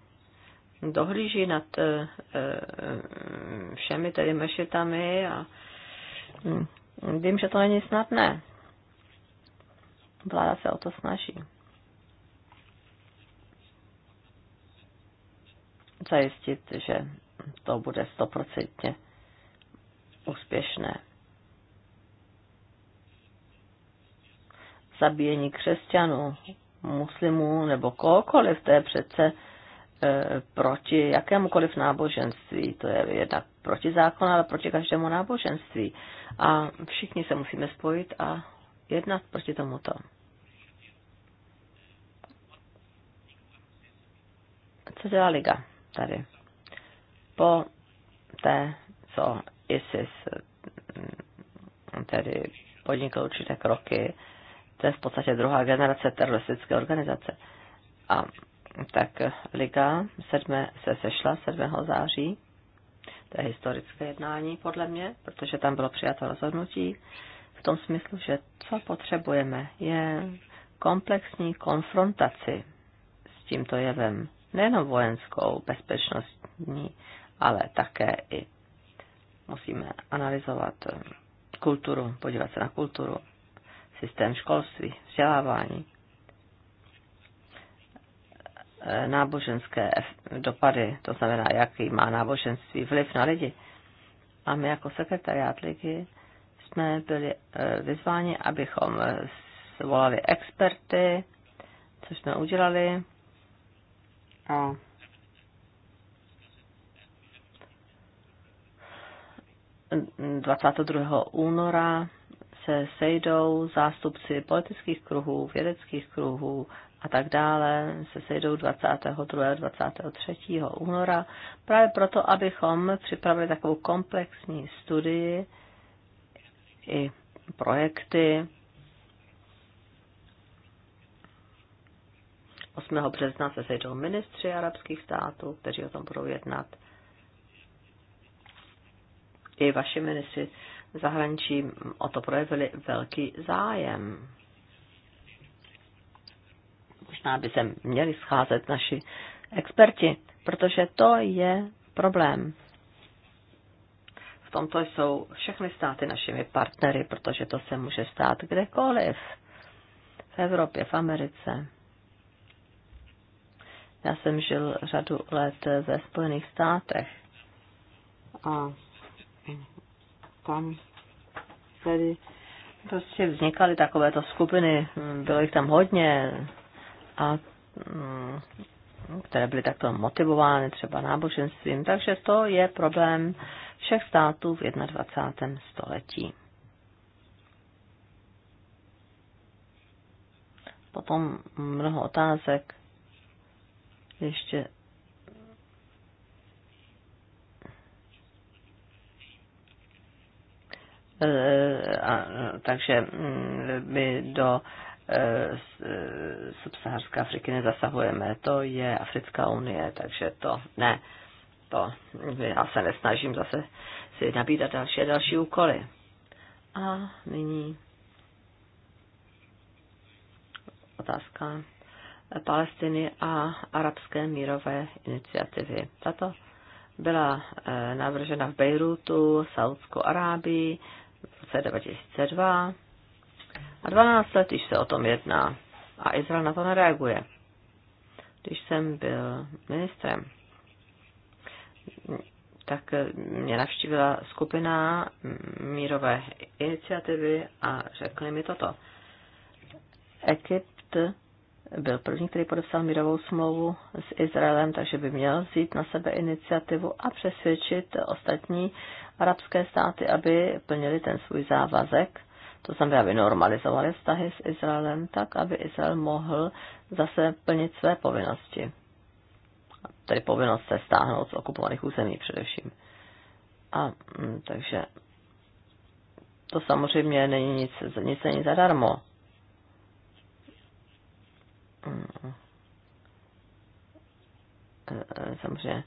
S3: Dohlíží nad e, všemi tedy mešitami a hm, vím, že to není snadné. Vláda se o to snaží. zajistit, že to bude stoprocentně úspěšné. Zabíjení křesťanů, muslimů nebo kohokoliv, to je přece e, proti jakémukoliv náboženství. To je jednak proti zákonu, ale proti každému náboženství. A všichni se musíme spojit a jednat proti tomuto. Co dělá Liga? tady. Po té, co ISIS mm, tedy podnikl určité kroky, to je v podstatě druhá generace teroristické organizace. A tak Liga sedme, se sešla 7. září, to je historické jednání podle mě, protože tam bylo přijato rozhodnutí v tom smyslu, že co potřebujeme je komplexní konfrontaci s tímto jevem, nejenom vojenskou, bezpečnostní, ale také i musíme analyzovat eh, kulturu, podívat se na kulturu, systém školství, vzdělávání, eh, náboženské dopady, to znamená, jaký má náboženství vliv na lidi. A my jako sekretariát ligy jsme byli eh, vyzváni, abychom volali experty, což jsme udělali a ...22. února se sejdou zástupci politických kruhů, vědeckých kruhů a tak dále, se sejdou 22. a 23. února, právě proto, abychom připravili takovou komplexní studii i projekty, 8. března se sejdou ministři arabských států, kteří o tom budou jednat. I vaši ministři zahraničí o to projevili velký zájem. Možná by se měli scházet naši experti, protože to je problém. V tomto jsou všechny státy našimi partnery, protože to se může stát kdekoliv. V Evropě, v Americe, já jsem žil řadu let ve Spojených státech a tam tedy prostě vznikaly takovéto skupiny, bylo jich tam hodně a mm, které byly takto motivovány třeba náboženstvím. Takže to je problém všech států v 21. století. Potom mnoho otázek ještě e, a, takže mm, my do e, e, subsaharské Afriky nezasahujeme. To je Africká unie, takže to ne. To já se nesnažím zase si nabídat další a další úkoly. A nyní otázka Palestiny a Arabské mírové iniciativy. Tato byla eh, navržena v Bejrutu, Saudskou Arábii v roce 2002 a 12 let již se o tom jedná a Izrael na to nereaguje. Když jsem byl ministrem, tak mě navštívila skupina mírové iniciativy a řekli mi toto. Egypt byl první, který podepsal mírovou smlouvu s Izraelem, takže by měl vzít na sebe iniciativu a přesvědčit ostatní arabské státy, aby plnili ten svůj závazek, to znamená, aby normalizovali vztahy s Izraelem, tak aby Izrael mohl zase plnit své povinnosti. Tedy povinnost se stáhnout z okupovaných území především. A mm, takže to samozřejmě není nic, nic není zadarmo Eh, samozřejmě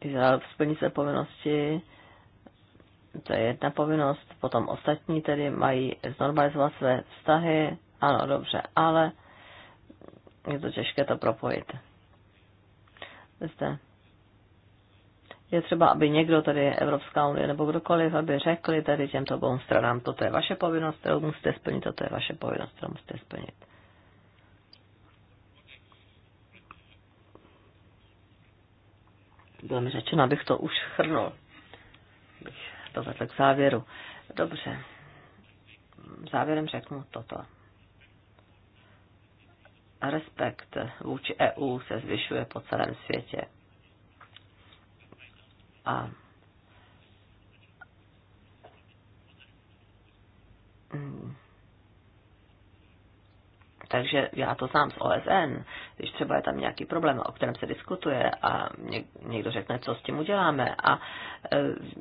S3: Izrael splní své povinnosti, to je jedna povinnost, potom ostatní tedy mají znormalizovat své vztahy, ano, dobře, ale je to těžké to propojit. Zde. Je třeba, aby někdo, tedy Evropská unie nebo kdokoliv, aby řekli tady těmto obou stranám, toto je vaše povinnost, kterou musíte splnit, toto je vaše povinnost, kterou musíte splnit. Bylo mi řečeno, abych to už chrnul. Bych dovedl k závěru. Dobře. Závěrem řeknu toto. Respekt vůči EU se zvyšuje po celém světě. A takže já to znám z OSN, když třeba je tam nějaký problém, o kterém se diskutuje a někdo řekne, co s tím uděláme. A e,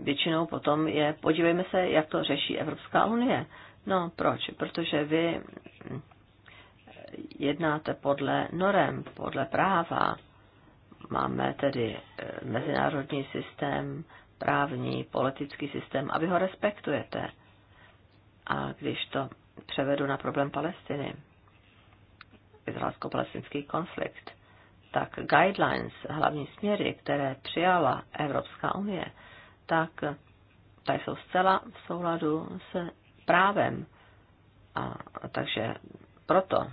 S3: většinou potom je, podívejme se, jak to řeší Evropská unie. No, proč? Protože vy mm, jednáte podle norem, podle práva. Máme tedy e, mezinárodní systém, právní, politický systém a vy ho respektujete. A když to převedu na problém Palestiny, izraelsko-palestinský konflikt, tak guidelines, hlavní směry, které přijala Evropská unie, tak ta jsou zcela v souladu s právem. A, a takže proto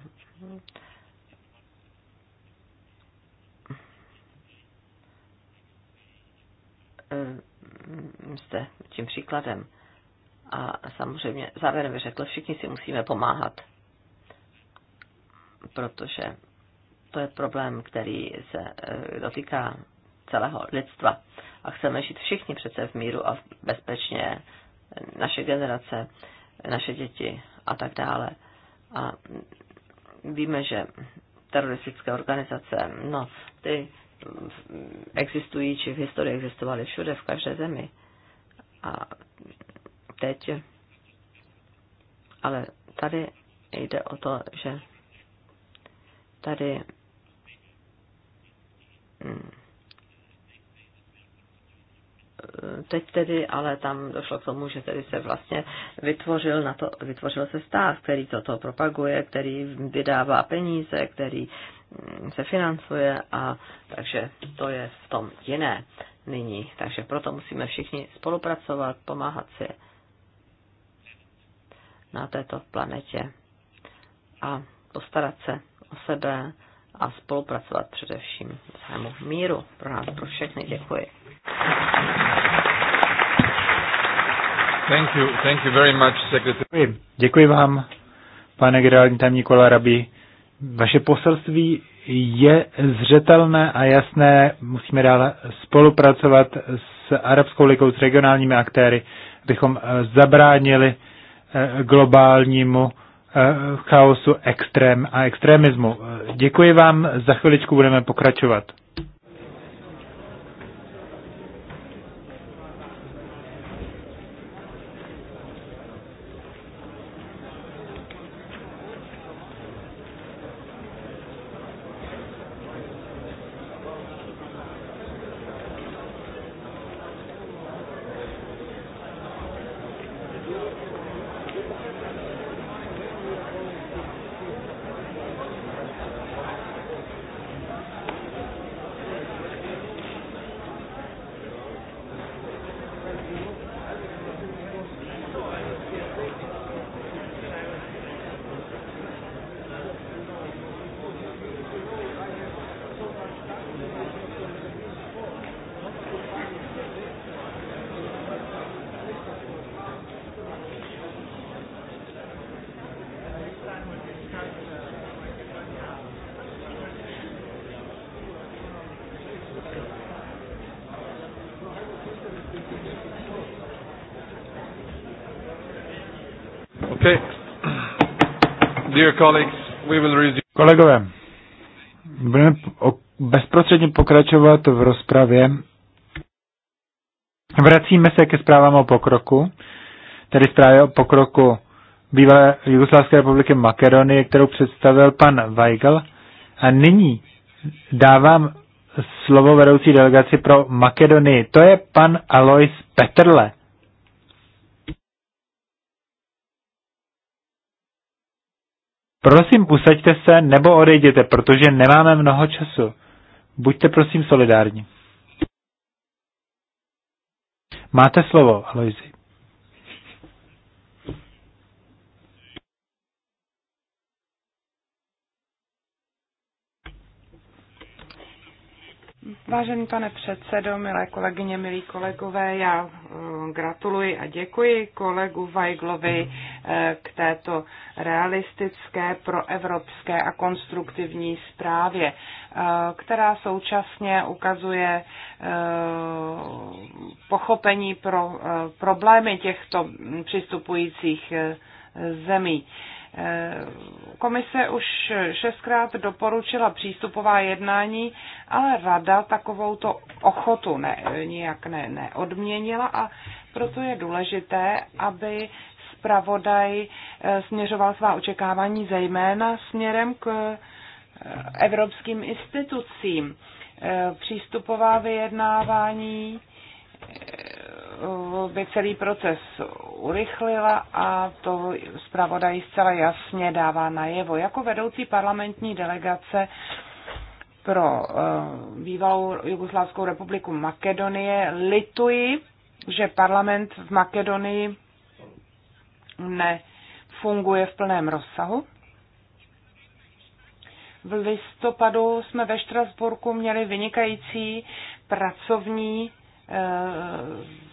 S3: eh, jste tím příkladem. A samozřejmě závěrem bych řekl, všichni si musíme pomáhat protože to je problém, který se eh, dotýká celého lidstva. A chceme žít všichni přece v míru a bezpečně, naše generace, naše děti a tak dále. A víme, že teroristické organizace, no, ty existují, či v historii existovaly všude, v každé zemi. A teď, ale tady jde o to, že tady mm, teď tedy, ale tam došlo k tomu, že tedy se vlastně vytvořil, na to, vytvořil se stát, který toto propaguje, který vydává peníze, který mm, se financuje a takže to je v tom jiné nyní. Takže proto musíme všichni spolupracovat, pomáhat si na této planetě a postarat se o sebe a spolupracovat především v zájmu míru pro nás, pro všechny. Děkuji.
S1: Thank you, thank you very much, děkuji.
S6: Děkuji vám, pane generální tajemníku Rabi. Vaše poselství je zřetelné a jasné. Musíme dále spolupracovat s Arabskou ligou, s regionálními aktéry, abychom eh, zabránili eh, globálnímu Eh, chaosu extrém a extremismu. Děkuji vám, za chviličku budeme pokračovat. Kolegové, budeme bezprostředně pokračovat v rozpravě. Vracíme se ke zprávám o pokroku, tedy zprávě o pokroku bývalé Jugoslávské republiky Makedonie, kterou představil pan Weigel. A nyní dávám slovo vedoucí delegaci pro Makedonii. To je pan Alois Petrle. Prosím, usaďte se nebo odejděte, protože nemáme mnoho času. Buďte prosím solidární. Máte slovo, Aloisi.
S2: Vážený pane předsedo, milé kolegyně, milí kolegové, já eh, gratuluji a děkuji kolegu Vajglovi eh, k této realistické, proevropské a konstruktivní zprávě, eh, která současně ukazuje pochopení pro problémy těchto přistupujících zemí. Eh, komise už šestkrát doporučila přístupová jednání, ale rada takovouto ochotu ne, nijak ne, neodměnila a proto je důležité, aby zpravodaj eh, směřoval svá očekávání zejména směrem k eh, evropským institucím. Přístupová vyjednávání by celý proces urychlila a to zpravodaj zcela jasně dává najevo. Jako vedoucí parlamentní delegace pro eh, bývalou Jugoslávskou republiku Makedonie lituji, že parlament v Makedonii nefunguje v plném rozsahu. V listopadu jsme ve Štrasburku měli vynikající pracovní Eh,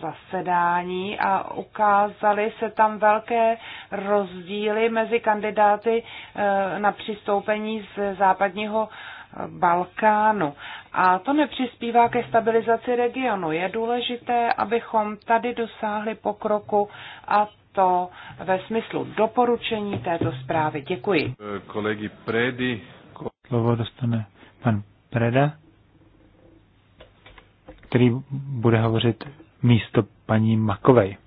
S2: zasedání a ukázaly se tam velké rozdíly mezi kandidáty eh, na přistoupení z západního eh, Balkánu. A to nepřispívá ke stabilizaci regionu. Je důležité, abychom tady dosáhli pokroku a to ve smyslu doporučení této zprávy. Děkuji.
S1: Kolegy Predy.
S6: Slovo dostane pan Preda který bude hovořit místo paní Makovej.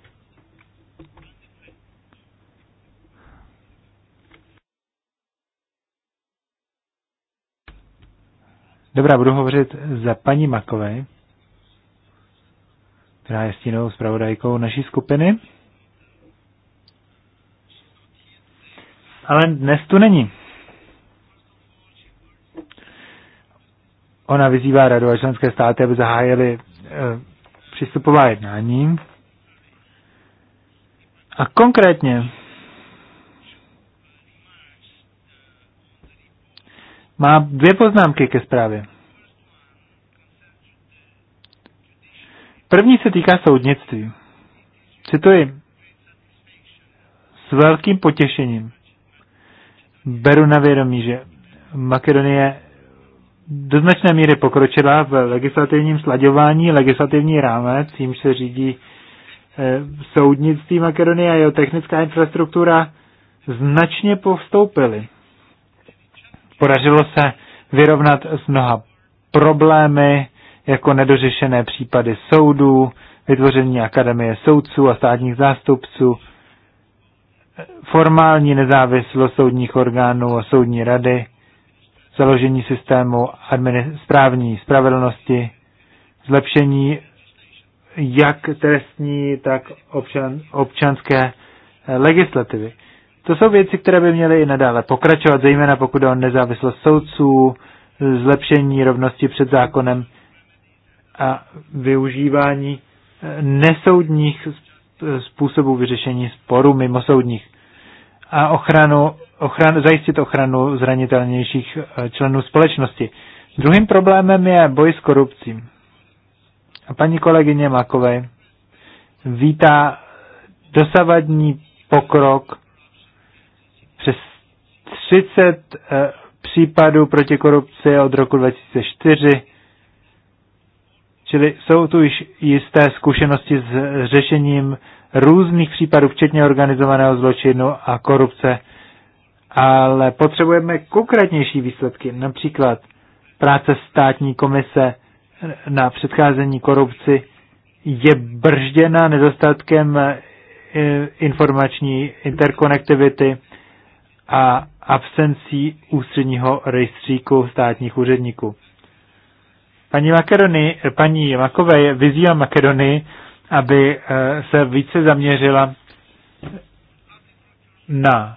S6: Dobrá, budu hovořit za paní Makovej, která je stínovou zpravodajkou naší skupiny. Ale dnes tu není. Ona vyzývá radu a členské státy, aby zahájili eh, přístupová jednání. A konkrétně má dvě poznámky ke zprávě. První se týká soudnictví. Cituji. S velkým potěšením beru na vědomí, že Makedonie do značné míry pokročila v legislativním slaďování, legislativní rámec, tím se řídí eh, soudnictví Makedonie a jeho technická infrastruktura značně povstoupily. Podařilo se vyrovnat s mnoha problémy, jako nedořešené případy soudů, vytvoření akademie soudců a státních zástupců, formální nezávislost soudních orgánů a soudní rady, založení systému správní spravedlnosti, zlepšení jak trestní, tak občan, občanské eh, legislativy. To jsou věci, které by měly i nadále pokračovat, zejména pokud jde o nezávislost soudců, zlepšení rovnosti před zákonem a využívání eh, nesoudních způsobů vyřešení sporů mimo soudních a ochranu ochran, zajistit ochranu zranitelnějších eh, členů společnosti. Druhým problémem je boj s korupcí. A paní kolegyně Makové vítá dosavadní pokrok přes 30 eh, případů proti korupci od roku 2004, čili jsou tu již jisté zkušenosti s řešením různých případů, včetně organizovaného zločinu a korupce ale potřebujeme konkrétnější výsledky, například práce státní komise na předcházení korupci je bržděna nedostatkem e, informační interkonektivity a absencí ústředního rejstříku státních úředníků. Paní, Makedony, paní Makové vyzývá Makedonii, aby e, se více zaměřila na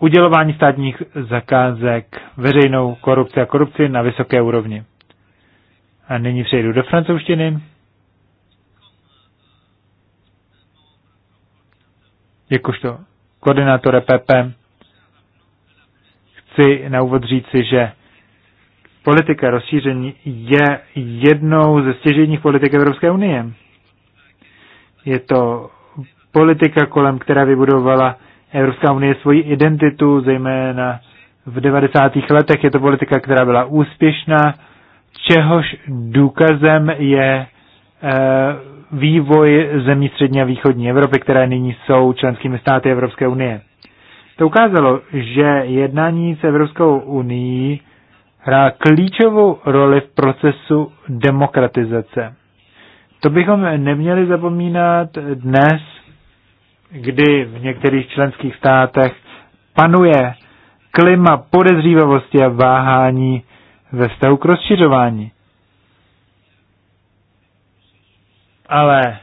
S6: udělování státních zakázek, veřejnou korupci a korupci na vysoké úrovni. A nyní přejdu do francouzštiny. Jakožto koordinátor PP chci na úvod říci, že politika rozšíření je jednou ze stěžejních politik Evropské unie. Je to politika, kolem které vybudovala Evropská unie svoji identitu, zejména v 90. letech. Je to politika, která byla úspěšná, čehož důkazem je eh, vývoj zemí střední a východní Evropy, které nyní jsou členskými státy Evropské unie. To ukázalo, že jednání s Evropskou unii hrá klíčovou roli v procesu demokratizace. To bychom neměli zapomínat dnes, kdy v některých členských státech panuje klima podezřívavosti a váhání ve vztahu k rozšiřování. Ale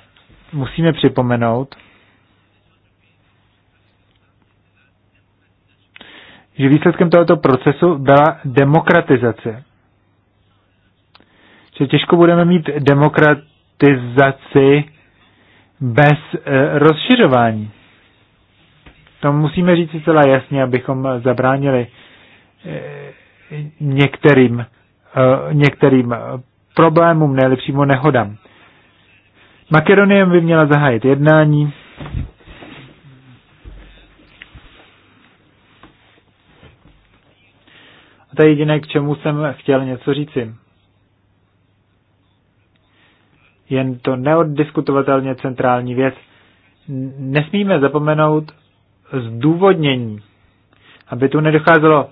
S6: musíme připomenout, že výsledkem tohoto procesu byla demokratizace. Že těžko budeme mít demokratizaci bez eh, rozšiřování. To musíme říct celá jasně, abychom zabránili eh, některým, eh, některým problémům, Nejlepšímu přímo nehodám. Makedonie by měla zahájit jednání. A to je jediné, k čemu jsem chtěl něco říci jen to neoddiskutovatelně centrální věc. Nesmíme zapomenout zdůvodnění, aby tu nedocházelo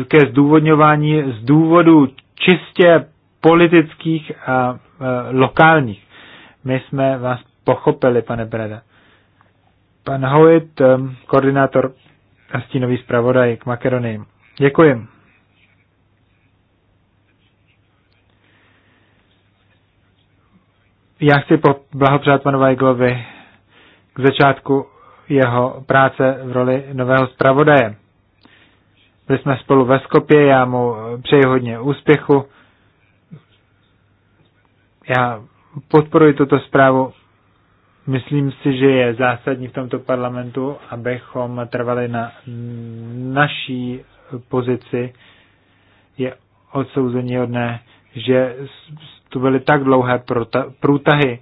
S6: e, ke zdůvodňování z důvodů čistě politických a e, lokálních. My jsme vás pochopili, pane Breda. Pan Howitt, e, koordinátor a stínový zpravodaj k Makedonii. Děkuji. Já chci blahopřát panu Weiglovi k začátku jeho práce v roli nového zpravodaje. Byli jsme spolu ve Skopě, já mu přeji hodně úspěchu. Já podporuji tuto zprávu. Myslím si, že je zásadní v tomto parlamentu, abychom trvali na naší pozici. Je odsouzení hodné, že tu byly tak dlouhé průtahy.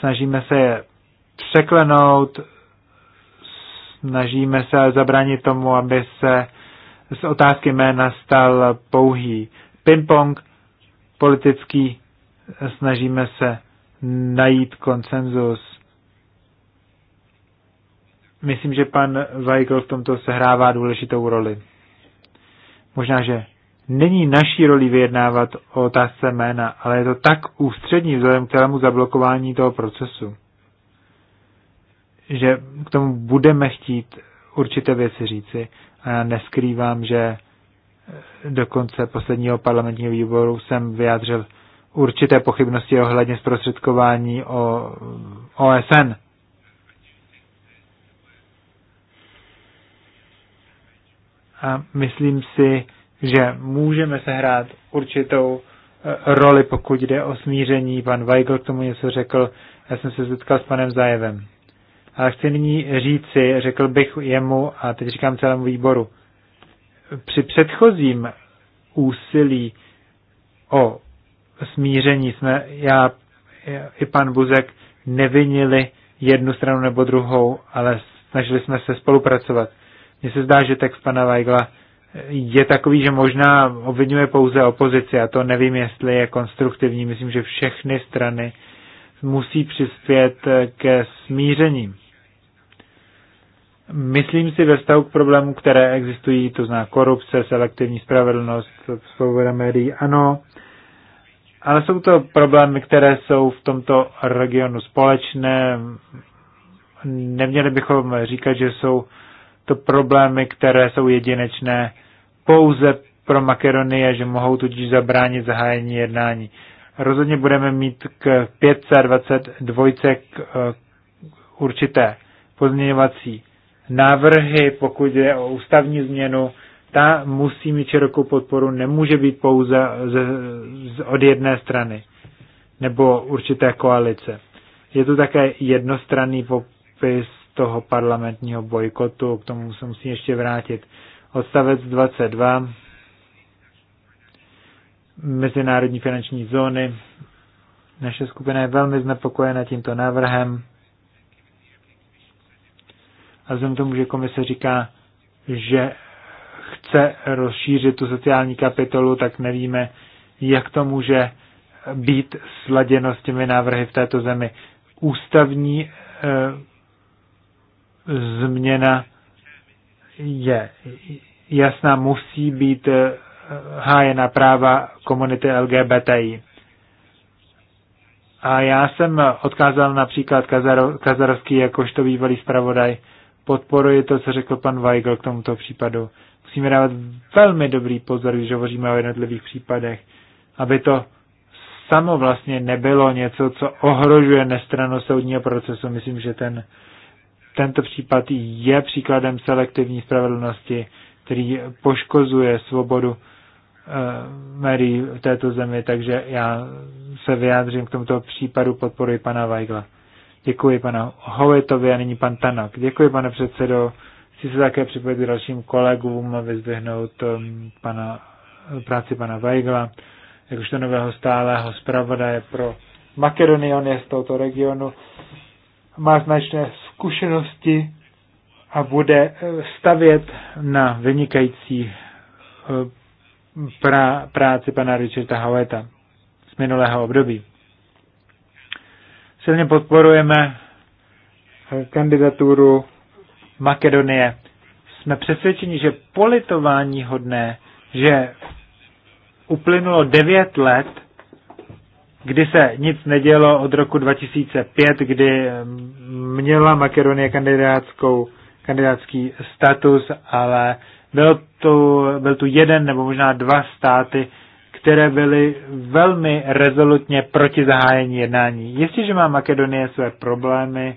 S6: Snažíme se je překlenout, snažíme se zabránit tomu, aby se z otázky jména stal pouhý ping-pong politický. Snažíme se najít konsenzus. Myslím, že pan Weigl v tomto sehrává důležitou roli. Možná, že Není naší roli vyjednávat o otázce jména, ale je to tak ústřední vzhledem k celému zablokování toho procesu, že k tomu budeme chtít určité věci říci. A já neskrývám, že eh, do konce posledního parlamentního výboru jsem vyjádřil určité pochybnosti ohledně zprostředkování o OSN. A myslím si, že můžeme sehrát určitou eh, roli, pokud jde o smíření. Pan Weigl k tomu něco řekl, já jsem se setkal s panem Zajevem. Ale chci nyní říci, řekl bych jemu, a teď říkám celému výboru, při předchozím úsilí o smíření jsme, já, já i pan Buzek, nevinili jednu stranu nebo druhou, ale snažili jsme se spolupracovat. Mně se zdá, že text pana Weigla je takový, že možná obvinuje pouze opozici a to nevím, jestli je konstruktivní. Myslím, že všechny strany musí přispět ke smíření. Myslím si ve vztahu k problémům, které existují, to zná korupce, selektivní spravedlnost, svoboda médií, ano, ale jsou to problémy, které jsou v tomto regionu společné. Neměli bychom říkat, že jsou to problémy, které jsou jedinečné pouze pro Makedonii a že mohou tudíž zabránit zahájení jednání. Rozhodně budeme mít k 522 eh, určité pozměňovací návrhy, pokud je o ústavní změnu, ta musí mít širokou podporu, nemůže být pouze z, z, od jedné strany nebo určité koalice. Je to také jednostranný popis toho parlamentního bojkotu, k tomu se musím ještě vrátit odstavec 22 mezinárodní finanční zóny. Naše skupina je velmi znepokojena tímto návrhem. A vzhledem tomu, že komise říká, že chce rozšířit tu sociální kapitolu, tak nevíme, jak to může být sladěno s těmi návrhy v této zemi. Ústavní e, změna je jasná, musí být eh, hájena práva komunity LGBTI. A já jsem odkázal například Kazaro, Kazarovský jakožto bývalý zpravodaj. Podporuji to, co řekl pan Weigl k tomuto případu. Musíme dávat velmi dobrý pozor, když hovoříme o jednotlivých případech, aby to samo vlastně nebylo něco, co ohrožuje nestranu soudního procesu. Myslím, že ten tento případ je příkladem selektivní spravedlnosti, který poškozuje svobodu eh, médií v této zemi, takže já se vyjádřím k tomuto případu, podporuji pana Weigla. Děkuji pana Hovetovi a nyní pan Tanak. Děkuji, pane předsedo. Chci se také připojit k dalším kolegům a vyzdvihnout um, pana, práci pana Weigla, jakožto nového stálého zpravodaje pro Makedonii, on je z tohoto regionu má značné zkušenosti a bude eh, stavět na vynikající eh, pra, práci pana Richarda Haueta z minulého období. Silně podporujeme eh, kandidaturu Makedonie. Jsme přesvědčeni, že politování hodné, že uplynulo devět let kdy se nic nedělo od roku 2005, kdy měla Makedonie kandidátskou, kandidátský status, ale byl tu, byl tu jeden nebo možná dva státy, které byly velmi rezolutně proti zahájení jednání. Jestliže má Makedonie své problémy,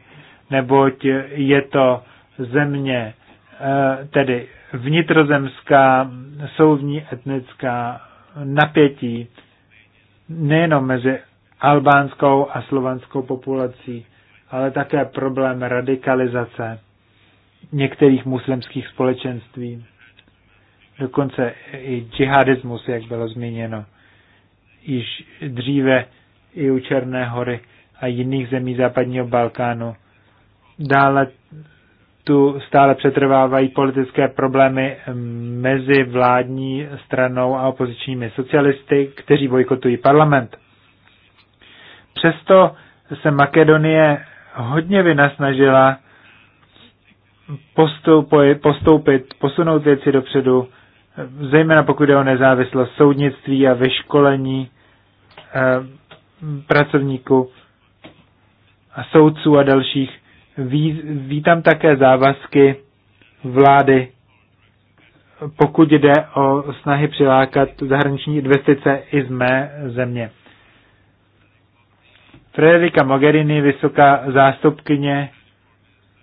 S6: neboť je to země eh, tedy vnitrozemská, jsou v ní etnická napětí, nejenom mezi albánskou a slovanskou populací, ale také problém radikalizace některých muslimských společenství, dokonce i džihadismus, jak bylo zmíněno, již dříve i u Černé hory a jiných zemí západního Balkánu. Dále tu stále přetrvávají politické problémy mezi vládní stranou a opozičními socialisty, kteří bojkotují parlament. Přesto se Makedonie hodně vynasnažila postoupit, postoupit posunout věci dopředu, zejména pokud jde o nezávislost soudnictví a vyškolení eh, pracovníků a soudců a dalších Vítám také závazky vlády, pokud jde o snahy přilákat zahraniční investice i z mé země. Frederika Mogherini, vysoká zástupkyně,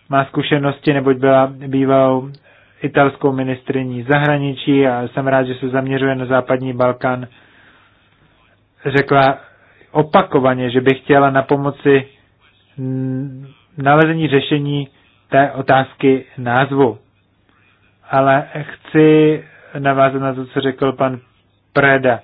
S6: má zkušenosti, neboť byla bývalou italskou ministriní zahraničí a jsem rád, že se zaměřuje na západní Balkán. Řekla opakovaně, že by chtěla na pomoci nalezení řešení té otázky názvu. Ale chci navázat na to, co řekl pan Preda.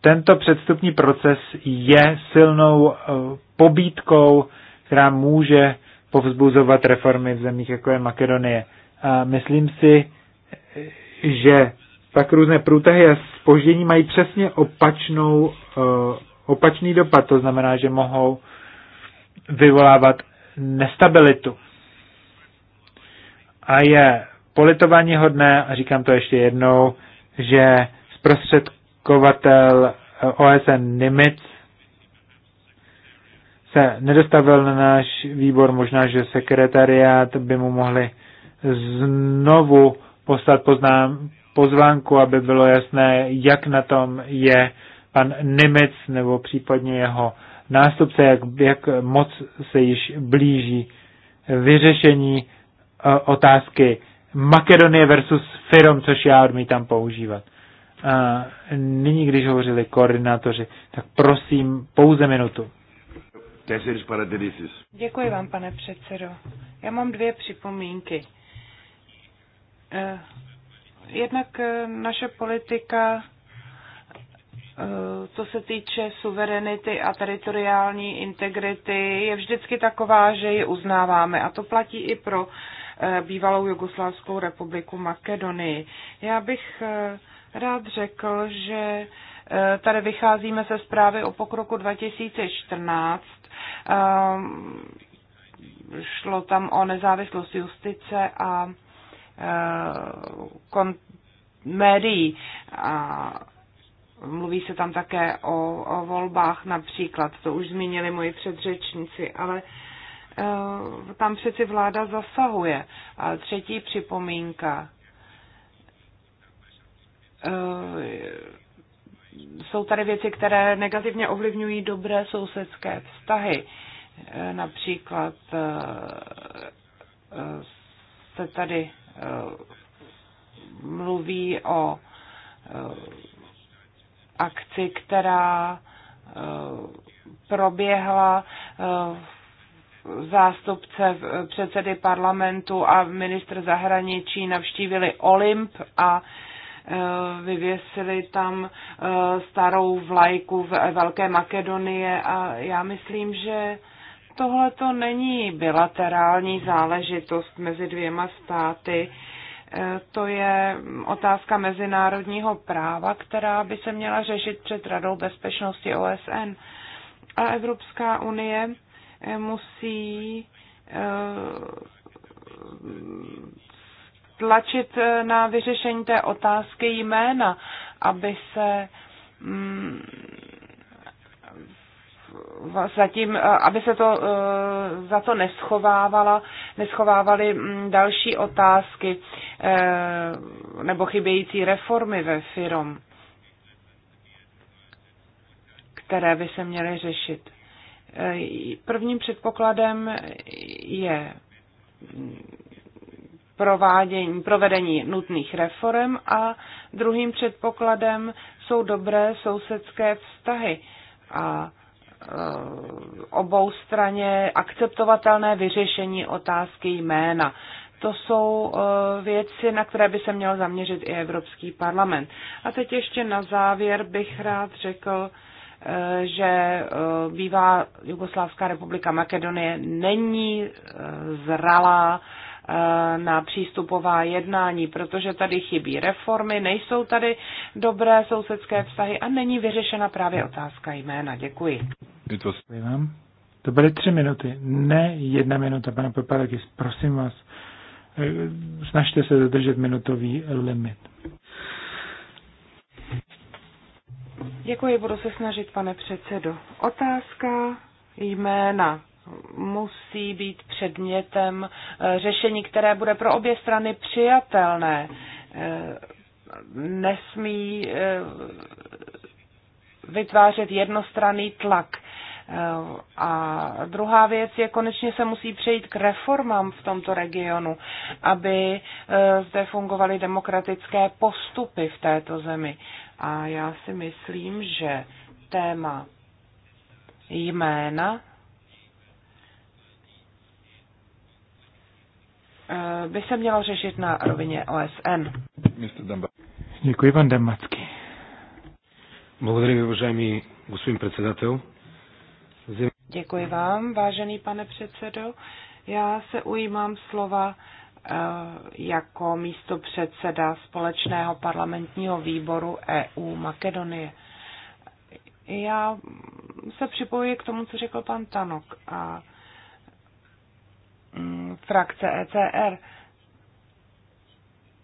S6: Tento předstupní proces je silnou eh, pobídkou, která může povzbuzovat reformy v zemích, jako je Makedonie. A myslím si, že pak různé průtahy a spoždění mají přesně opačnou, eh, opačný dopad. To znamená, že mohou vyvolávat nestabilitu. A je politování hodné, a říkám to ještě jednou, že zprostředkovatel eh, OSN Nimitz se nedostavil na náš výbor, možná, že sekretariát by mu mohli znovu poslat poznám, pozvánku, aby bylo jasné, jak na tom je pan Nimitz nebo případně jeho nástupce, jak, jak moc se již blíží vyřešení e, otázky Makedonie versus Firom, což já odmítám používat. A nyní, když hovořili koordinátoři, tak prosím pouze minutu.
S2: Děkuji vám, pane předsedo. Já mám dvě připomínky. E, jednak e, naše politika Eh, co se týče suverenity a teritoriální integrity, je vždycky taková, že ji uznáváme. A to platí i pro eh, bývalou Jugoslávskou republiku Makedonii. Já bych eh, rád řekl, že tady vycházíme se zprávy o pokroku 2014. Šlo tam o nezávislost justice a médií. A Mluví se tam také o, o volbách například, to už zmínili moji předřečníci, ale eh, tam přeci vláda zasahuje. A třetí připomínka. Eh, jsou tady věci, které negativně ovlivňují dobré sousedské vztahy. Eh, například se tady mluví o akci, která eh, proběhla eh, zástupce eh, předsedy parlamentu a ministr zahraničí navštívili Olymp a vyvěsili tam starou vlajku v Velké Makedonie a já myslím, že tohle to není bilaterální záležitost mezi dvěma státy to je otázka mezinárodního práva, která by se měla řešit před Radou bezpečnosti OSN. A Evropská unie eh, musí eh, tlačit eh, na vyřešení té otázky jména, aby se mm, zatím, eh, aby se to eh, za to neschovávala, neschovávaly mm, další otázky eh, nebo chybějící reformy ve firm, které by se měly řešit. Prvním předpokladem je mm, provádění, provedení nutných reform a druhým předpokladem jsou dobré sousedské vztahy. A Eh, obou straně akceptovatelné vyřešení otázky jména. To jsou eh, věci, na které by se měl zaměřit i Evropský parlament. A teď ještě na závěr bych rád řekl, eh, že bývá Jugoslávská republika Makedonie není zralá Eh, na přístupová jednání, protože tady chybí reformy, nejsou tady dobré sousedské vztahy a není vyřešena právě otázka jména. Děkuji.
S6: Děkuji vám. To byly tři minuty, ne jedna minuta, pane Popadakis, prosím vás, eh, snažte se dodržet minutový limit.
S2: Děkuji, budu se snažit, pane předsedo. Otázka jména musí být předmětem eh, řešení, které bude pro obě strany přijatelné. Eh, nesmí eh, vytvářet jednostranný tlak. A druhá věc je, konečně se musí přejít k reformám v tomto regionu, aby zde fungovaly demokratické postupy v této zemi. A já si myslím, že téma jména Eh, by se mělo řešit na rovině OSN.
S6: Děkuji, pan Demacký.
S2: Děkuji vám, vážený pane předsedo. Já se ujímám slova eh, jako místo předseda společného parlamentního výboru EU Makedonie. Já se připojuji k tomu, co řekl pan Tanok a Mm, frakce ECR.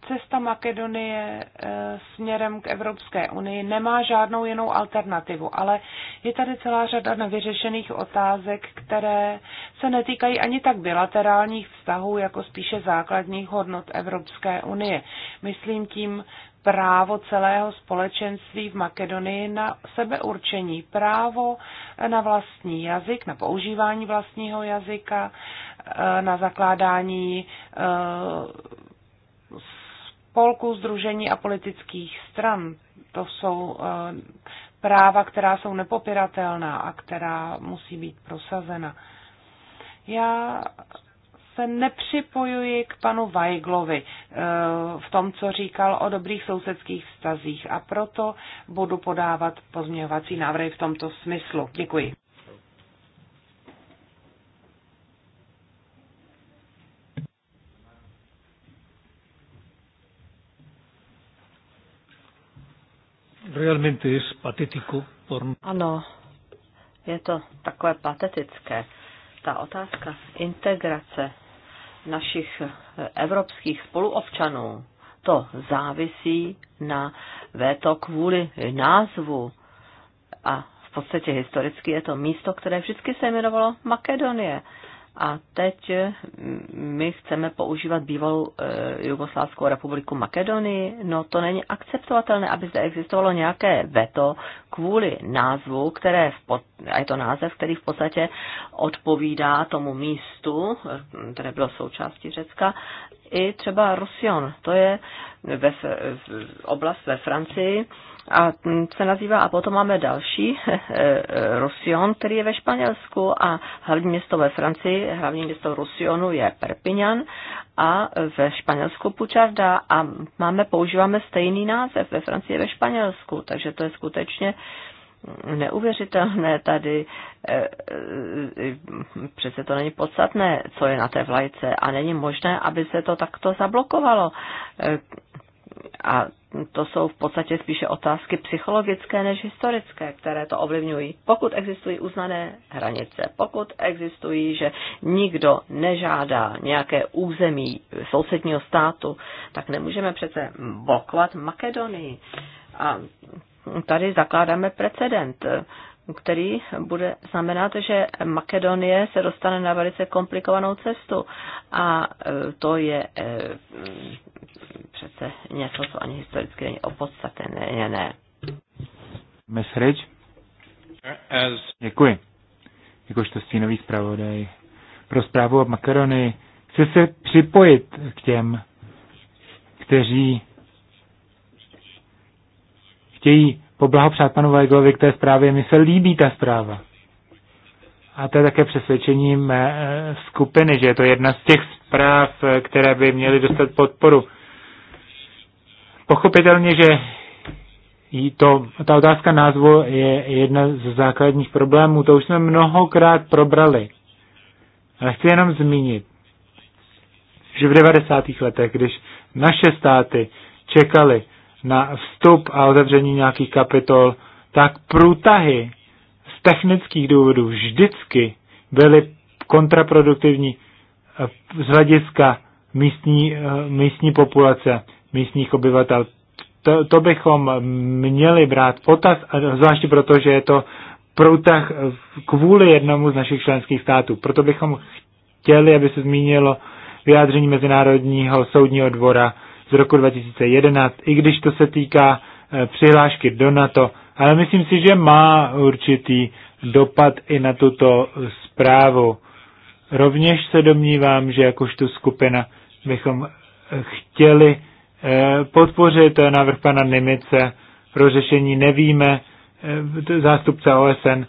S2: Cesta Makedonie e, směrem k Evropské unii nemá žádnou jinou alternativu, ale je tady celá řada nevyřešených otázek, které se netýkají ani tak bilaterálních vztahů, jako spíše základních hodnot Evropské unie. Myslím tím právo celého společenství v Makedonii na sebeurčení, právo na vlastní jazyk, na používání vlastního jazyka, Eh, na zakládání eh, spolků, združení a politických stran. To jsou eh, práva, která jsou nepopiratelná a která musí být prosazena. Já se nepřipojuji k panu Vajglovi v tom, co říkal o dobrých sousedských vztazích a proto budu podávat pozměňovací návrhy v tomto smyslu. Děkuji.
S4: Realmente es patético. Por...
S3: Ano, je to takové patetické. Ta otázka integrace našich eh, evropských spoluobčanů, to závisí na veto kvůli názvu. A v podstatě historicky je to místo, které vždycky se jmenovalo Makedonie. A teď mm, my chceme používat bývalou e, Jugoslávskou republiku Makedonii. No to není akceptovatelné, aby zde existovalo nějaké veto kvůli názvu, které v pod, a je to název, který v podstatě odpovídá tomu místu, které bylo součástí Řecka, i třeba Rusion. To je ve, oblast ve Francii, a se nazývá, a potom máme další, eh, eh, Rusion, který je ve Španělsku a hlavní město ve Francii, hlavní město Rusionu je Perpignan a ve Španělsku Pučarda a máme, používáme stejný název ve Francii ve Španělsku, takže to je skutečně neuvěřitelné tady, eh, přece to není podstatné, co je na té vlajce a není možné, aby se to takto zablokovalo a to jsou v podstatě spíše otázky psychologické než historické, které to ovlivňují. Pokud existují uznané hranice, pokud existují, že nikdo nežádá nějaké území sousedního státu, tak nemůžeme přece blokovat Makedonii. A tady zakládáme precedent který bude znamenat, že Makedonie se dostane na velice komplikovanou cestu. A e, to je e, přece něco, co ani historicky není opodstatné. Ne. ne.
S6: Ridge? As... Děkuji. Jakožto stínový zpravodaj pro zprávu o Makedonii chci se připojit k těm, kteří chtějí poblahopřát panu Weiglovi k té zprávě. Mi se líbí ta zpráva. A to je také přesvědčení mé eh, skupiny, že je to jedna z těch zpráv, eh, které by měly dostat podporu. Pochopitelně, že to, ta otázka názvu je jedna z základních problémů. To už jsme mnohokrát probrali. Ale chci jenom zmínit, že v 90. letech, když naše státy čekali na vstup a otevření nějakých kapitol, tak průtahy z technických důvodů vždycky byly kontraproduktivní eh, z hlediska místní, eh, místní populace, místních obyvatel. To, to bychom měli brát potaz, zvláště proto, že je to průtah kvůli jednomu z našich členských států. Proto bychom chtěli, aby se zmínilo vyjádření Mezinárodního soudního dvora z roku 2011, i když to se týká e, přihlášky do NATO, ale myslím si, že má určitý dopad i na tuto zprávu. Rovněž se domnívám, že jakožto skupina bychom e, chtěli e, podpořit návrh pana Nimice pro řešení nevíme, zástupce OSN,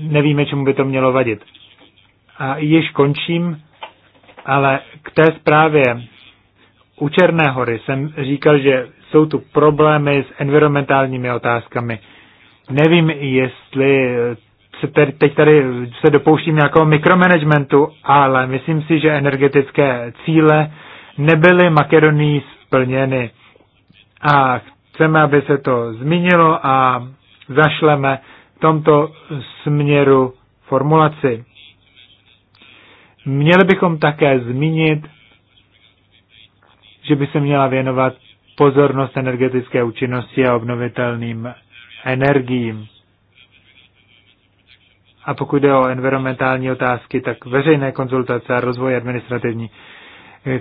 S6: nevíme, čemu by to mělo vadit. A již končím, ale k té zprávě u Černé hory jsem říkal, že jsou tu problémy s environmentálními otázkami. Nevím, jestli se tady, teď tady se dopouštím nějakého mikromanagementu, ale myslím si, že energetické cíle nebyly Makedonii splněny. A chceme, aby se to zmínilo a zašleme v tomto směru formulaci. Měli bychom také zmínit že by se měla věnovat pozornost energetické účinnosti a obnovitelným energiím. A pokud jde o environmentální otázky, tak veřejné konzultace a rozvoj administrativní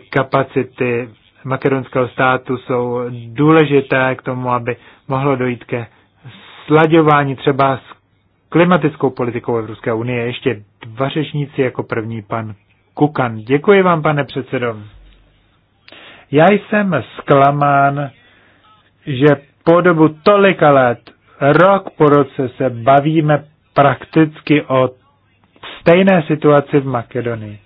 S6: kapacity makedonského státu jsou důležité k tomu, aby mohlo dojít ke sladěvání třeba s klimatickou politikou Evropské unie. Ještě dva řečníci jako první pan Kukan. Děkuji vám, pane předsedo. Já jsem zklamán, že po dobu tolika let, rok po roce se bavíme prakticky o stejné situaci v Makedonii.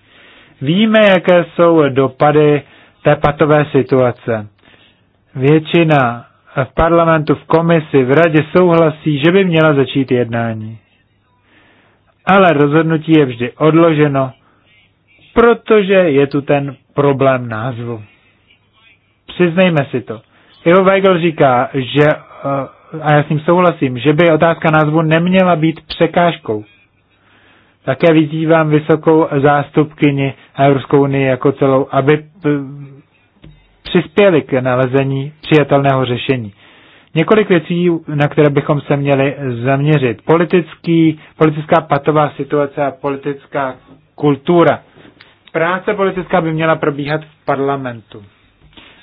S6: Víme, jaké jsou dopady té patové situace. Většina v parlamentu, v komisi, v radě souhlasí, že by měla začít jednání. Ale rozhodnutí je vždy odloženo, protože je tu ten problém názvu. Přiznejme si to. Ivo Weigel říká, že, eh, a já s ním souhlasím, že by otázka názvu neměla být překážkou. Také vyzývám vysokou zástupkyni Evropskou unii jako celou, aby eh, přispěli k nalezení přijatelného řešení. Několik věcí, na které bychom se měli zaměřit. Politický, politická patová situace a politická kultura. Práce politická by měla probíhat v parlamentu.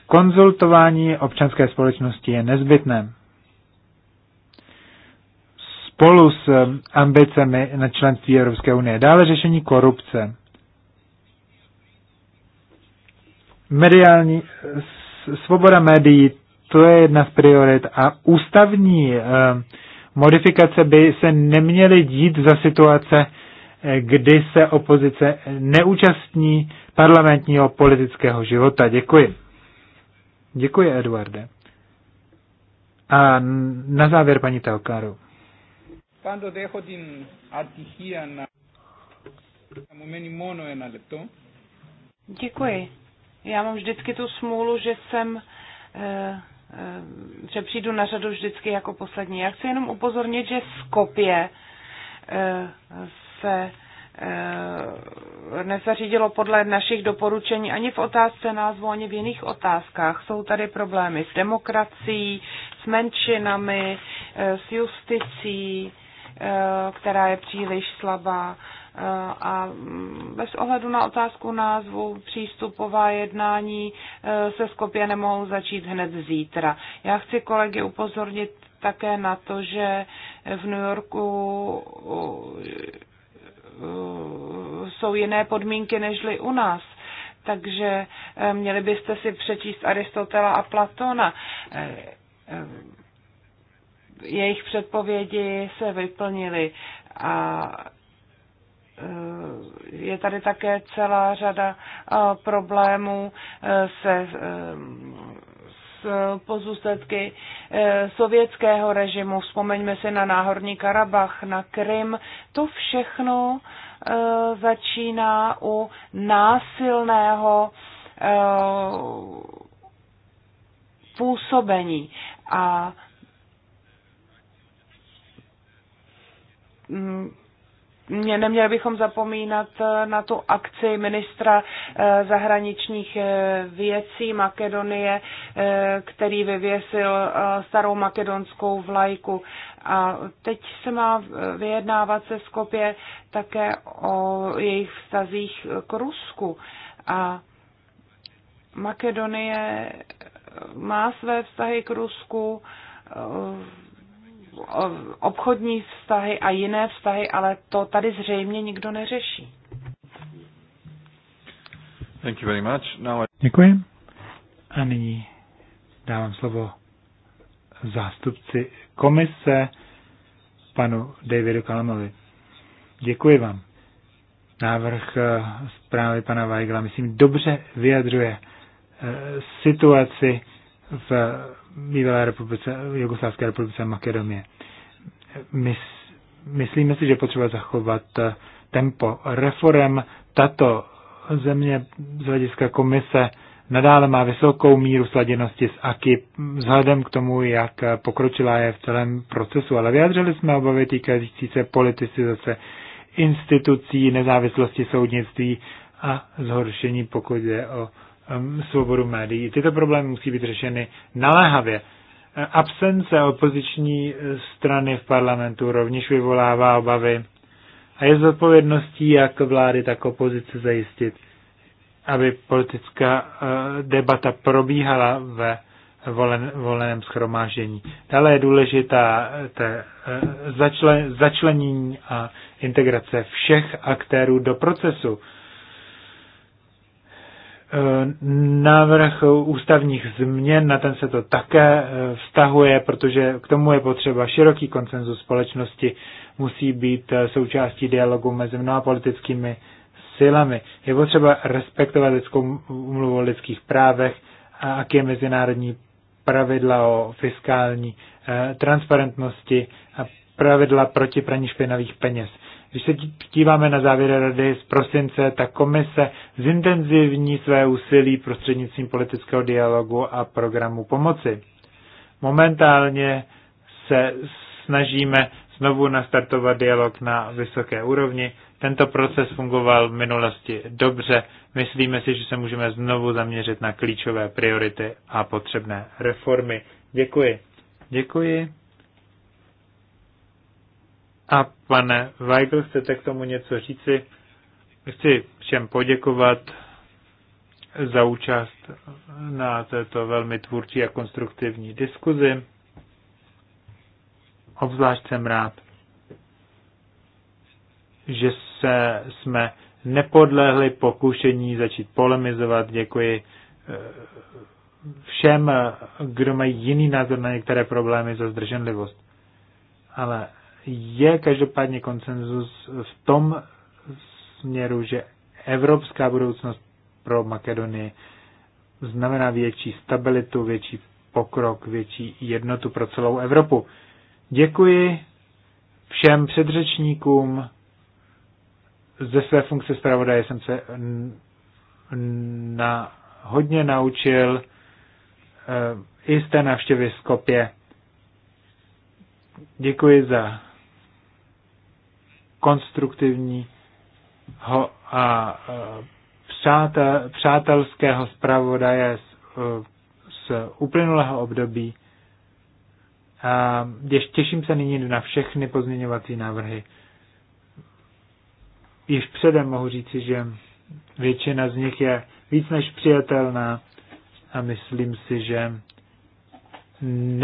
S6: Konzultování občanské společnosti je nezbytné. Spolu s eh, ambicemi na členství Evropské unie. Dále řešení korupce. Mediální, svoboda médií, to je jedna z priorit a ústavní eh, modifikace by se neměly dít za situace, eh, kdy se opozice neúčastní parlamentního politického života. Děkuji. Děkuji, Eduarde. A na závěr, paní Teokáru. E
S2: Děkuji. Já mám vždycky tu smůlu, že jsem, eh, eh, že přijdu na řadu vždycky jako poslední. Já chci jenom upozornit, že Skopje eh, se Eh, nezařídilo podle našich doporučení ani v otázce názvu, ani v jiných otázkách. Jsou tady problémy s demokracií, s menšinami, eh, s justicí, eh, která je příliš slabá. A mm, bez ohledu na otázku názvu, přístupová jednání se Skopě nemohou začít hned zítra. Já chci kolegy upozornit také na to, že v New Yorku Eh, jsou jiné podmínky nežli u nás. Takže eh, měli byste si přečíst Aristotela a Platona. Eh, jejich předpovědi se vyplnily a je tady také celá řada problémů se Eh, pozůstatky eh, sovětského režimu, vzpomeňme si na Náhorní Karabach, na Krym, to všechno eh, začíná u násilného působení. A mm, neměli bychom zapomínat eh, na tu akci ministra eh, zahraničních eh, věcí Makedonie, který vyvěsil starou makedonskou vlajku. A teď se má vyjednávat se Skopě také o jejich vztazích k Rusku. A Makedonie má své vztahy k Rusku, Eh, obchodní vztahy a jiné vztahy, ale to tady zřejmě nikdo neřeší.
S1: Thank you very much. Now
S6: I... Děkuji. A nyní dávám slovo zástupci komise, panu Davidu Kalamovi. Děkuji vám. Návrh eh, zprávy pana Weigla, myslím, dobře vyjadřuje eh, situaci v bývalé republice, Jugoslávské republice Makedonie. My, myslíme si, že potřeba zachovat eh, tempo reform. Tato země z hlediska komise nadále má vysokou míru sladěnosti s AKI vzhledem k tomu, jak pokročila je v celém procesu, ale vyjádřili jsme obavy týkající se politicizace institucí, nezávislosti soudnictví a zhoršení, pokud je o Um, svobodu médií. Tyto problémy musí být řešeny naléhavě. Absence opoziční strany v parlamentu rovněž vyvolává obavy a je zodpovědností jak vlády, tak opozice zajistit, aby politická eh, debata probíhala ve voleném schromáždění. Dále je důležitá eh, te, eh, začlen, začlenění a integrace všech aktérů do procesu návrh ústavních změn, na ten se to také eh, vztahuje, protože k tomu je potřeba široký konsenzus společnosti, musí být eh, součástí dialogu mezi mnoha politickými silami. Je potřeba respektovat lidskou umluvu o lidských právech a jaké mezinárodní pravidla o fiskální eh, transparentnosti a pravidla proti praní špinavých peněz. Když se díváme na závěry rady z prosince, tak komise zintenzivní své úsilí prostřednictvím politického dialogu a programu pomoci. Momentálně se snažíme znovu nastartovat dialog na vysoké úrovni. Tento proces fungoval v minulosti dobře. Myslíme si, že se můžeme znovu zaměřit na klíčové priority a potřebné reformy. Děkuji. Děkuji. A pane Weigl, chcete k tomu něco říci? Chci všem poděkovat za účast na této velmi tvůrčí a konstruktivní diskuzi. Obzvlášť jsem rád, že se, jsme nepodlehli pokušení začít polemizovat. Děkuji eh, všem, eh, kdo mají jiný názor na některé problémy za zdrženlivost. Ale je každopádně konsenzus v tom směru, že evropská budoucnost pro Makedonii znamená větší stabilitu, větší pokrok, větší jednotu pro celou Evropu. Děkuji všem předřečníkům. Ze své funkce zpravodaje jsem se na, hodně naučil eh, i z té návštěvy Skopě. Děkuji za konstruktivního a přátel, přátelského zpravodaje z, z uplynulého období. A ještě těším se nyní na všechny pozměňovací návrhy. Již předem mohu říci, že většina z nich je víc než přijatelná a myslím si, že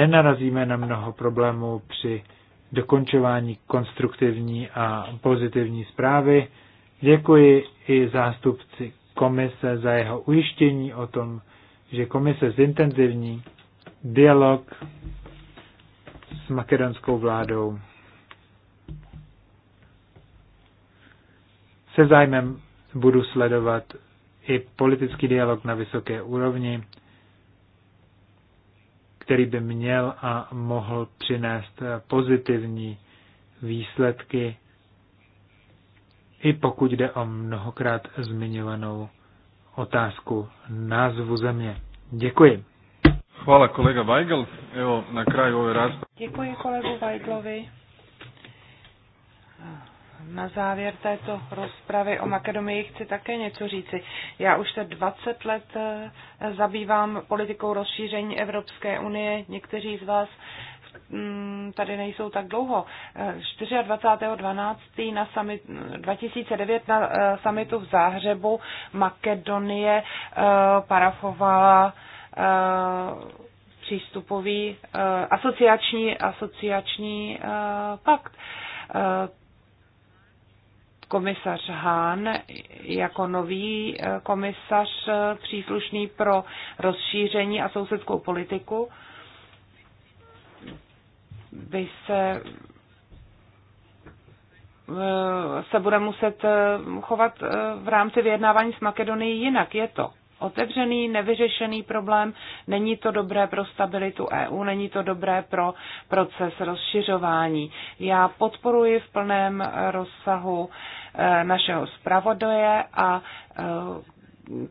S6: nenarazíme na mnoho problémů při dokončování konstruktivní a pozitivní zprávy. Děkuji i zástupci komise za jeho ujištění o tom, že komise zintenzivní dialog s makedonskou vládou. Se zájmem budu sledovat i politický dialog na vysoké úrovni který by měl a mohl přinést pozitivní výsledky, i pokud jde o mnohokrát zmiňovanou otázku názvu země. Děkuji.
S1: Hvala kolega Weigel. Evo, na kraju ove rasprave.
S2: Děkuji kolegu Weiglovi na závěr této rozpravy o Makedonii chci také něco říci. Já už se 20 let eh, zabývám politikou rozšíření Evropské unie. Někteří z vás mm, tady nejsou tak dlouho. 24.12. Eh, na summit, 2009 na eh, summitu v Záhřebu Makedonie parafovala přístupový asociační, asociační pakt komisař Hahn jako nový eh, komisař eh, příslušný pro rozšíření a sousedskou politiku by se eh, se bude muset chovat v rámci vyjednávání s Makedonií jinak. Je to otevřený, nevyřešený problém, není to dobré pro stabilitu EU, není to dobré pro proces rozšiřování. Já podporuji v plném rozsahu Eh, našeho zpravodoje a eh,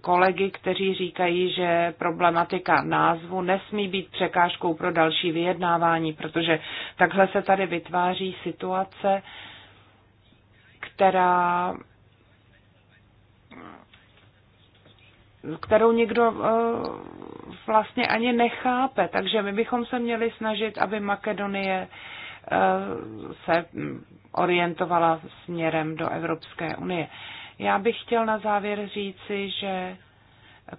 S2: kolegy, kteří říkají, že problematika názvu nesmí být překážkou pro další vyjednávání, protože takhle se tady vytváří situace, která kterou nikdo eh, vlastně ani nechápe. Takže my bychom se měli snažit, aby Makedonie se orientovala směrem do Evropské unie. Já bych chtěl na závěr říci, že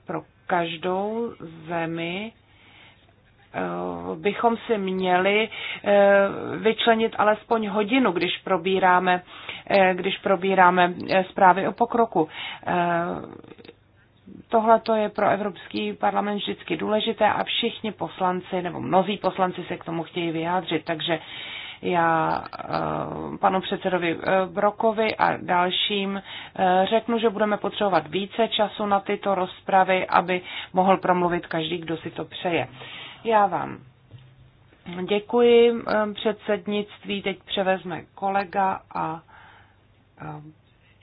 S2: pro každou zemi eh, bychom si měli eh, vyčlenit alespoň hodinu, když probíráme, eh, když probíráme zprávy o pokroku. Tohle to je pro Evropský parlament vždycky důležité a všichni poslanci, nebo mnozí poslanci se k tomu chtějí vyjádřit, takže já eh, panu předsedovi eh, Brokovi a dalším eh, řeknu, že budeme potřebovat více času na tyto rozpravy, aby mohl promluvit každý, kdo si to přeje. Já vám děkuji. Předsednictví teď převezme kolega a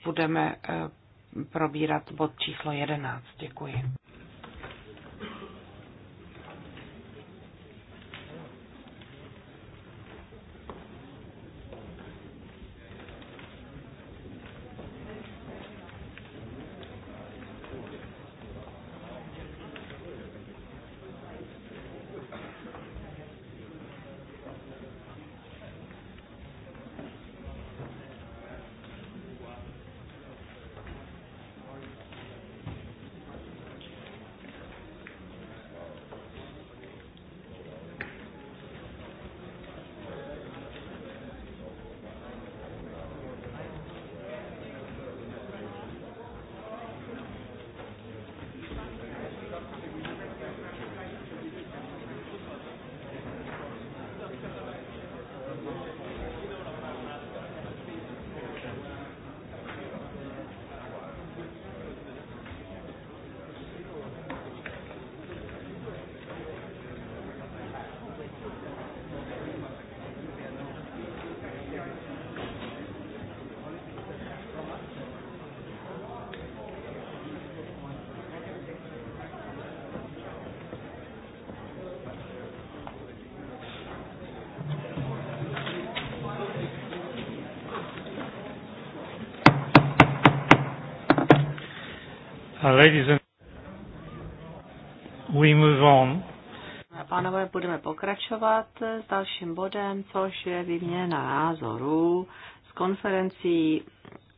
S2: budeme probírat bod číslo 11. Děkuji.
S6: Ladies and we move on.
S3: Pánové, budeme pokračovat s dalším bodem, což je výměna názorů z konferencí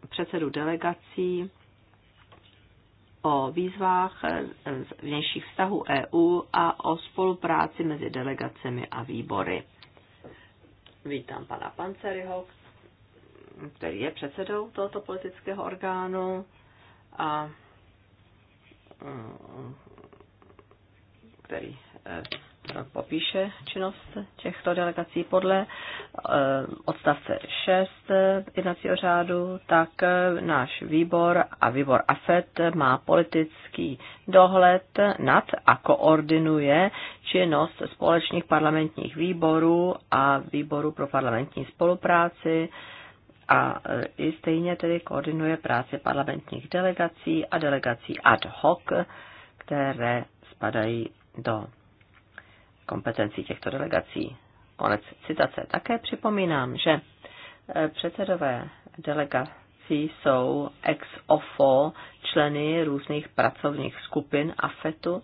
S3: předsedů delegací o výzvách vnějších vztahů EU a o spolupráci mezi delegacemi a výbory. Vítám pana Panceryho, který je předsedou tohoto politického orgánu a který eh, popíše činnost těchto delegací podle eh, odstavce 6 eh, jednacího řádu, tak náš výbor a výbor AFET má politický dohled nad a koordinuje činnost společných parlamentních výborů a výboru pro parlamentní spolupráci, a e, i stejně tedy koordinuje práci parlamentních delegací a delegací ad hoc, které spadají do kompetencí těchto delegací. Konec citace. Také připomínám, že e, předsedové delegací jsou ex ofo členy různých pracovních skupin AFETu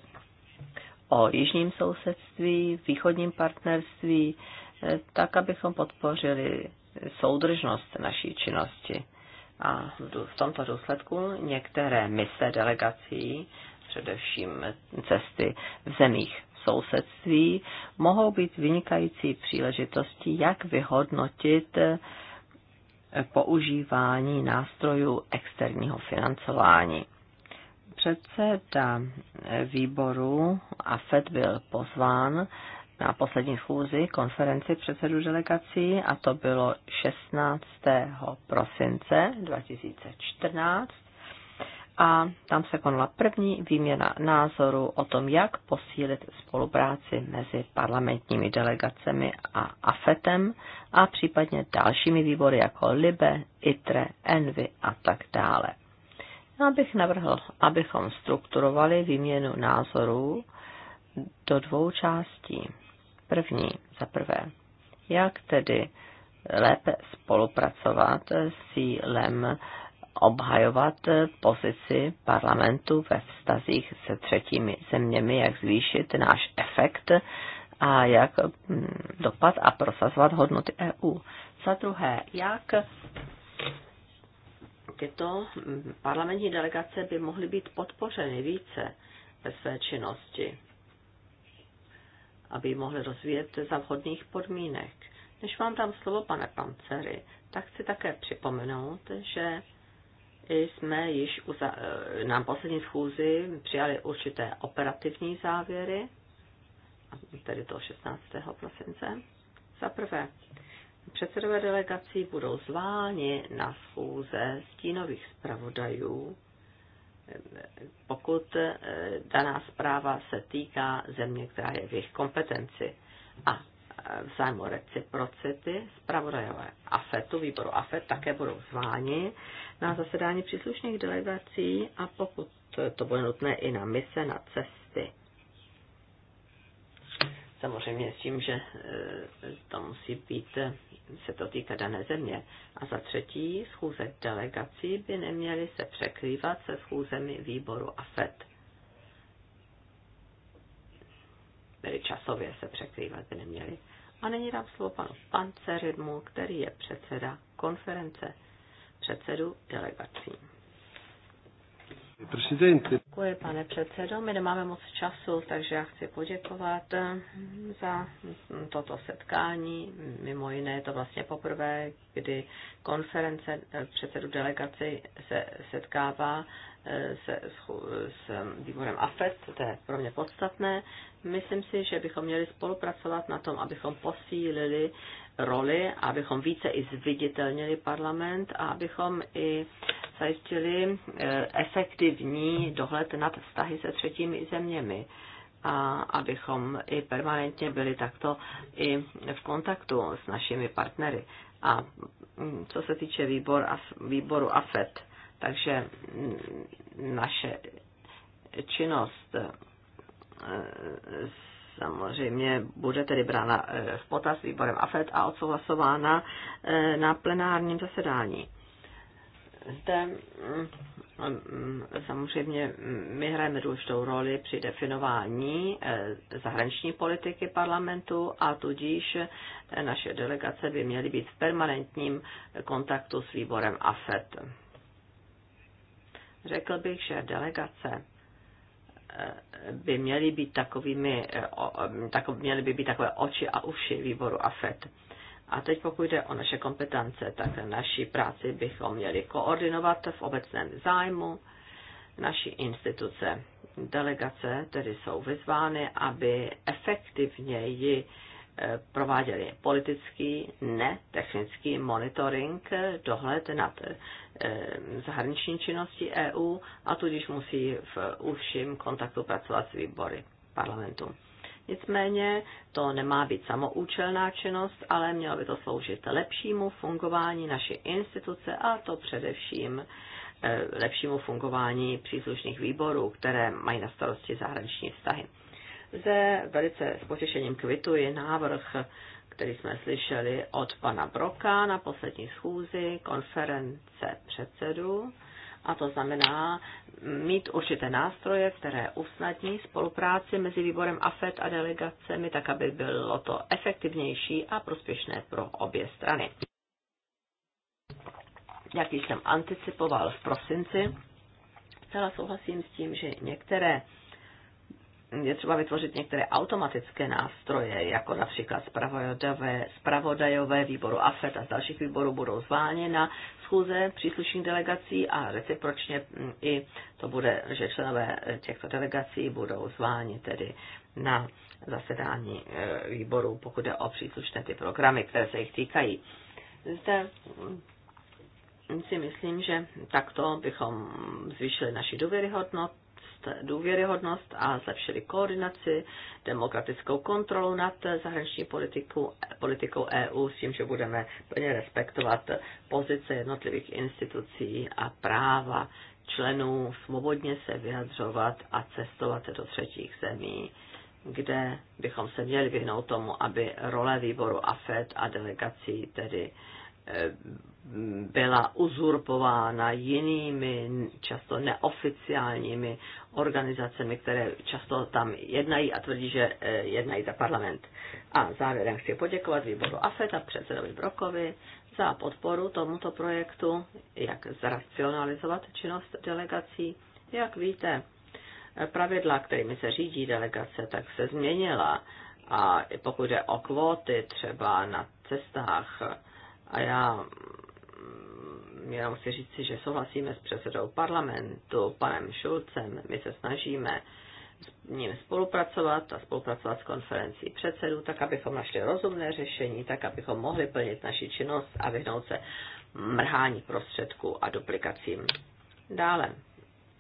S3: o jižním sousedství, východním partnerství, e, tak, abychom podpořili soudržnost naší činnosti. A v tomto důsledku některé mise delegací, především cesty v zemích sousedství, mohou být vynikající příležitostí, jak vyhodnotit eh, používání nástrojů externího financování. Předseda výboru AFED byl pozván na poslední schůzi konferenci předsedů delegací a to bylo 16. prosince 2014 a tam se konala první výměna názoru o tom, jak posílit spolupráci mezi parlamentními delegacemi a AFETem a případně dalšími výbory jako LIBE, ITRE, ENVY a tak dále. Já bych navrhl, abychom strukturovali výměnu názorů do dvou částí. První, za prvé, jak tedy lépe spolupracovat s cílem obhajovat pozici parlamentu ve vztazích se třetími zeměmi, jak zvýšit náš efekt a jak mm, dopad a prosazovat hodnoty EU. Za druhé, jak tyto mm, parlamentní delegace by mohly být podpořeny více ve své činnosti aby mohli rozvíjet za vhodných podmínek. Než vám dám slovo, pane Pancery, tak chci také připomenout, že jsme již eh, na poslední schůzi přijali určité operativní závěry, tedy do 16. prosince. Za prvé, předsedové delegací budou zváni na schůze stínových zpravodajů pokud eh, daná zpráva se týká země, která je v jejich kompetenci. A eh, v zájmu reciprocity zpravodajové AFETu, výboru AFET, také budou zváni na zasedání příslušných delegací a pokud to bude nutné i na mise, na cestě samozřejmě s tím, že e, to musí být, e, se to týká dané země. A za třetí, schůze delegací by neměly se překrývat se schůzemi výboru a FED. Tedy časově se překrývat by neměly. A nyní dám slovo panu Pancerimu, který je předseda konference předsedu delegací. Děkuji, pane předsedo. My nemáme moc času, takže já chci poděkovat za toto setkání. Mimo jiné je to vlastně poprvé, kdy konference předsedu delegaci se setkává se, s, s výborem AFET, to je pro mě podstatné. Myslím si, že bychom měli spolupracovat na tom, abychom posílili roli, abychom více i zviditelnili parlament a abychom i zajistili eh, efektivní dohled nad vztahy se třetími zeměmi a abychom i permanentně byli takto i v kontaktu s našimi partnery. A mm, co se týče výbor, výboru AFET, takže mm, naše činnost eh, samozřejmě bude tedy brána eh, v potaz výborem AFET a odsouhlasována na plenárním zasedání. Zde mm, mm, samozřejmě my hrajeme důležitou roli při definování eh, zahraniční politiky parlamentu a tudíž eh, naše delegace by měly být v permanentním kontaktu s výborem AFET. Řekl bych, že delegace eh, by měly být takovými, tak, měly by být takové oči a uši výboru AFET. A teď pokud jde o naše kompetence, tak naší práci bychom měli koordinovat v obecném zájmu naší instituce. Delegace tedy jsou vyzvány, aby efektivněji eh, prováděli politický, netechnický monitoring, eh, dohled nad eh, zahraniční činností EU a tudíž musí v užším kontaktu pracovat s výbory parlamentu. Nicméně to nemá být samoučelná činnost, ale mělo by to sloužit lepšímu fungování naší instituce a to především eh, lepšímu fungování příslušných výborů, které mají na starosti zahraniční vztahy. Zde velice s potěšením kvituji návrh, který jsme slyšeli od pana Broka na poslední schůzi konference předsedů a to znamená mít určité nástroje, které usnadní spolupráci mezi výborem AFET a delegacemi, tak aby bylo to efektivnější a prospěšné pro obě strany. Jak jsem anticipoval v prosinci, zcela souhlasím s tím, že některé je třeba vytvořit některé automatické nástroje, jako například spravodajové, spravodajové výboru AFET a z dalších výborů budou zváni na schůze příslušných delegací a recipročně mm, i to bude, že členové e, těchto delegací budou zváni tedy na zasedání e, výboru, pokud jde o příslušné ty programy, které se jich týkají. Zde mm, si myslím, že takto bychom zvýšili naši důvěryhodnost důvěryhodnost a zlepšili koordinaci, demokratickou kontrolu nad zahraniční politiku politikou EU s tím, že budeme plně respektovat pozice jednotlivých institucí a práva členů svobodně se vyjadřovat a cestovat do třetích zemí kde bychom se měli vyhnout tomu, aby role výboru AFED a delegací tedy byla uzurpována jinými, často neoficiálními organizacemi, které často tam jednají a tvrdí, že eh, jednají za parlament. A závěrem chci poděkovat výboru AFET a předsedovi Brokovi za podporu tomuto projektu, jak zracionalizovat činnost delegací. Jak víte, pravidla, kterými se řídí delegace, tak se změnila. A pokud je o kvóty třeba na cestách, a já mm, já chci říct, že souhlasíme s předsedou parlamentu, panem Šulcem. My se snažíme s ním spolupracovat a spolupracovat s konferencí předsedů, tak abychom našli rozumné řešení, tak abychom mohli plnit naši činnost a vyhnout se mrhání prostředků a duplikacím. Dále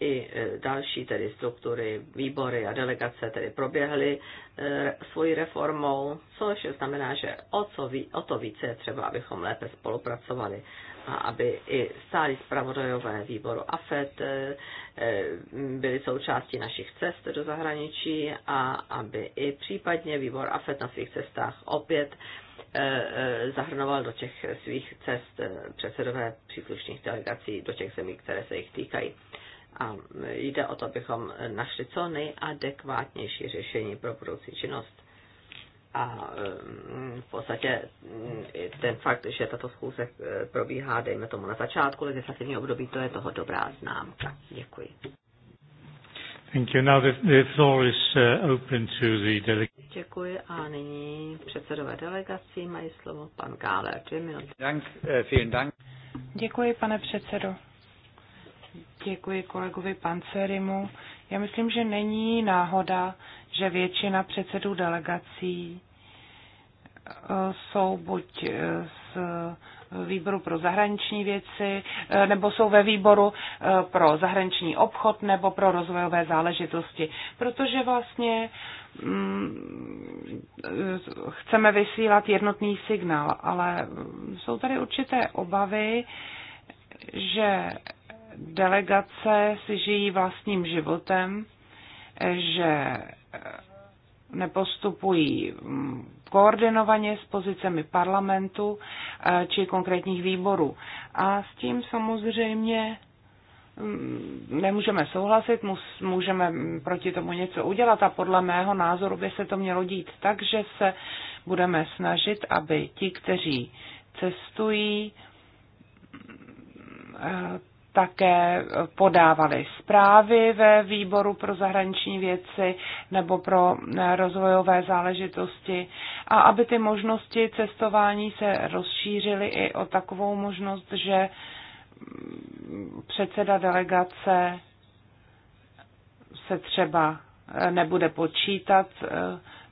S3: i e, další tedy struktury, výbory a delegace tedy proběhly e, svojí reformou, což znamená, že o, co ví, o to více je třeba, abychom lépe spolupracovali a aby i stálí zpravodajové výboru AFET e, byly součástí našich cest do zahraničí a aby i případně výbor AFET na svých cestách opět zahrnoval do těch svých cest předsedové příslušných delegací do těch zemí, které se jich týkají. A jde o to, abychom našli co nejadekvátnější řešení pro budoucí činnost. A mm, v podstatě mm, ten fakt, že tato schůze eh, probíhá, dejme tomu na začátku legislativního období, to je toho dobrá známka. Děkuji.
S5: Thank you. Now the, the floor is uh, open to the delegation.
S3: Děkuji a nyní předsedové delegací mají slovo pan Gáler. Dvě minuty. Eh, Děkuji, pane předsedo. Děkuji kolegovi Pancerimu.
S2: Já myslím, že není náhoda, že většina předsedů delegací eh, jsou buď eh, z výboru pro zahraniční věci, eh, nebo jsou ve výboru pro zahraniční obchod nebo pro rozvojové záležitosti. Protože vlastně mm, chceme vysílat jednotný signál, ale jsou tady určité obavy, že delegace si žijí vlastním životem, že nepostupují mm, koordinovaně s pozicemi parlamentu eh, či konkrétních výborů. A s tím samozřejmě mm, nemůžeme souhlasit, můžeme proti tomu něco udělat a podle mého názoru by se to mělo dít tak, že se budeme snažit, aby ti, kteří cestují, eh, také podávali zprávy ve výboru pro zahraniční věci nebo pro eh, rozvojové záležitosti a aby ty možnosti cestování se rozšířily i o takovou možnost, že mm, předseda delegace se třeba eh, nebude počítat eh,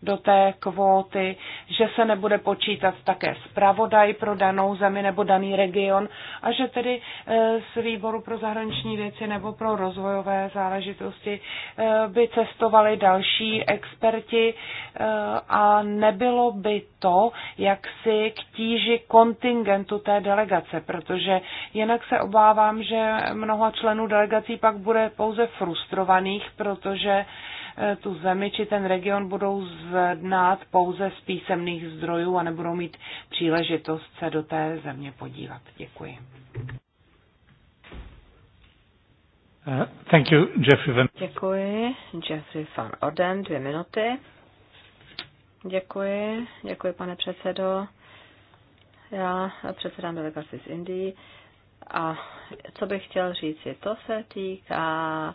S2: do té kvóty, že se nebude počítat také zpravodaj pro danou zemi nebo daný region a že tedy eh, z výboru pro zahraniční věci nebo pro rozvojové záležitosti eh, by cestovali další experti eh, a nebylo by to jaksi k tíži kontingentu té delegace, protože jinak se obávám, že mnoho členů delegací pak bude pouze frustrovaných, protože Eh, tu zemi či ten region budou znát pouze z písemných zdrojů a nebudou mít příležitost se do té země podívat.
S3: Děkuji.
S6: Uh, thank you, Jeffrey Van...
S3: Děkuji, Jeffrey van Orden, dvě minuty. Děkuji, děkuji pane předsedo. Já předsedám delegaci z Indii. A co bych chtěl říct, je, to se týká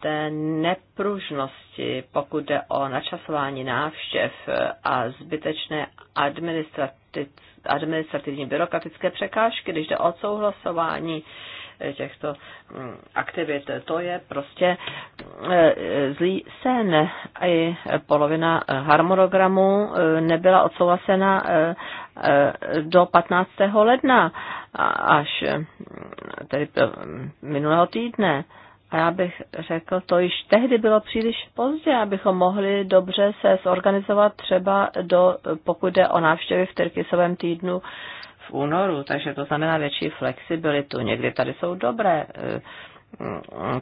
S3: té nepružnosti, pokud jde o načasování návštěv a zbytečné administrativní byrokratické překážky, když jde o souhlasování eh, těchto mm, aktivit. To je prostě eh, zlý sen. I polovina eh, harmonogramu nebyla odsouhlasena do 15. ledna až mm, tedy minulého týdne. A já bych řekl, to již tehdy bylo příliš pozdě, abychom mohli dobře se zorganizovat třeba do, pokud jde o návštěvy v Tyrkisovém týdnu v únoru, takže to znamená větší flexibilitu. Někdy tady jsou dobré eh,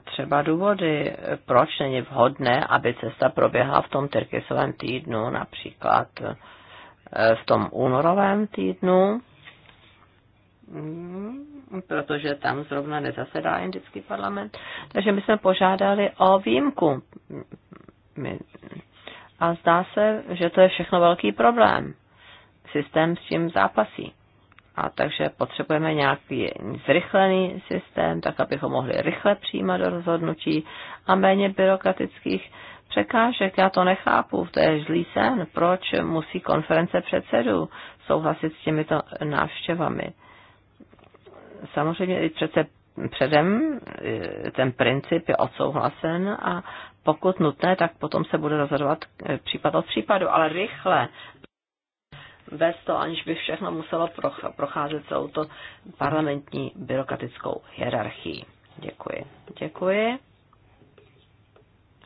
S3: třeba důvody, proč není vhodné, aby cesta proběhla v tom Tyrkisovém týdnu, například eh, v tom únorovém týdnu, Mm, protože tam zrovna nezasedá indický parlament. Takže my jsme požádali o výjimku. A zdá se, že to je všechno velký problém. Systém s tím zápasí. A takže potřebujeme nějaký zrychlený systém, tak abychom mohli rychle přijímat do rozhodnutí a méně byrokratických překážek. Já to nechápu, to je žlý sen. Proč musí konference předsedů souhlasit s těmito návštěvami? samozřejmě i přece předem eh, ten princip je odsouhlasen a pokud nutné, tak potom se bude rozhodovat eh, případ od případu, ale rychle, bez toho, aniž by všechno muselo procházet celou to parlamentní byrokratickou hierarchii. Děkuji. Děkuji.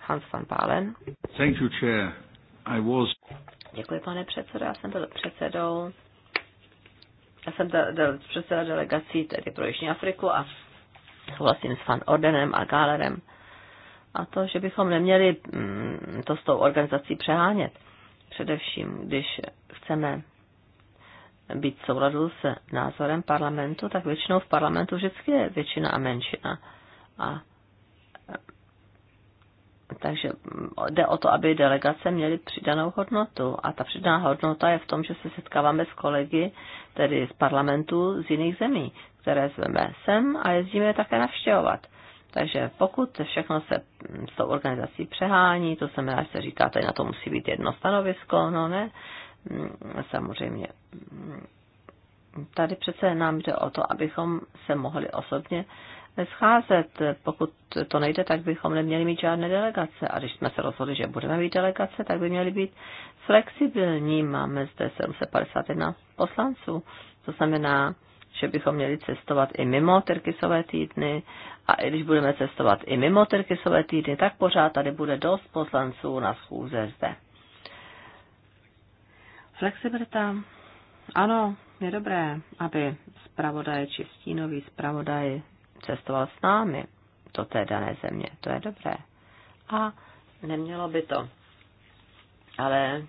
S3: Hans van Pálen.
S1: Thank you, chair. I was...
S3: Děkuji, pane předsedo. Já jsem byl předsedou já jsem ta předseda delegací tedy pro Jižní Afriku a souhlasím s Van Ordenem a Gálerem. A to, že bychom neměli mm, to s tou organizací přehánět, především když chceme být souladu s názorem parlamentu, tak většinou v parlamentu vždycky je většina a menšina. A takže jde o to, aby delegace měly přidanou hodnotu. A ta přidaná hodnota je v tom, že se setkáváme s kolegy, tedy z Parlamentu, z jiných zemí, které zveme sem a jezdíme je také navštěvovat. Takže pokud všechno se s tou organizací přehání, to znamená, že se říká, tady na to musí být jedno stanovisko, no ne, mm, samozřejmě. Mm, tady přece nám jde o to, abychom se mohli osobně scházet. Pokud to nejde, tak bychom neměli mít žádné delegace. A když jsme se rozhodli, že budeme mít delegace, tak by měli být flexibilní. Máme zde 751 poslanců. To znamená, že bychom měli cestovat i mimo Tyrkisové týdny. A i když budeme cestovat i mimo Tyrkisové týdny, tak pořád tady bude dost poslanců na schůze zde. Flexibilita. Ano, je dobré, aby zpravodaj či stínový zpravodaj cestoval s námi do té dané země. To je dobré. A nemělo by to. Ale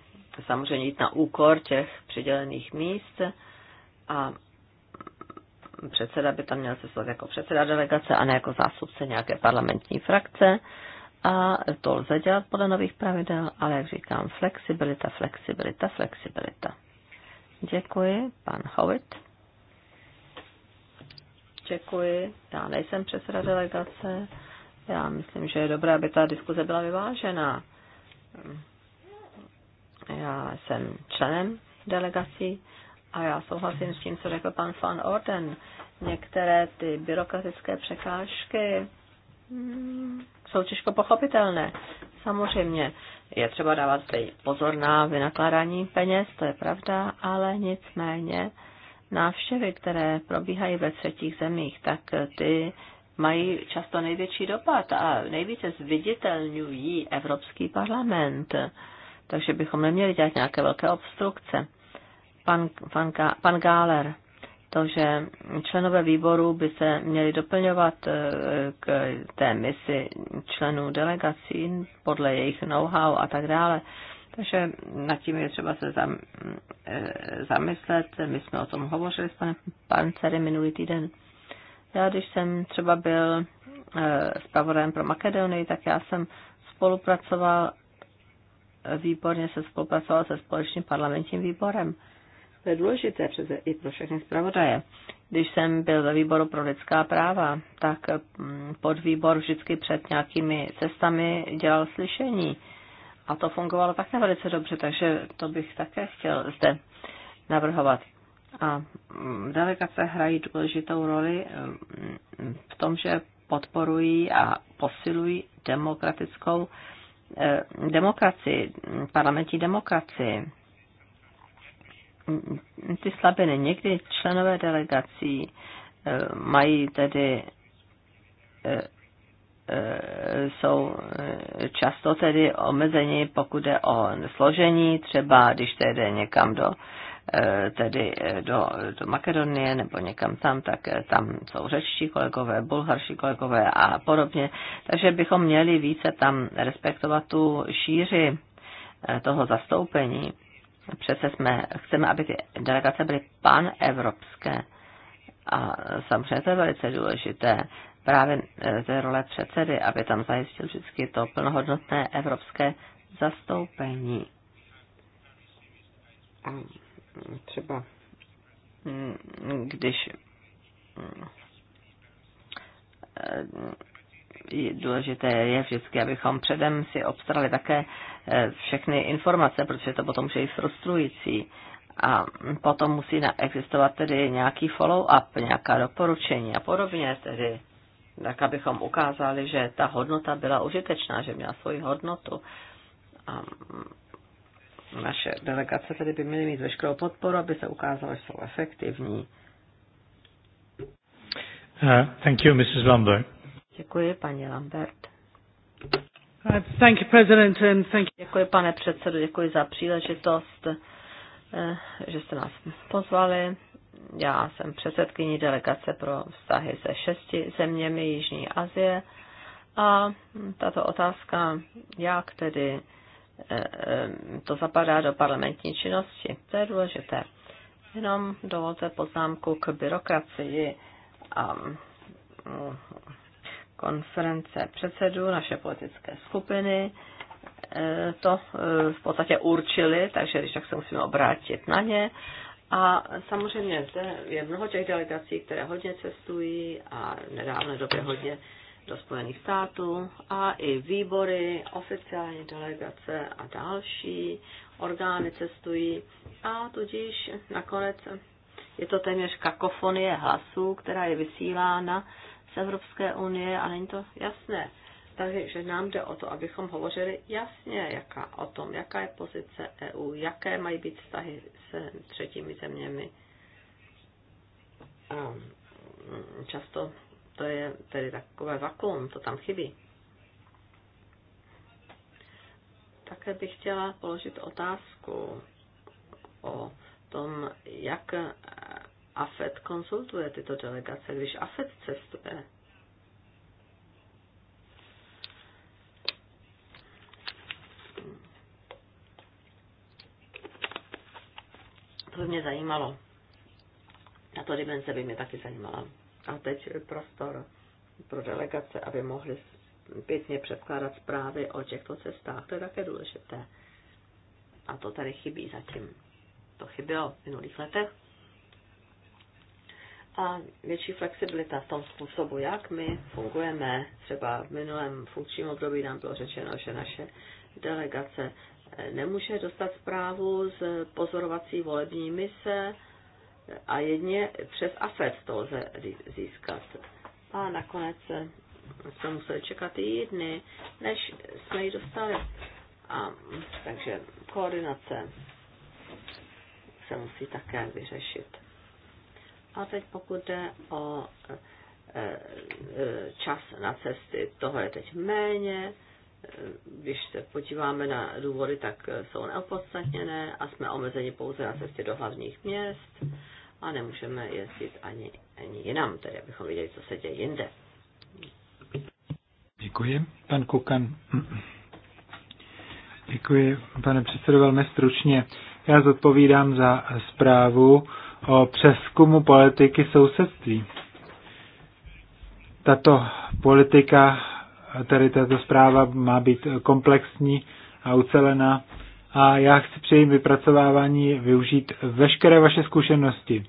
S3: samozřejmě jít na úkor těch přidělených míst a předseda by tam měl cestovat jako předseda delegace a ne jako zástupce nějaké parlamentní frakce. A to lze dělat podle nových pravidel, ale jak říkám, flexibilita, flexibilita, flexibilita. Děkuji, pan Howitt čekuji. Já nejsem předseda delegace. Já myslím, že je dobré, aby ta diskuze byla vyvážená. Já jsem členem delegací a já souhlasím s tím, co řekl pan Van Orden. Některé ty byrokratické překážky
S5: hmm,
S3: jsou těžko pochopitelné. Samozřejmě je třeba dávat pozor na vynakládání peněz, to je pravda, ale nicméně návštěvy, které probíhají ve třetích zemích, tak ty mají často největší dopad a nejvíce zviditelňují Evropský parlament. Takže bychom neměli dělat nějaké velké obstrukce. Pan, pan, pan Gáler, to, že členové výboru by se měli doplňovat eh, k té misi členů delegací podle jejich know-how a tak dále, takže nad tím je třeba se zam, e, zamyslet. My jsme o tom hovořili s panem Pancerem minulý týden. Já, když jsem třeba byl e, zpravodajem pro Makedonii, tak já jsem spolupracoval, výborně se spolupracoval se společným parlamentním výborem. To je důležité přece i pro všechny zpravodaje. Když jsem byl ve výboru pro lidská práva, tak mm, podvýbor vždycky před nějakými cestami dělal slyšení a to fungovalo také velice dobře, takže to bych také chtěl zde navrhovat. A mm, delegace hrají důležitou roli mm, v tom, že podporují a posilují demokratickou eh, demokracii, parlamentní demokracii. Mm, ty slabiny někdy členové delegací eh, mají tedy eh, jsou eh, často tedy omezeni, pokud jde o složení, třeba když tedy jde někam do eh, tedy eh, do, do Makedonie nebo někam tam, tak tam jsou řečtí kolegové, bulharští kolegové a podobně. Takže bychom měli více tam respektovat tu šíři toho zastoupení. Přece jsme, chceme, aby ty delegace byly panevropské. A samozřejmě to je velice důležité právě ze eh, role předsedy, aby tam zajistil vždycky to plnohodnotné evropské zastoupení. třeba mm, když mm, eh, důležité je vždycky, abychom předem si obstarali také eh, všechny informace, protože to potom může frustrující. A potom musí existovat tedy nějaký follow-up, nějaká doporučení a podobně tedy tak abychom ukázali, že ta hodnota byla užitečná, že měla svoji hodnotu. A naše delegace tedy by měly mít veškerou podporu, aby se ukázalo, že jsou efektivní.
S6: Uh, thank you, Mrs. Lambert.
S3: Děkuji, paní Lambert. Uh, thank you, President, and thank you. Děkuji, pane předsedo, děkuji za příležitost, eh, že jste nás pozvali já jsem předsedkyní delegace pro vztahy se šesti zeměmi Jižní Asie a tato otázka, jak tedy e, e, to zapadá do parlamentní činnosti, to je důležité. Jenom dovolte poznámku k byrokracii a mm, konference předsedů naše politické skupiny e, to v podstatě určili, takže když tak se musíme obrátit na ně a samozřejmě zde je mnoho těch delegací, které hodně cestují a v nedávné době hodně do Spojených států a i výbory, oficiální delegace a další orgány cestují a tudíž nakonec je to téměř kakofonie hlasů, která je vysílána z Evropské unie a není to jasné. Takže nám jde o to, abychom hovořili jasně jaká, o tom, jaká je pozice EU, jaké mají být vztahy se třetími zeměmi. A mm, často to je tedy takové vakuum, to tam chybí. Také bych chtěla položit otázku o tom, jak AFED konsultuje tyto delegace. Když AFED cestuje, To by mě zajímalo. A to dimenze by mě taky zajímala. A teď prostor pro delegace, aby mohli pěkně předkládat zprávy o těchto cestách. To je také důležité. A to tady chybí zatím. To chybělo v minulých letech. A větší flexibilita v tom způsobu, jak my fungujeme. Třeba v minulém funkčním období nám bylo řečeno, že naše delegace nemůže dostat zprávu z pozorovací volební mise a jedně přes Afet to lze získat. A nakonec jsme museli čekat dny, než jsme ji dostali. A, takže koordinace se musí také vyřešit. A teď pokud jde o e, e, čas na cesty, toho je teď méně, když se podíváme na důvody, tak jsou neopodstatněné a jsme omezeni pouze na cestě do hlavních měst a nemůžeme jezdit ani, ani jinam, tedy abychom viděli, co se děje jinde.
S6: Děkuji. Pan Kukan. Děkuji, pane předsedo, velmi stručně. Já zodpovídám za zprávu o přeskumu politiky sousedství. Tato politika Tady tato zpráva má být komplexní a ucelená. A já chci při jejím vypracovávání využít veškeré vaše zkušenosti.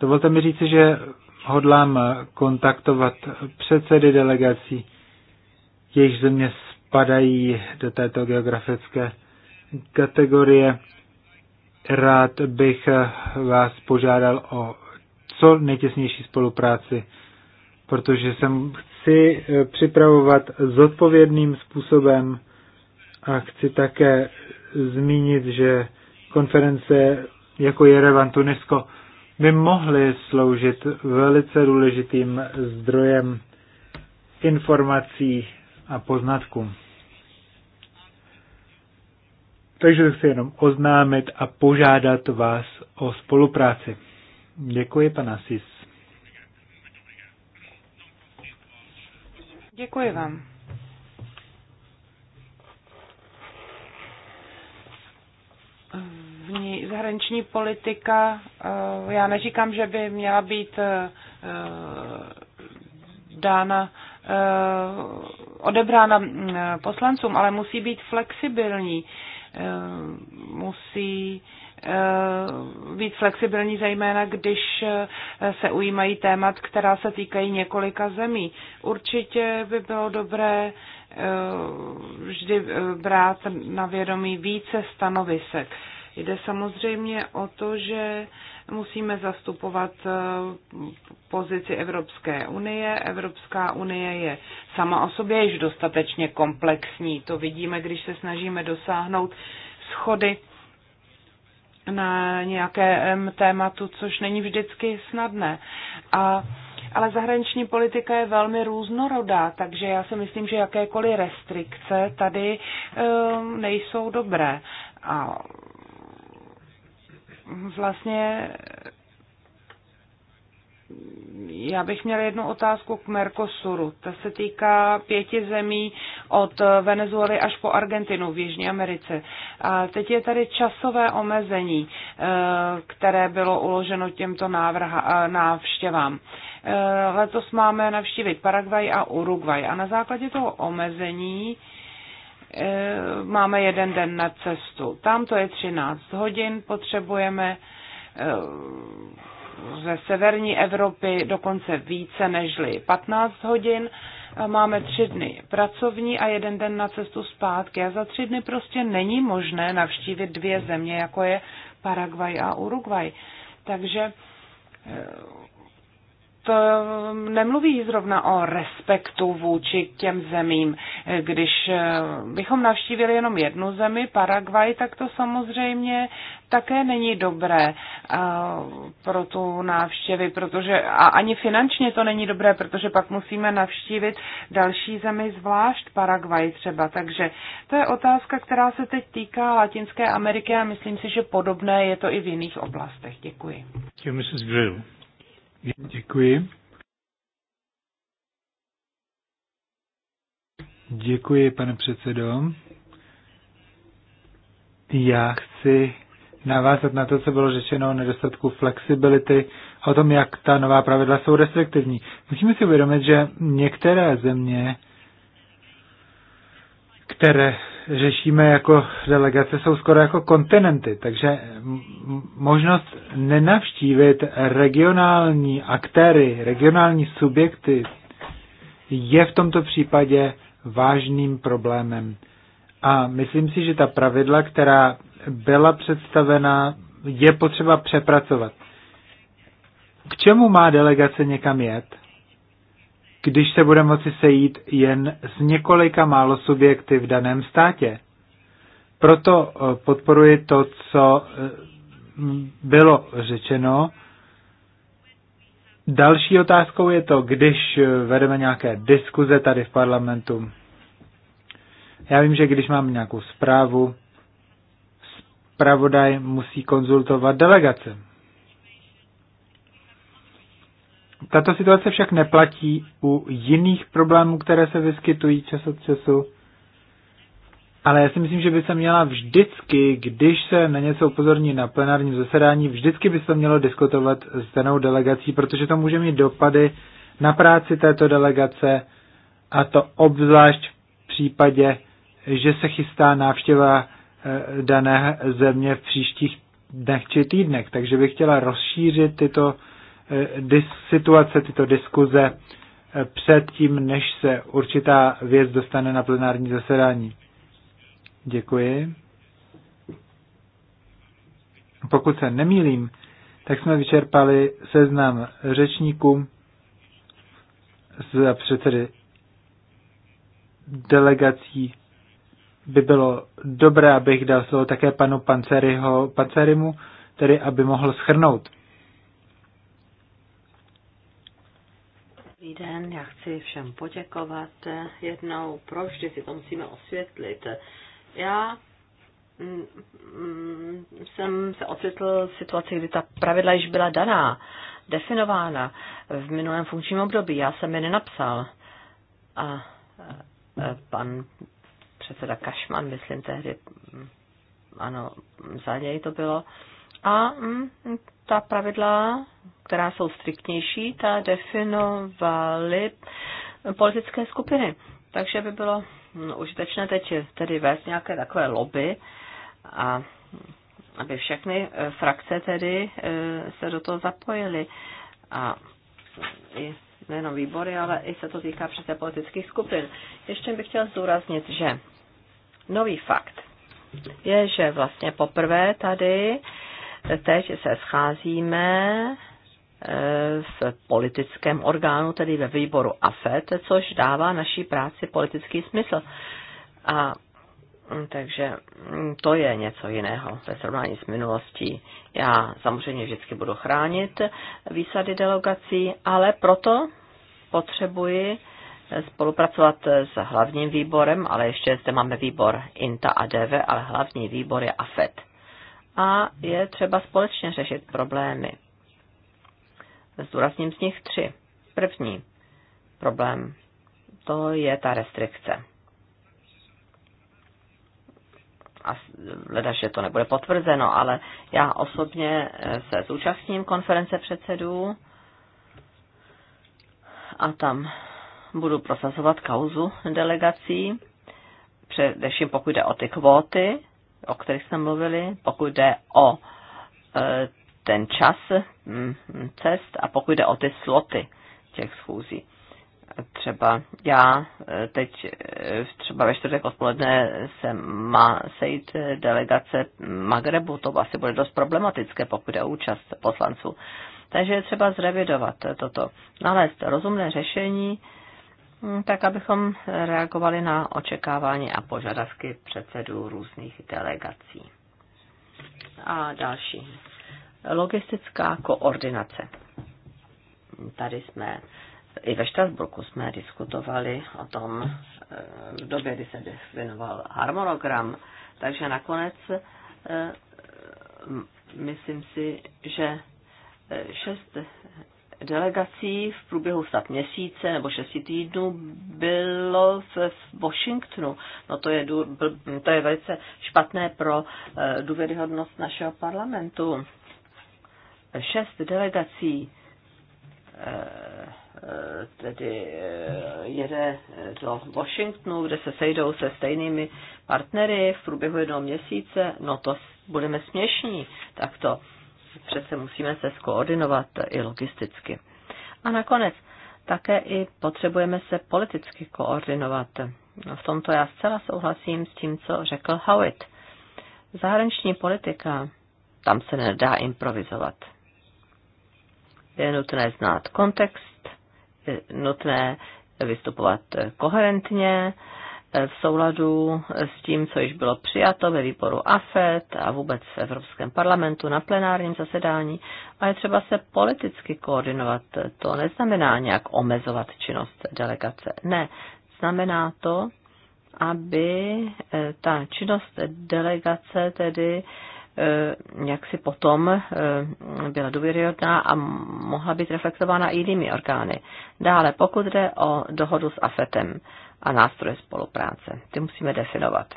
S6: Dovolte mi říci, že hodlám kontaktovat předsedy delegací, jejichž země spadají do této geografické kategorie. Rád bych vás požádal o co nejtěsnější spolupráci protože se chci eh, připravovat zodpovědným způsobem a chci také zmínit, že konference jako Jerevan, UNESCO by mohly sloužit velice důležitým zdrojem informací a poznatků. Takže chci jenom oznámit a požádat vás o spolupráci. Děkuji, pana Sis.
S2: Děkuji vám. zahraniční politika, eh, já neříkám, že by měla být eh, dána, eh, odebrána mm, poslancům, ale musí být flexibilní, musí Eh, víc flexibilní, zejména když eh, se ujímají témat, která se týkají několika zemí. Určitě by bylo dobré eh, vždy brát na vědomí více stanovisek. Jde samozřejmě o to, že musíme zastupovat pozici Evropské unie. Evropská unie je sama o sobě již dostatečně komplexní. To vidíme, když se snažíme dosáhnout schody na nějakém tématu, což není vždycky snadné. A, ale zahraniční politika je velmi různorodá, takže já si myslím, že jakékoliv restrikce tady um, nejsou dobré. A vlastně já bych měla jednu otázku k Mercosuru. Ta se týká pěti zemí od Venezuely až po Argentinu v Jižní Americe. A teď je tady časové omezení, eh, které bylo uloženo těmto návrha, eh, návštěvám. Eh, letos máme navštívit Paraguay a Uruguay a na základě toho omezení máme jeden den na cestu. Tam to je 13 hodin, potřebujeme ze severní Evropy dokonce více nežli 15 hodin. Máme tři dny pracovní a jeden den na cestu zpátky a za tři dny prostě není možné navštívit dvě země, jako je Paraguay a Uruguay. Takže Eh, nemluví zrovna o respektu vůči těm zemím. Eh, když eh, bychom navštívili jenom jednu zemi, Paraguay, tak to samozřejmě také není dobré pro tu návštěvy, protože a ani finančně to není dobré, protože pak musíme navštívit další zemi, zvlášť Paraguay třeba. Takže to je otázka, která se teď týká Latinské Ameriky a myslím si, že podobné je to i v jiných oblastech. Děkuji.
S6: Děkuji, Mrs. Grill. Děkuji. Děkuji, pane předsedo. Já chci navázat na to, co bylo řečeno o nedostatku flexibility, o tom, jak ta nová pravidla jsou restriktivní. Musíme si uvědomit, že některé země, které řešíme jako delegace, jsou skoro jako kontinenty, takže možnost nenavštívit regionální aktéry, regionální subjekty je v tomto případě vážným problémem. A myslím si, že ta pravidla, která byla představena, je potřeba přepracovat. K čemu má delegace někam jet? když se bude moci sejít jen s několika málo subjekty v daném státě. Proto eh, podporuji to, co eh, bylo řečeno. Další otázkou je to, když eh, vedeme nějaké diskuze tady v parlamentu. Já vím, že když mám nějakou zprávu, zpravodaj musí konzultovat delegace. Tato situace však neplatí u jiných problémů, které se vyskytují čas od času. Ale já si myslím, že by se měla vždycky, když se na něco upozorní na plenárním zasedání, vždycky by se mělo diskutovat s danou delegací, protože to může mít dopady na práci této delegace a to obzvlášť v případě, že se chystá návštěva eh, dané země v příštích dnech či týdnech. Takže bych chtěla rozšířit tyto Eh, dis, situace, tyto diskuze eh, předtím, než se určitá věc dostane na plenární zasedání. Děkuji. Pokud se nemýlím, tak jsme vyčerpali seznam řečníků z předsedy delegací. By bylo dobré, abych dal slovo také panu Panceriho, Pancerimu, tedy aby mohl schrnout.
S3: den, já chci všem poděkovat. Jednou provždy si to musíme osvětlit. Já mm, mm, jsem se ocitl v situaci, kdy ta pravidla již byla daná, definována v minulém funkčním období. Já jsem je nenapsal. A e, pan předseda Kašman, myslím tehdy, mm, ano, za něj to bylo, a mm, ta pravidla, která jsou striktnější, ta definovaly politické skupiny. Takže by bylo mm, užitečné teď tedy vést nějaké takové lobby a aby všechny eh, frakce tedy eh, se do toho zapojily. A i nejenom výbory, ale i se to týká přece politických skupin. Ještě bych chtěl zdůraznit, že nový fakt je, že vlastně poprvé tady Teď se scházíme e, v politickém orgánu, tedy ve výboru AFET, což dává naší práci politický smysl. A mm, takže mm, to je něco jiného ve srovnání s minulostí. Já samozřejmě vždycky budu chránit výsady delegací, ale proto potřebuji spolupracovat s hlavním výborem, ale ještě zde máme výbor INTA a DV, ale hlavní výbor je AFET a je třeba společně řešit problémy. Zdůrazním z nich tři. První problém, to je ta restrikce. A leda, že to nebude potvrzeno, ale já osobně eh, se zúčastním konference předsedů a tam budu prosazovat kauzu delegací, především pokud jde o ty kvóty, o kterých jsme mluvili, pokud jde o e, ten čas mm, mm, cest a pokud jde o ty sloty těch schůzí. Třeba já e, teď e, třeba ve čtvrtek odpoledne se má sejít delegace Magrebu, to asi bude dost problematické, pokud je účast poslanců. Takže je třeba zrevidovat toto, nalézt rozumné řešení, Mm, tak abychom reagovali na očekávání a požadavky předsedů různých delegací. A další. Logistická koordinace. Tady jsme i ve Štrasburku jsme diskutovali o tom eh, v době, kdy se definoval harmonogram, takže nakonec eh, myslím si, že eh, šest delegací v průběhu snad měsíce nebo šesti týdnů bylo v Washingtonu. No to je, to je velice špatné pro eh, důvěryhodnost našeho parlamentu. Šest delegací eh, eh, tedy jede do Washingtonu, kde se sejdou se stejnými partnery v průběhu jednoho měsíce, no to budeme směšní, tak to přece musíme se skoordinovat i logisticky. A nakonec také i potřebujeme se politicky koordinovat. No, v tomto já zcela souhlasím s tím, co řekl Howitt. Zahraniční politika, tam se nedá improvizovat. Je nutné znát kontext, je nutné vystupovat koherentně, v souladu s tím, co již bylo přijato ve výboru AFET a vůbec v Evropském parlamentu na plenárním zasedání. A je třeba se politicky koordinovat. To neznamená nějak omezovat činnost delegace. Ne, znamená to, aby eh, ta činnost delegace tedy eh, jak si potom eh, byla důvěryhodná a mohla být reflektována i jinými orgány. Dále, pokud jde o dohodu s AFETem, a nástroje spolupráce. Ty musíme definovat.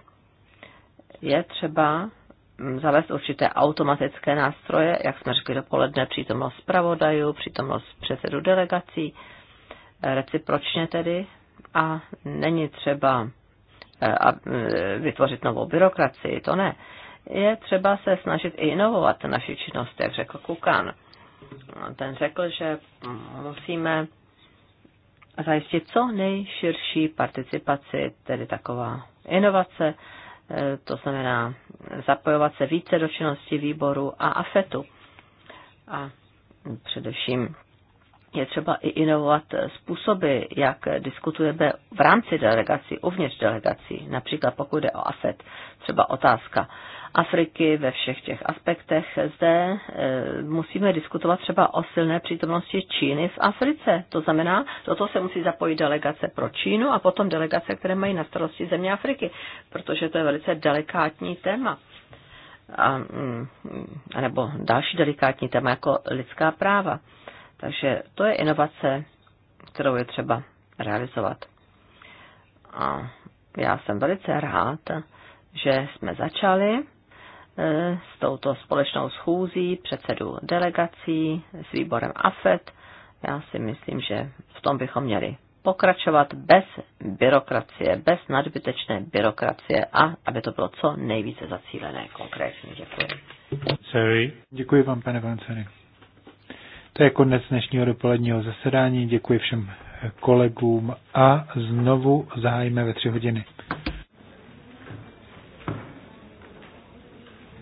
S3: Je třeba mm, zavést určité automatické nástroje, jak jsme řekli dopoledne, přítomnost zpravodajů, přítomnost předsedu delegací, eh, recipročně tedy, a není třeba eh, eh, vytvořit novou byrokracii, to ne. Je třeba se snažit inovovat naši činnost, jak řekl Kukan. Ten řekl, že musíme zajistit co nejširší participaci, tedy taková inovace, eh, to znamená zapojovat se více do činnosti výboru a afetu. A především je třeba i inovovat způsoby, jak diskutujeme v rámci delegací, uvnitř delegací. Například pokud jde o AFET, třeba otázka Afriky ve všech těch aspektech. Zde eh, musíme diskutovat třeba o silné přítomnosti Číny v Africe. To znamená, do toho se musí zapojit delegace pro Čínu a potom delegace, které mají na starosti země Afriky, protože to je velice delikátní téma. A, mm, a nebo další delikátní téma jako lidská práva. Takže to je inovace, kterou je třeba realizovat. A já jsem velice rád, že jsme začali s touto společnou schůzí předsedu delegací s výborem AFET. Já si myslím, že v tom bychom měli pokračovat bez byrokracie, bez nadbytečné byrokracie a aby to bylo co nejvíce zacílené konkrétně. Děkuji.
S6: Sorry. Děkuji vám, pane Vanceny. To je konec dnešního dopoledního zasedání. Děkuji všem kolegům a znovu zahájíme ve tři hodiny.